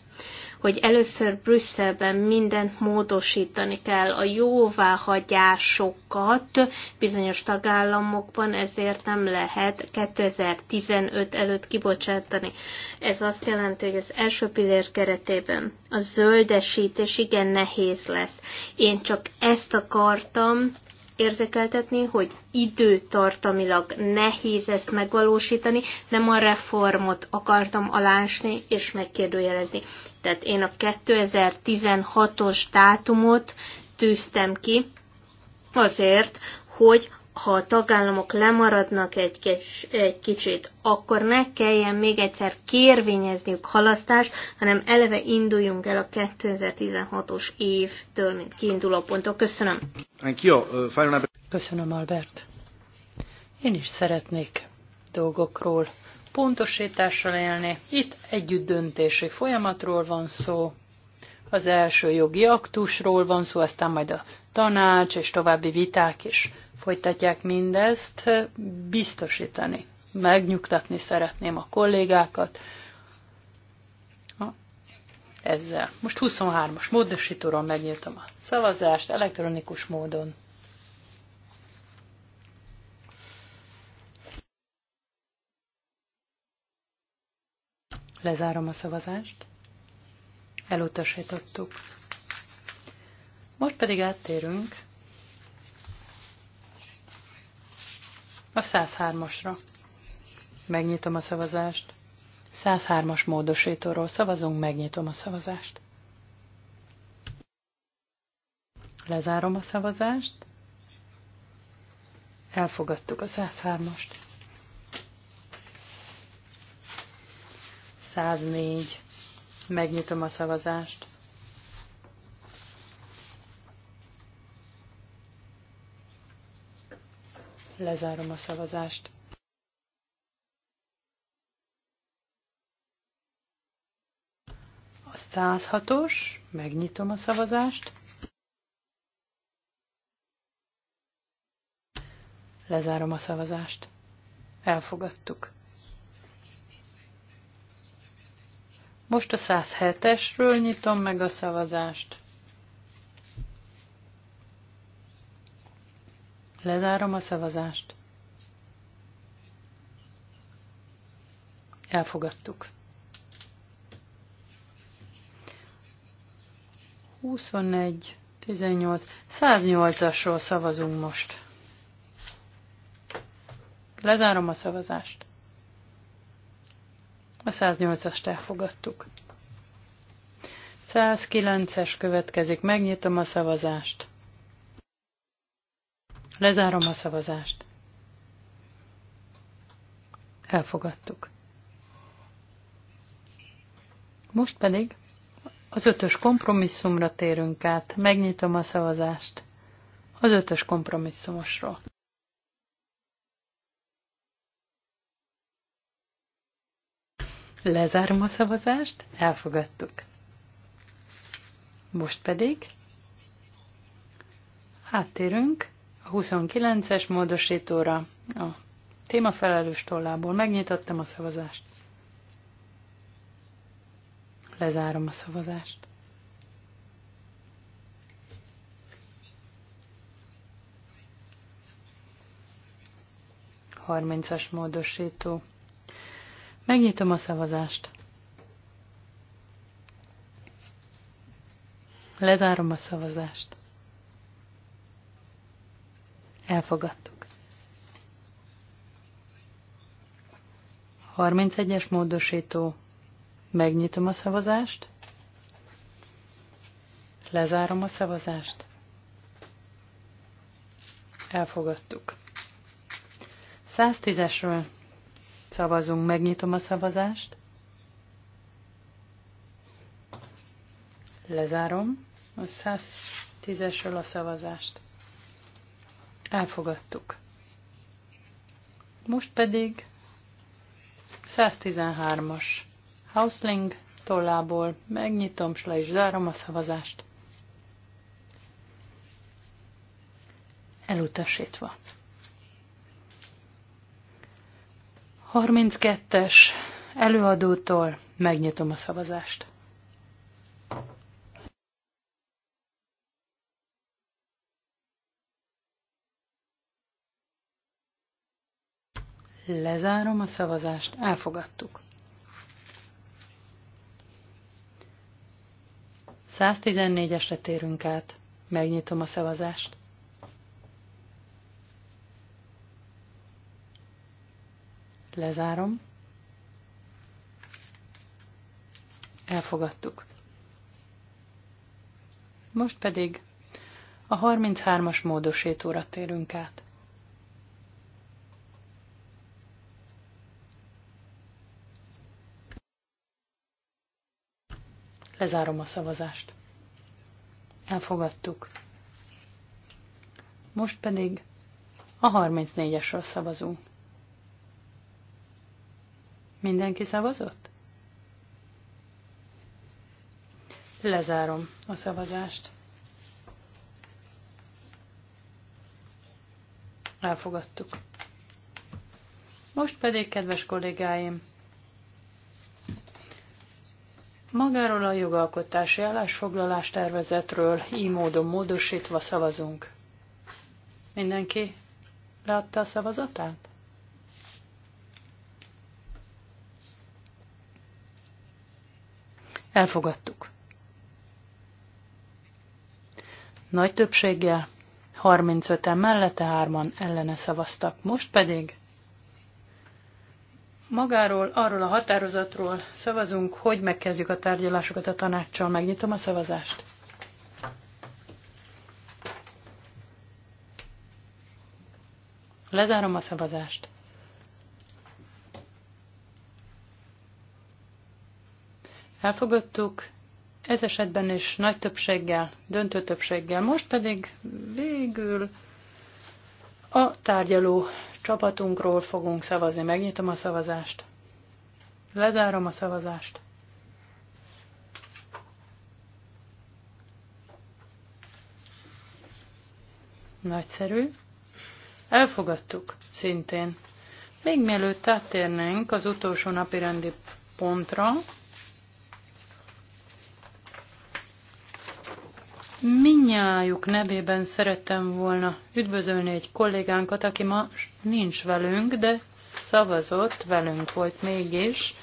hogy először Brüsszelben mindent módosítani kell, a jóváhagyásokat bizonyos tagállamokban ezért nem lehet 2015 előtt kibocsátani. Ez azt jelenti, hogy az első pillér keretében a zöldesítés igen nehéz lesz. Én csak ezt akartam érzékeltetni, hogy időtartamilag nehéz ezt megvalósítani, nem a reformot akartam alásni és megkérdőjelezni. Tehát én a 2016-os dátumot tűztem ki azért, hogy ha a tagállamok lemaradnak egy, kis, egy kicsit, akkor ne kelljen még egyszer kérvényezniük halasztást, hanem eleve induljunk el a 2016-os évtől, mint kiinduló ponttól. Köszönöm. Uh, Köszönöm, Albert. Én is szeretnék dolgokról pontosítással élni. Itt együtt döntési folyamatról van szó, az első jogi aktusról van szó, aztán majd a tanács és további viták is folytatják mindezt, biztosítani. Megnyugtatni szeretném a kollégákat ezzel. Most 23-as módosítóról megnyitom a szavazást elektronikus módon. Lezárom a szavazást. Elutasítottuk. Most pedig áttérünk a 103-asra. Megnyitom a szavazást. 103-as módosítóról szavazunk, megnyitom a szavazást. Lezárom a szavazást. Elfogadtuk a 103-ast. 104. Megnyitom a szavazást. Lezárom a szavazást. A 106-os, megnyitom a szavazást. Lezárom a szavazást. Elfogadtuk. Most a 107-esről nyitom meg a szavazást. Lezárom a szavazást. Elfogadtuk. 21, 18, 108-asról szavazunk most. Lezárom a szavazást. A 108-ast elfogadtuk. 109-es következik. Megnyitom a szavazást. Lezárom a szavazást. Elfogadtuk. Most pedig az ötös kompromisszumra térünk át. Megnyitom a szavazást. Az ötös kompromisszumosról. Lezárom a szavazást, elfogadtuk. Most pedig áttérünk a 29-es módosítóra a témafelelős tollából megnyitottam a szavazást. Lezárom a szavazást. Harmincas módosító. Megnyitom a szavazást. Lezárom a szavazást. Elfogadtuk. 31-es módosító. Megnyitom a szavazást. Lezárom a szavazást. Elfogadtuk. 110-esről szavazunk, megnyitom a szavazást. Lezárom a 110-esről a szavazást. Elfogadtuk. Most pedig 113-as Hausling tollából megnyitom, s le is zárom a szavazást. Elutasítva. 32-es előadótól megnyitom a szavazást. Lezárom a szavazást. Elfogadtuk. 114-esre térünk át. Megnyitom a szavazást. Lezárom. Elfogadtuk. Most pedig a 33-as módosítóra térünk át. Lezárom a szavazást. Elfogadtuk. Most pedig a 34-esről szavazunk. Mindenki szavazott? Lezárom a szavazást. Elfogadtuk. Most pedig, kedves kollégáim, Magáról a jogalkotási állásfoglalás tervezetről így módon módosítva szavazunk. Mindenki látta a szavazatát? Elfogadtuk. Nagy többséggel 35-en mellette hárman ellene szavaztak, most pedig Magáról, arról a határozatról szavazunk, hogy megkezdjük a tárgyalásokat a tanácssal. Megnyitom a szavazást. Lezárom a szavazást. Elfogadtuk, ez esetben is nagy többséggel, döntő többséggel. Most pedig végül a tárgyaló csapatunkról fogunk szavazni. Megnyitom a szavazást. Lezárom a szavazást. Nagyszerű. Elfogadtuk, szintén. Még mielőtt áttérnénk az utolsó napi rendi pontra, Minnyájuk nevében szerettem volna üdvözölni egy kollégánkat, aki ma nincs velünk, de szavazott, velünk volt mégis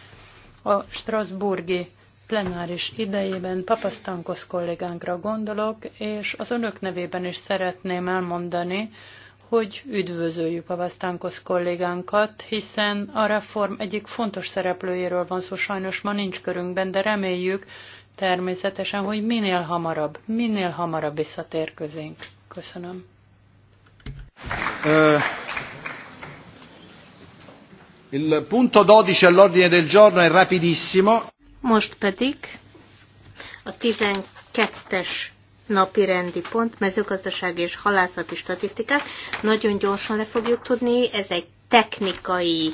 a Strasburgi plenáris idejében Papasztankosz kollégánkra gondolok, és az önök nevében is szeretném elmondani, hogy üdvözöljük Papasztankosz kollégánkat, hiszen a reform egyik fontos szereplőjéről van szó, sajnos ma nincs körünkben, de reméljük, természetesen, hogy minél hamarabb, minél hamarabb visszatér közénk. Köszönöm. Uh, il punto 12 all'ordine del giorno è rapidissimo. Most pedig a 12-es napi rendi pont, mezőgazdasági és halászati statisztikát. Nagyon gyorsan le fogjuk tudni, ez egy technikai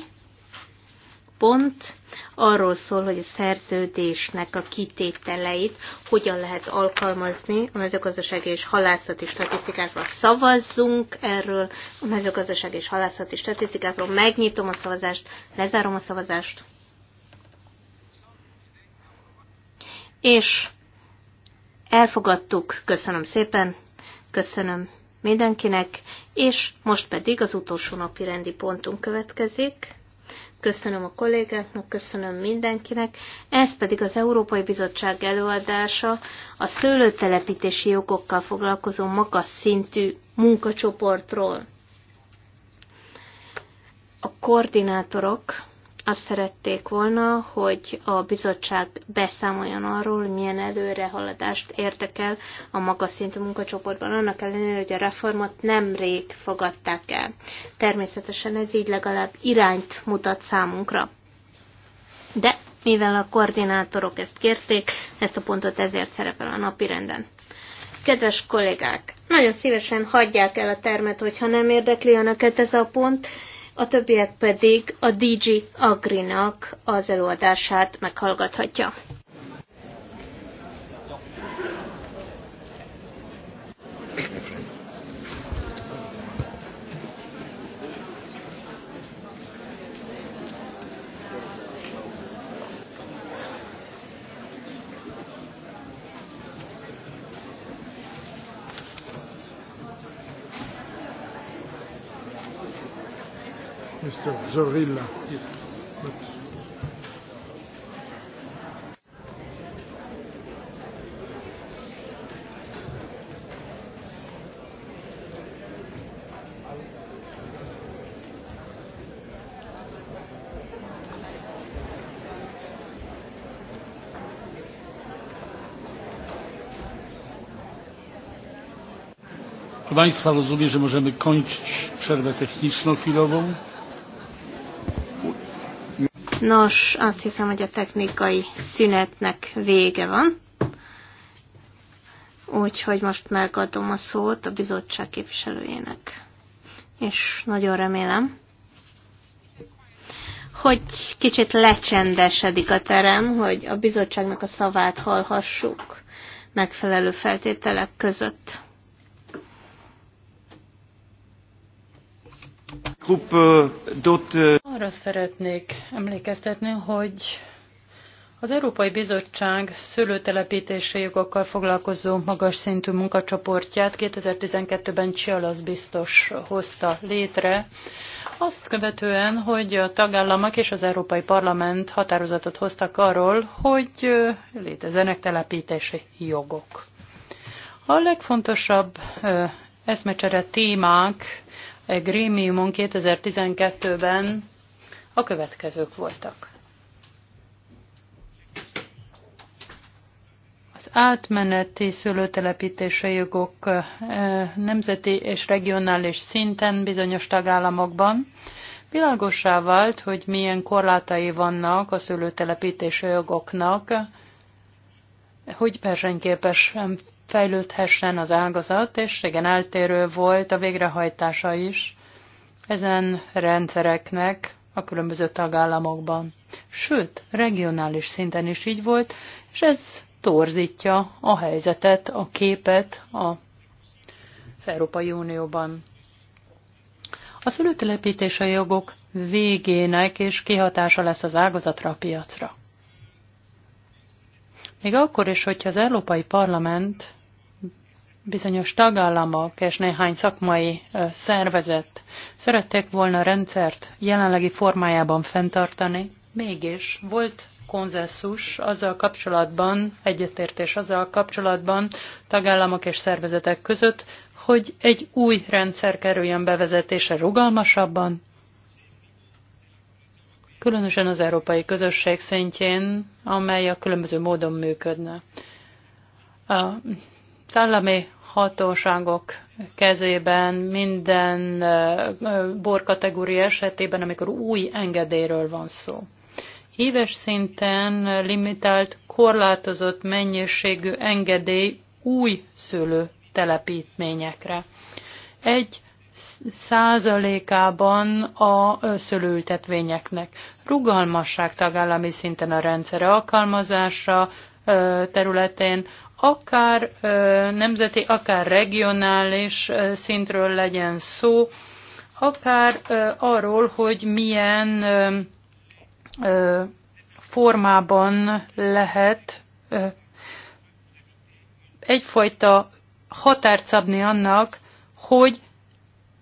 pont arról szól, hogy a szerződésnek a kitételeit hogyan lehet alkalmazni a mezőgazdasági és halászati statisztikákról. Szavazzunk erről a mezőgazdasági és halászati statisztikákról. Megnyitom a szavazást, lezárom a szavazást. És elfogadtuk. Köszönöm szépen. Köszönöm mindenkinek, és most pedig az utolsó napi rendi pontunk következik köszönöm a kollégáknak, köszönöm mindenkinek. Ez pedig az Európai Bizottság előadása a szőlőtelepítési jogokkal foglalkozó magas szintű munkacsoportról. A koordinátorok azt szerették volna, hogy a bizottság beszámoljon arról, hogy milyen előrehaladást értek el a magas szintű munkacsoportban, annak ellenére, hogy a reformot nemrég fogadták el. Természetesen ez így legalább irányt mutat számunkra. De mivel a koordinátorok ezt kérték, ezt a pontot ezért szerepel a napirenden. Kedves kollégák, nagyon szívesen hagyják el a termet, hogyha nem érdekli önöket ez a pont, a többiek pedig a DJ Agrinak az előadását meghallgathatja. Zorrilla. państwa rozumiem że możemy kończyć przerwę techniczną chwilową. Nos, azt hiszem, hogy a technikai szünetnek vége van. Úgyhogy most megadom a szót a bizottság képviselőjének. És nagyon remélem, hogy kicsit lecsendesedik a terem, hogy a bizottságnak a szavát hallhassuk megfelelő feltételek között. Groupe euh, d'autres euh, arra szeretnék emlékeztetni, hogy az Európai Bizottság szőlőtelepítési jogokkal foglalkozó magas szintű munkacsoportját 2012-ben Csialasz biztos hozta létre, azt követően, hogy a tagállamok és az Európai Parlament határozatot hoztak arról, hogy létezenek telepítési jogok. A legfontosabb eszmecsere témák egy grémiumon 2012-ben a következők voltak. Az átmeneti szülőtelepítése jogok nemzeti és regionális szinten bizonyos tagállamokban világosá vált, hogy milyen korlátai vannak a szülőtelepítési jogoknak, hogy versenyképes fejlődhessen az ágazat, és igen, eltérő volt a végrehajtása is ezen rendszereknek a különböző tagállamokban. Sőt, regionális szinten is így volt, és ez torzítja a helyzetet, a képet a, az Európai Unióban. A szülőtelepítése jogok végének és kihatása lesz az ágazatra, a piacra. Még akkor is, hogyha az Európai Parlament bizonyos tagállamok és néhány szakmai szervezet szerették volna a rendszert jelenlegi formájában fenntartani, mégis volt konzenszus azzal kapcsolatban, egyetértés azzal kapcsolatban tagállamok és szervezetek között, hogy egy új rendszer kerüljön bevezetése rugalmasabban, különösen az európai közösség szintjén, amely a különböző módon működne. A szállami hatóságok kezében minden borkategória esetében, amikor új engedélyről van szó. Éves szinten limitált, korlátozott mennyiségű engedély új szülő telepítményekre. Egy százalékában a szülőültetvényeknek. Rugalmasság tagállami szinten a rendszere alkalmazása területén akár nemzeti, akár regionális szintről legyen szó, akár arról, hogy milyen formában lehet egyfajta határt szabni annak, hogy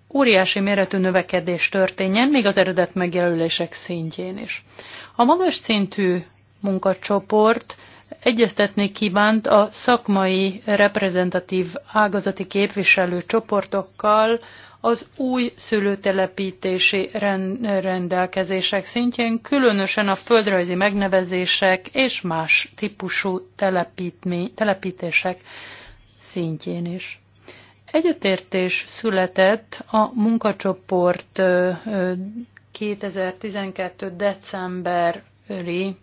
óriási méretű növekedés történjen, még az eredet megjelölések szintjén is. A magas szintű munkacsoport egyeztetni kívánt a szakmai reprezentatív ágazati képviselő csoportokkal az új szülőtelepítési rendelkezések szintjén, különösen a földrajzi megnevezések és más típusú telepítések szintjén is. Egyetértés született a munkacsoport 2012. decemberi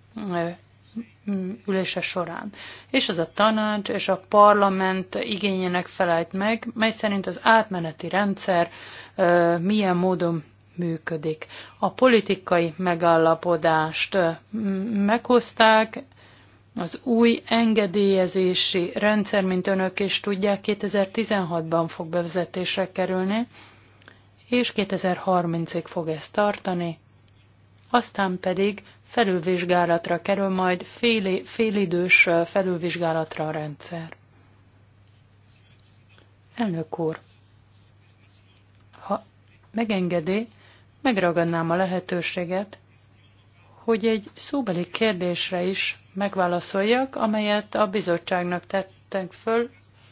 ülése során. És ez a tanács és a parlament igényének felelt meg, mely szerint az átmeneti rendszer milyen módon működik. A politikai megállapodást meghozták, az új engedélyezési rendszer, mint önök is tudják, 2016-ban fog bevezetésre kerülni, és 2030-ig fog ezt tartani, aztán pedig felülvizsgálatra kerül, majd fél, félidős felülvizsgálatra a rendszer. Elnök úr, ha megengedi, megragadnám a lehetőséget, hogy egy szóbeli kérdésre is megválaszoljak, amelyet a bizottságnak tettek föl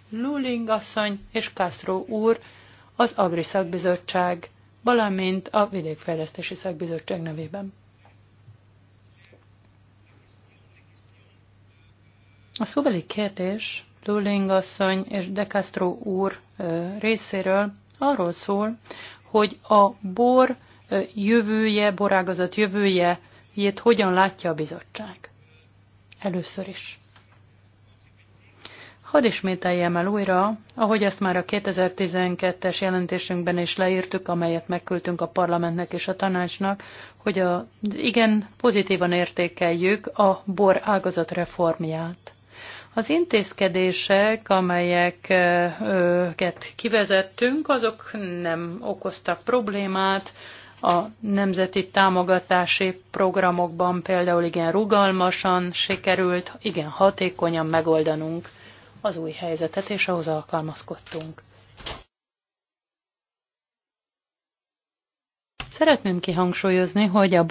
Luling asszony és Castro úr az Agri Szakbizottság, valamint a Vidékfejlesztési Szakbizottság nevében. A szóbeli kérdés Lulling asszony és De Castro úr részéről arról szól, hogy a bor jövője, borágazat jövője, ilyet hogyan látja a bizottság. Először is. Hadd ismételjem el újra, ahogy ezt már a 2012-es jelentésünkben is leírtuk, amelyet megküldtünk a parlamentnek és a tanácsnak, hogy a, igen pozitívan értékeljük a bor ágazat reformját. Az intézkedések, amelyeket kivezettünk, azok nem okoztak problémát, a nemzeti támogatási programokban például igen rugalmasan sikerült, igen hatékonyan megoldanunk az új helyzetet, és ahhoz alkalmazkodtunk. Szeretném kihangsúlyozni, hogy a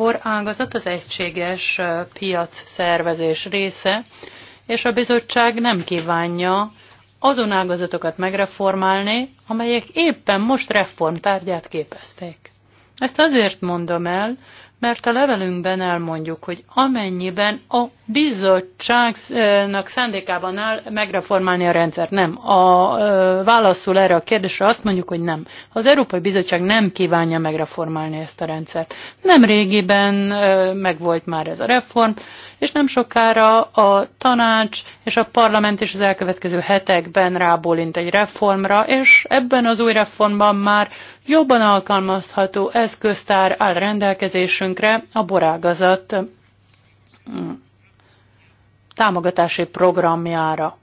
borágazat az egységes piac szervezés része, és a bizottság nem kívánja azon ágazatokat megreformálni, amelyek éppen most reformtárgyát képezték. Ezt azért mondom el, mert a levelünkben elmondjuk, hogy amennyiben a bizottságnak szándékában áll megreformálni a rendszert. Nem. A válaszul erre a kérdésre azt mondjuk, hogy nem. Az Európai Bizottság nem kívánja megreformálni ezt a rendszert. Nem régiben megvolt már ez a reform és nem sokára a tanács és a parlament is az elkövetkező hetekben rábólint egy reformra, és ebben az új reformban már jobban alkalmazható eszköztár áll rendelkezésünkre a borágazat mm, támogatási programjára.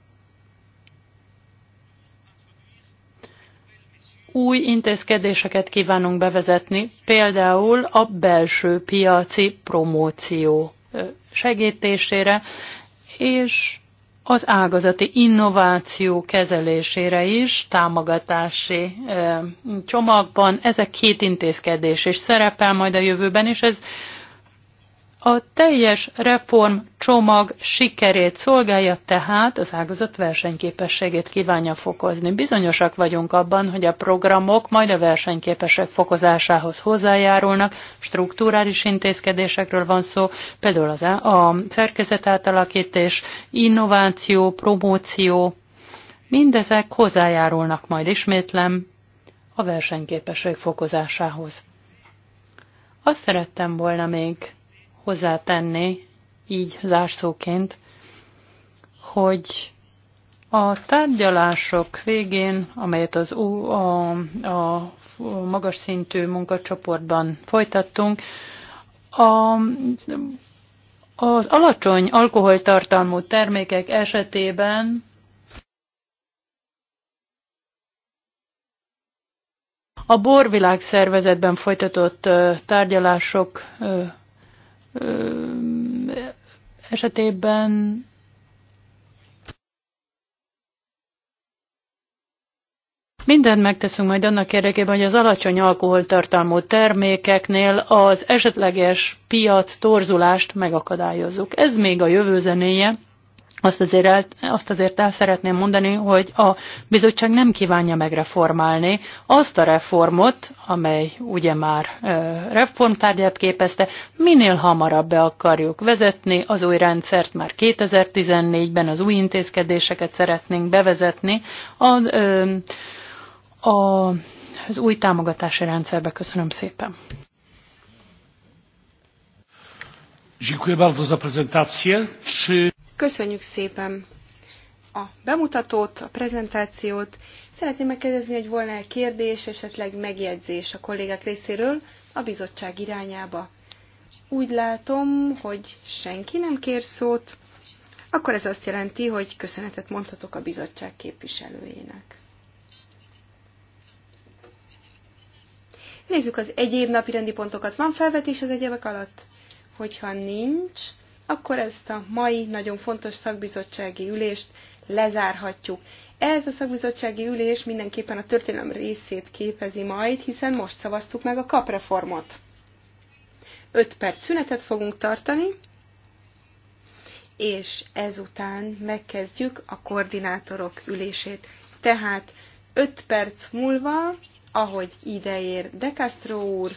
új intézkedéseket kívánunk bevezetni, például a belső piaci promóció segítésére, és az ágazati innováció kezelésére is támogatási csomagban. Ezek két intézkedés is szerepel majd a jövőben, és ez a teljes reform csomag sikerét szolgálja tehát az ágazat versenyképességét kívánja fokozni. Bizonyosak vagyunk abban, hogy a programok majd a versenyképesek fokozásához hozzájárulnak, strukturális intézkedésekről van szó, például az a átalakítás, innováció, promóció, mindezek hozzájárulnak majd ismétlem a versenyképesség fokozásához. Azt szerettem volna még hozzátenni, így zárszóként, hogy a tárgyalások végén, amelyet az U, a, a magas szintű munkacsoportban folytattunk, a, az alacsony alkoholtartalmú termékek esetében a borvilágszervezetben folytatott tárgyalások esetében Mindent megteszünk majd annak érdekében, hogy az alacsony alkoholtartalmú termékeknél az esetleges piac torzulást megakadályozzuk. Ez még a jövő zenéje. Azt azért, el, azt azért el szeretném mondani, hogy a bizottság nem kívánja megreformálni azt a reformot, amely ugye már reformtárgyát képezte, minél hamarabb be akarjuk vezetni az új rendszert, már 2014-ben az új intézkedéseket szeretnénk bevezetni a, a, az új támogatási rendszerbe. Köszönöm szépen. Dziękuję bardzo za prezentację. Czy... Köszönjük szépen a bemutatót, a prezentációt. Szeretném megkérdezni, hogy volna-e kérdés, esetleg megjegyzés a kollégák részéről a bizottság irányába. Úgy látom, hogy senki nem kér szót, akkor ez azt jelenti, hogy köszönetet mondhatok a bizottság képviselőjének. Nézzük az egyéb napi rendi pontokat. Van felvetés az egyebek alatt? Hogyha nincs, akkor ezt a mai nagyon fontos szakbizottsági ülést lezárhatjuk. Ez a szakbizottsági ülés mindenképpen a történelem részét képezi majd, hiszen most szavaztuk meg a kapreformot. 5 perc szünetet fogunk tartani, és ezután megkezdjük a koordinátorok ülését. Tehát 5 perc múlva, ahogy ideér De Castro úr,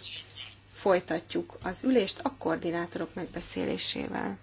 folytatjuk az ülést a koordinátorok megbeszélésével.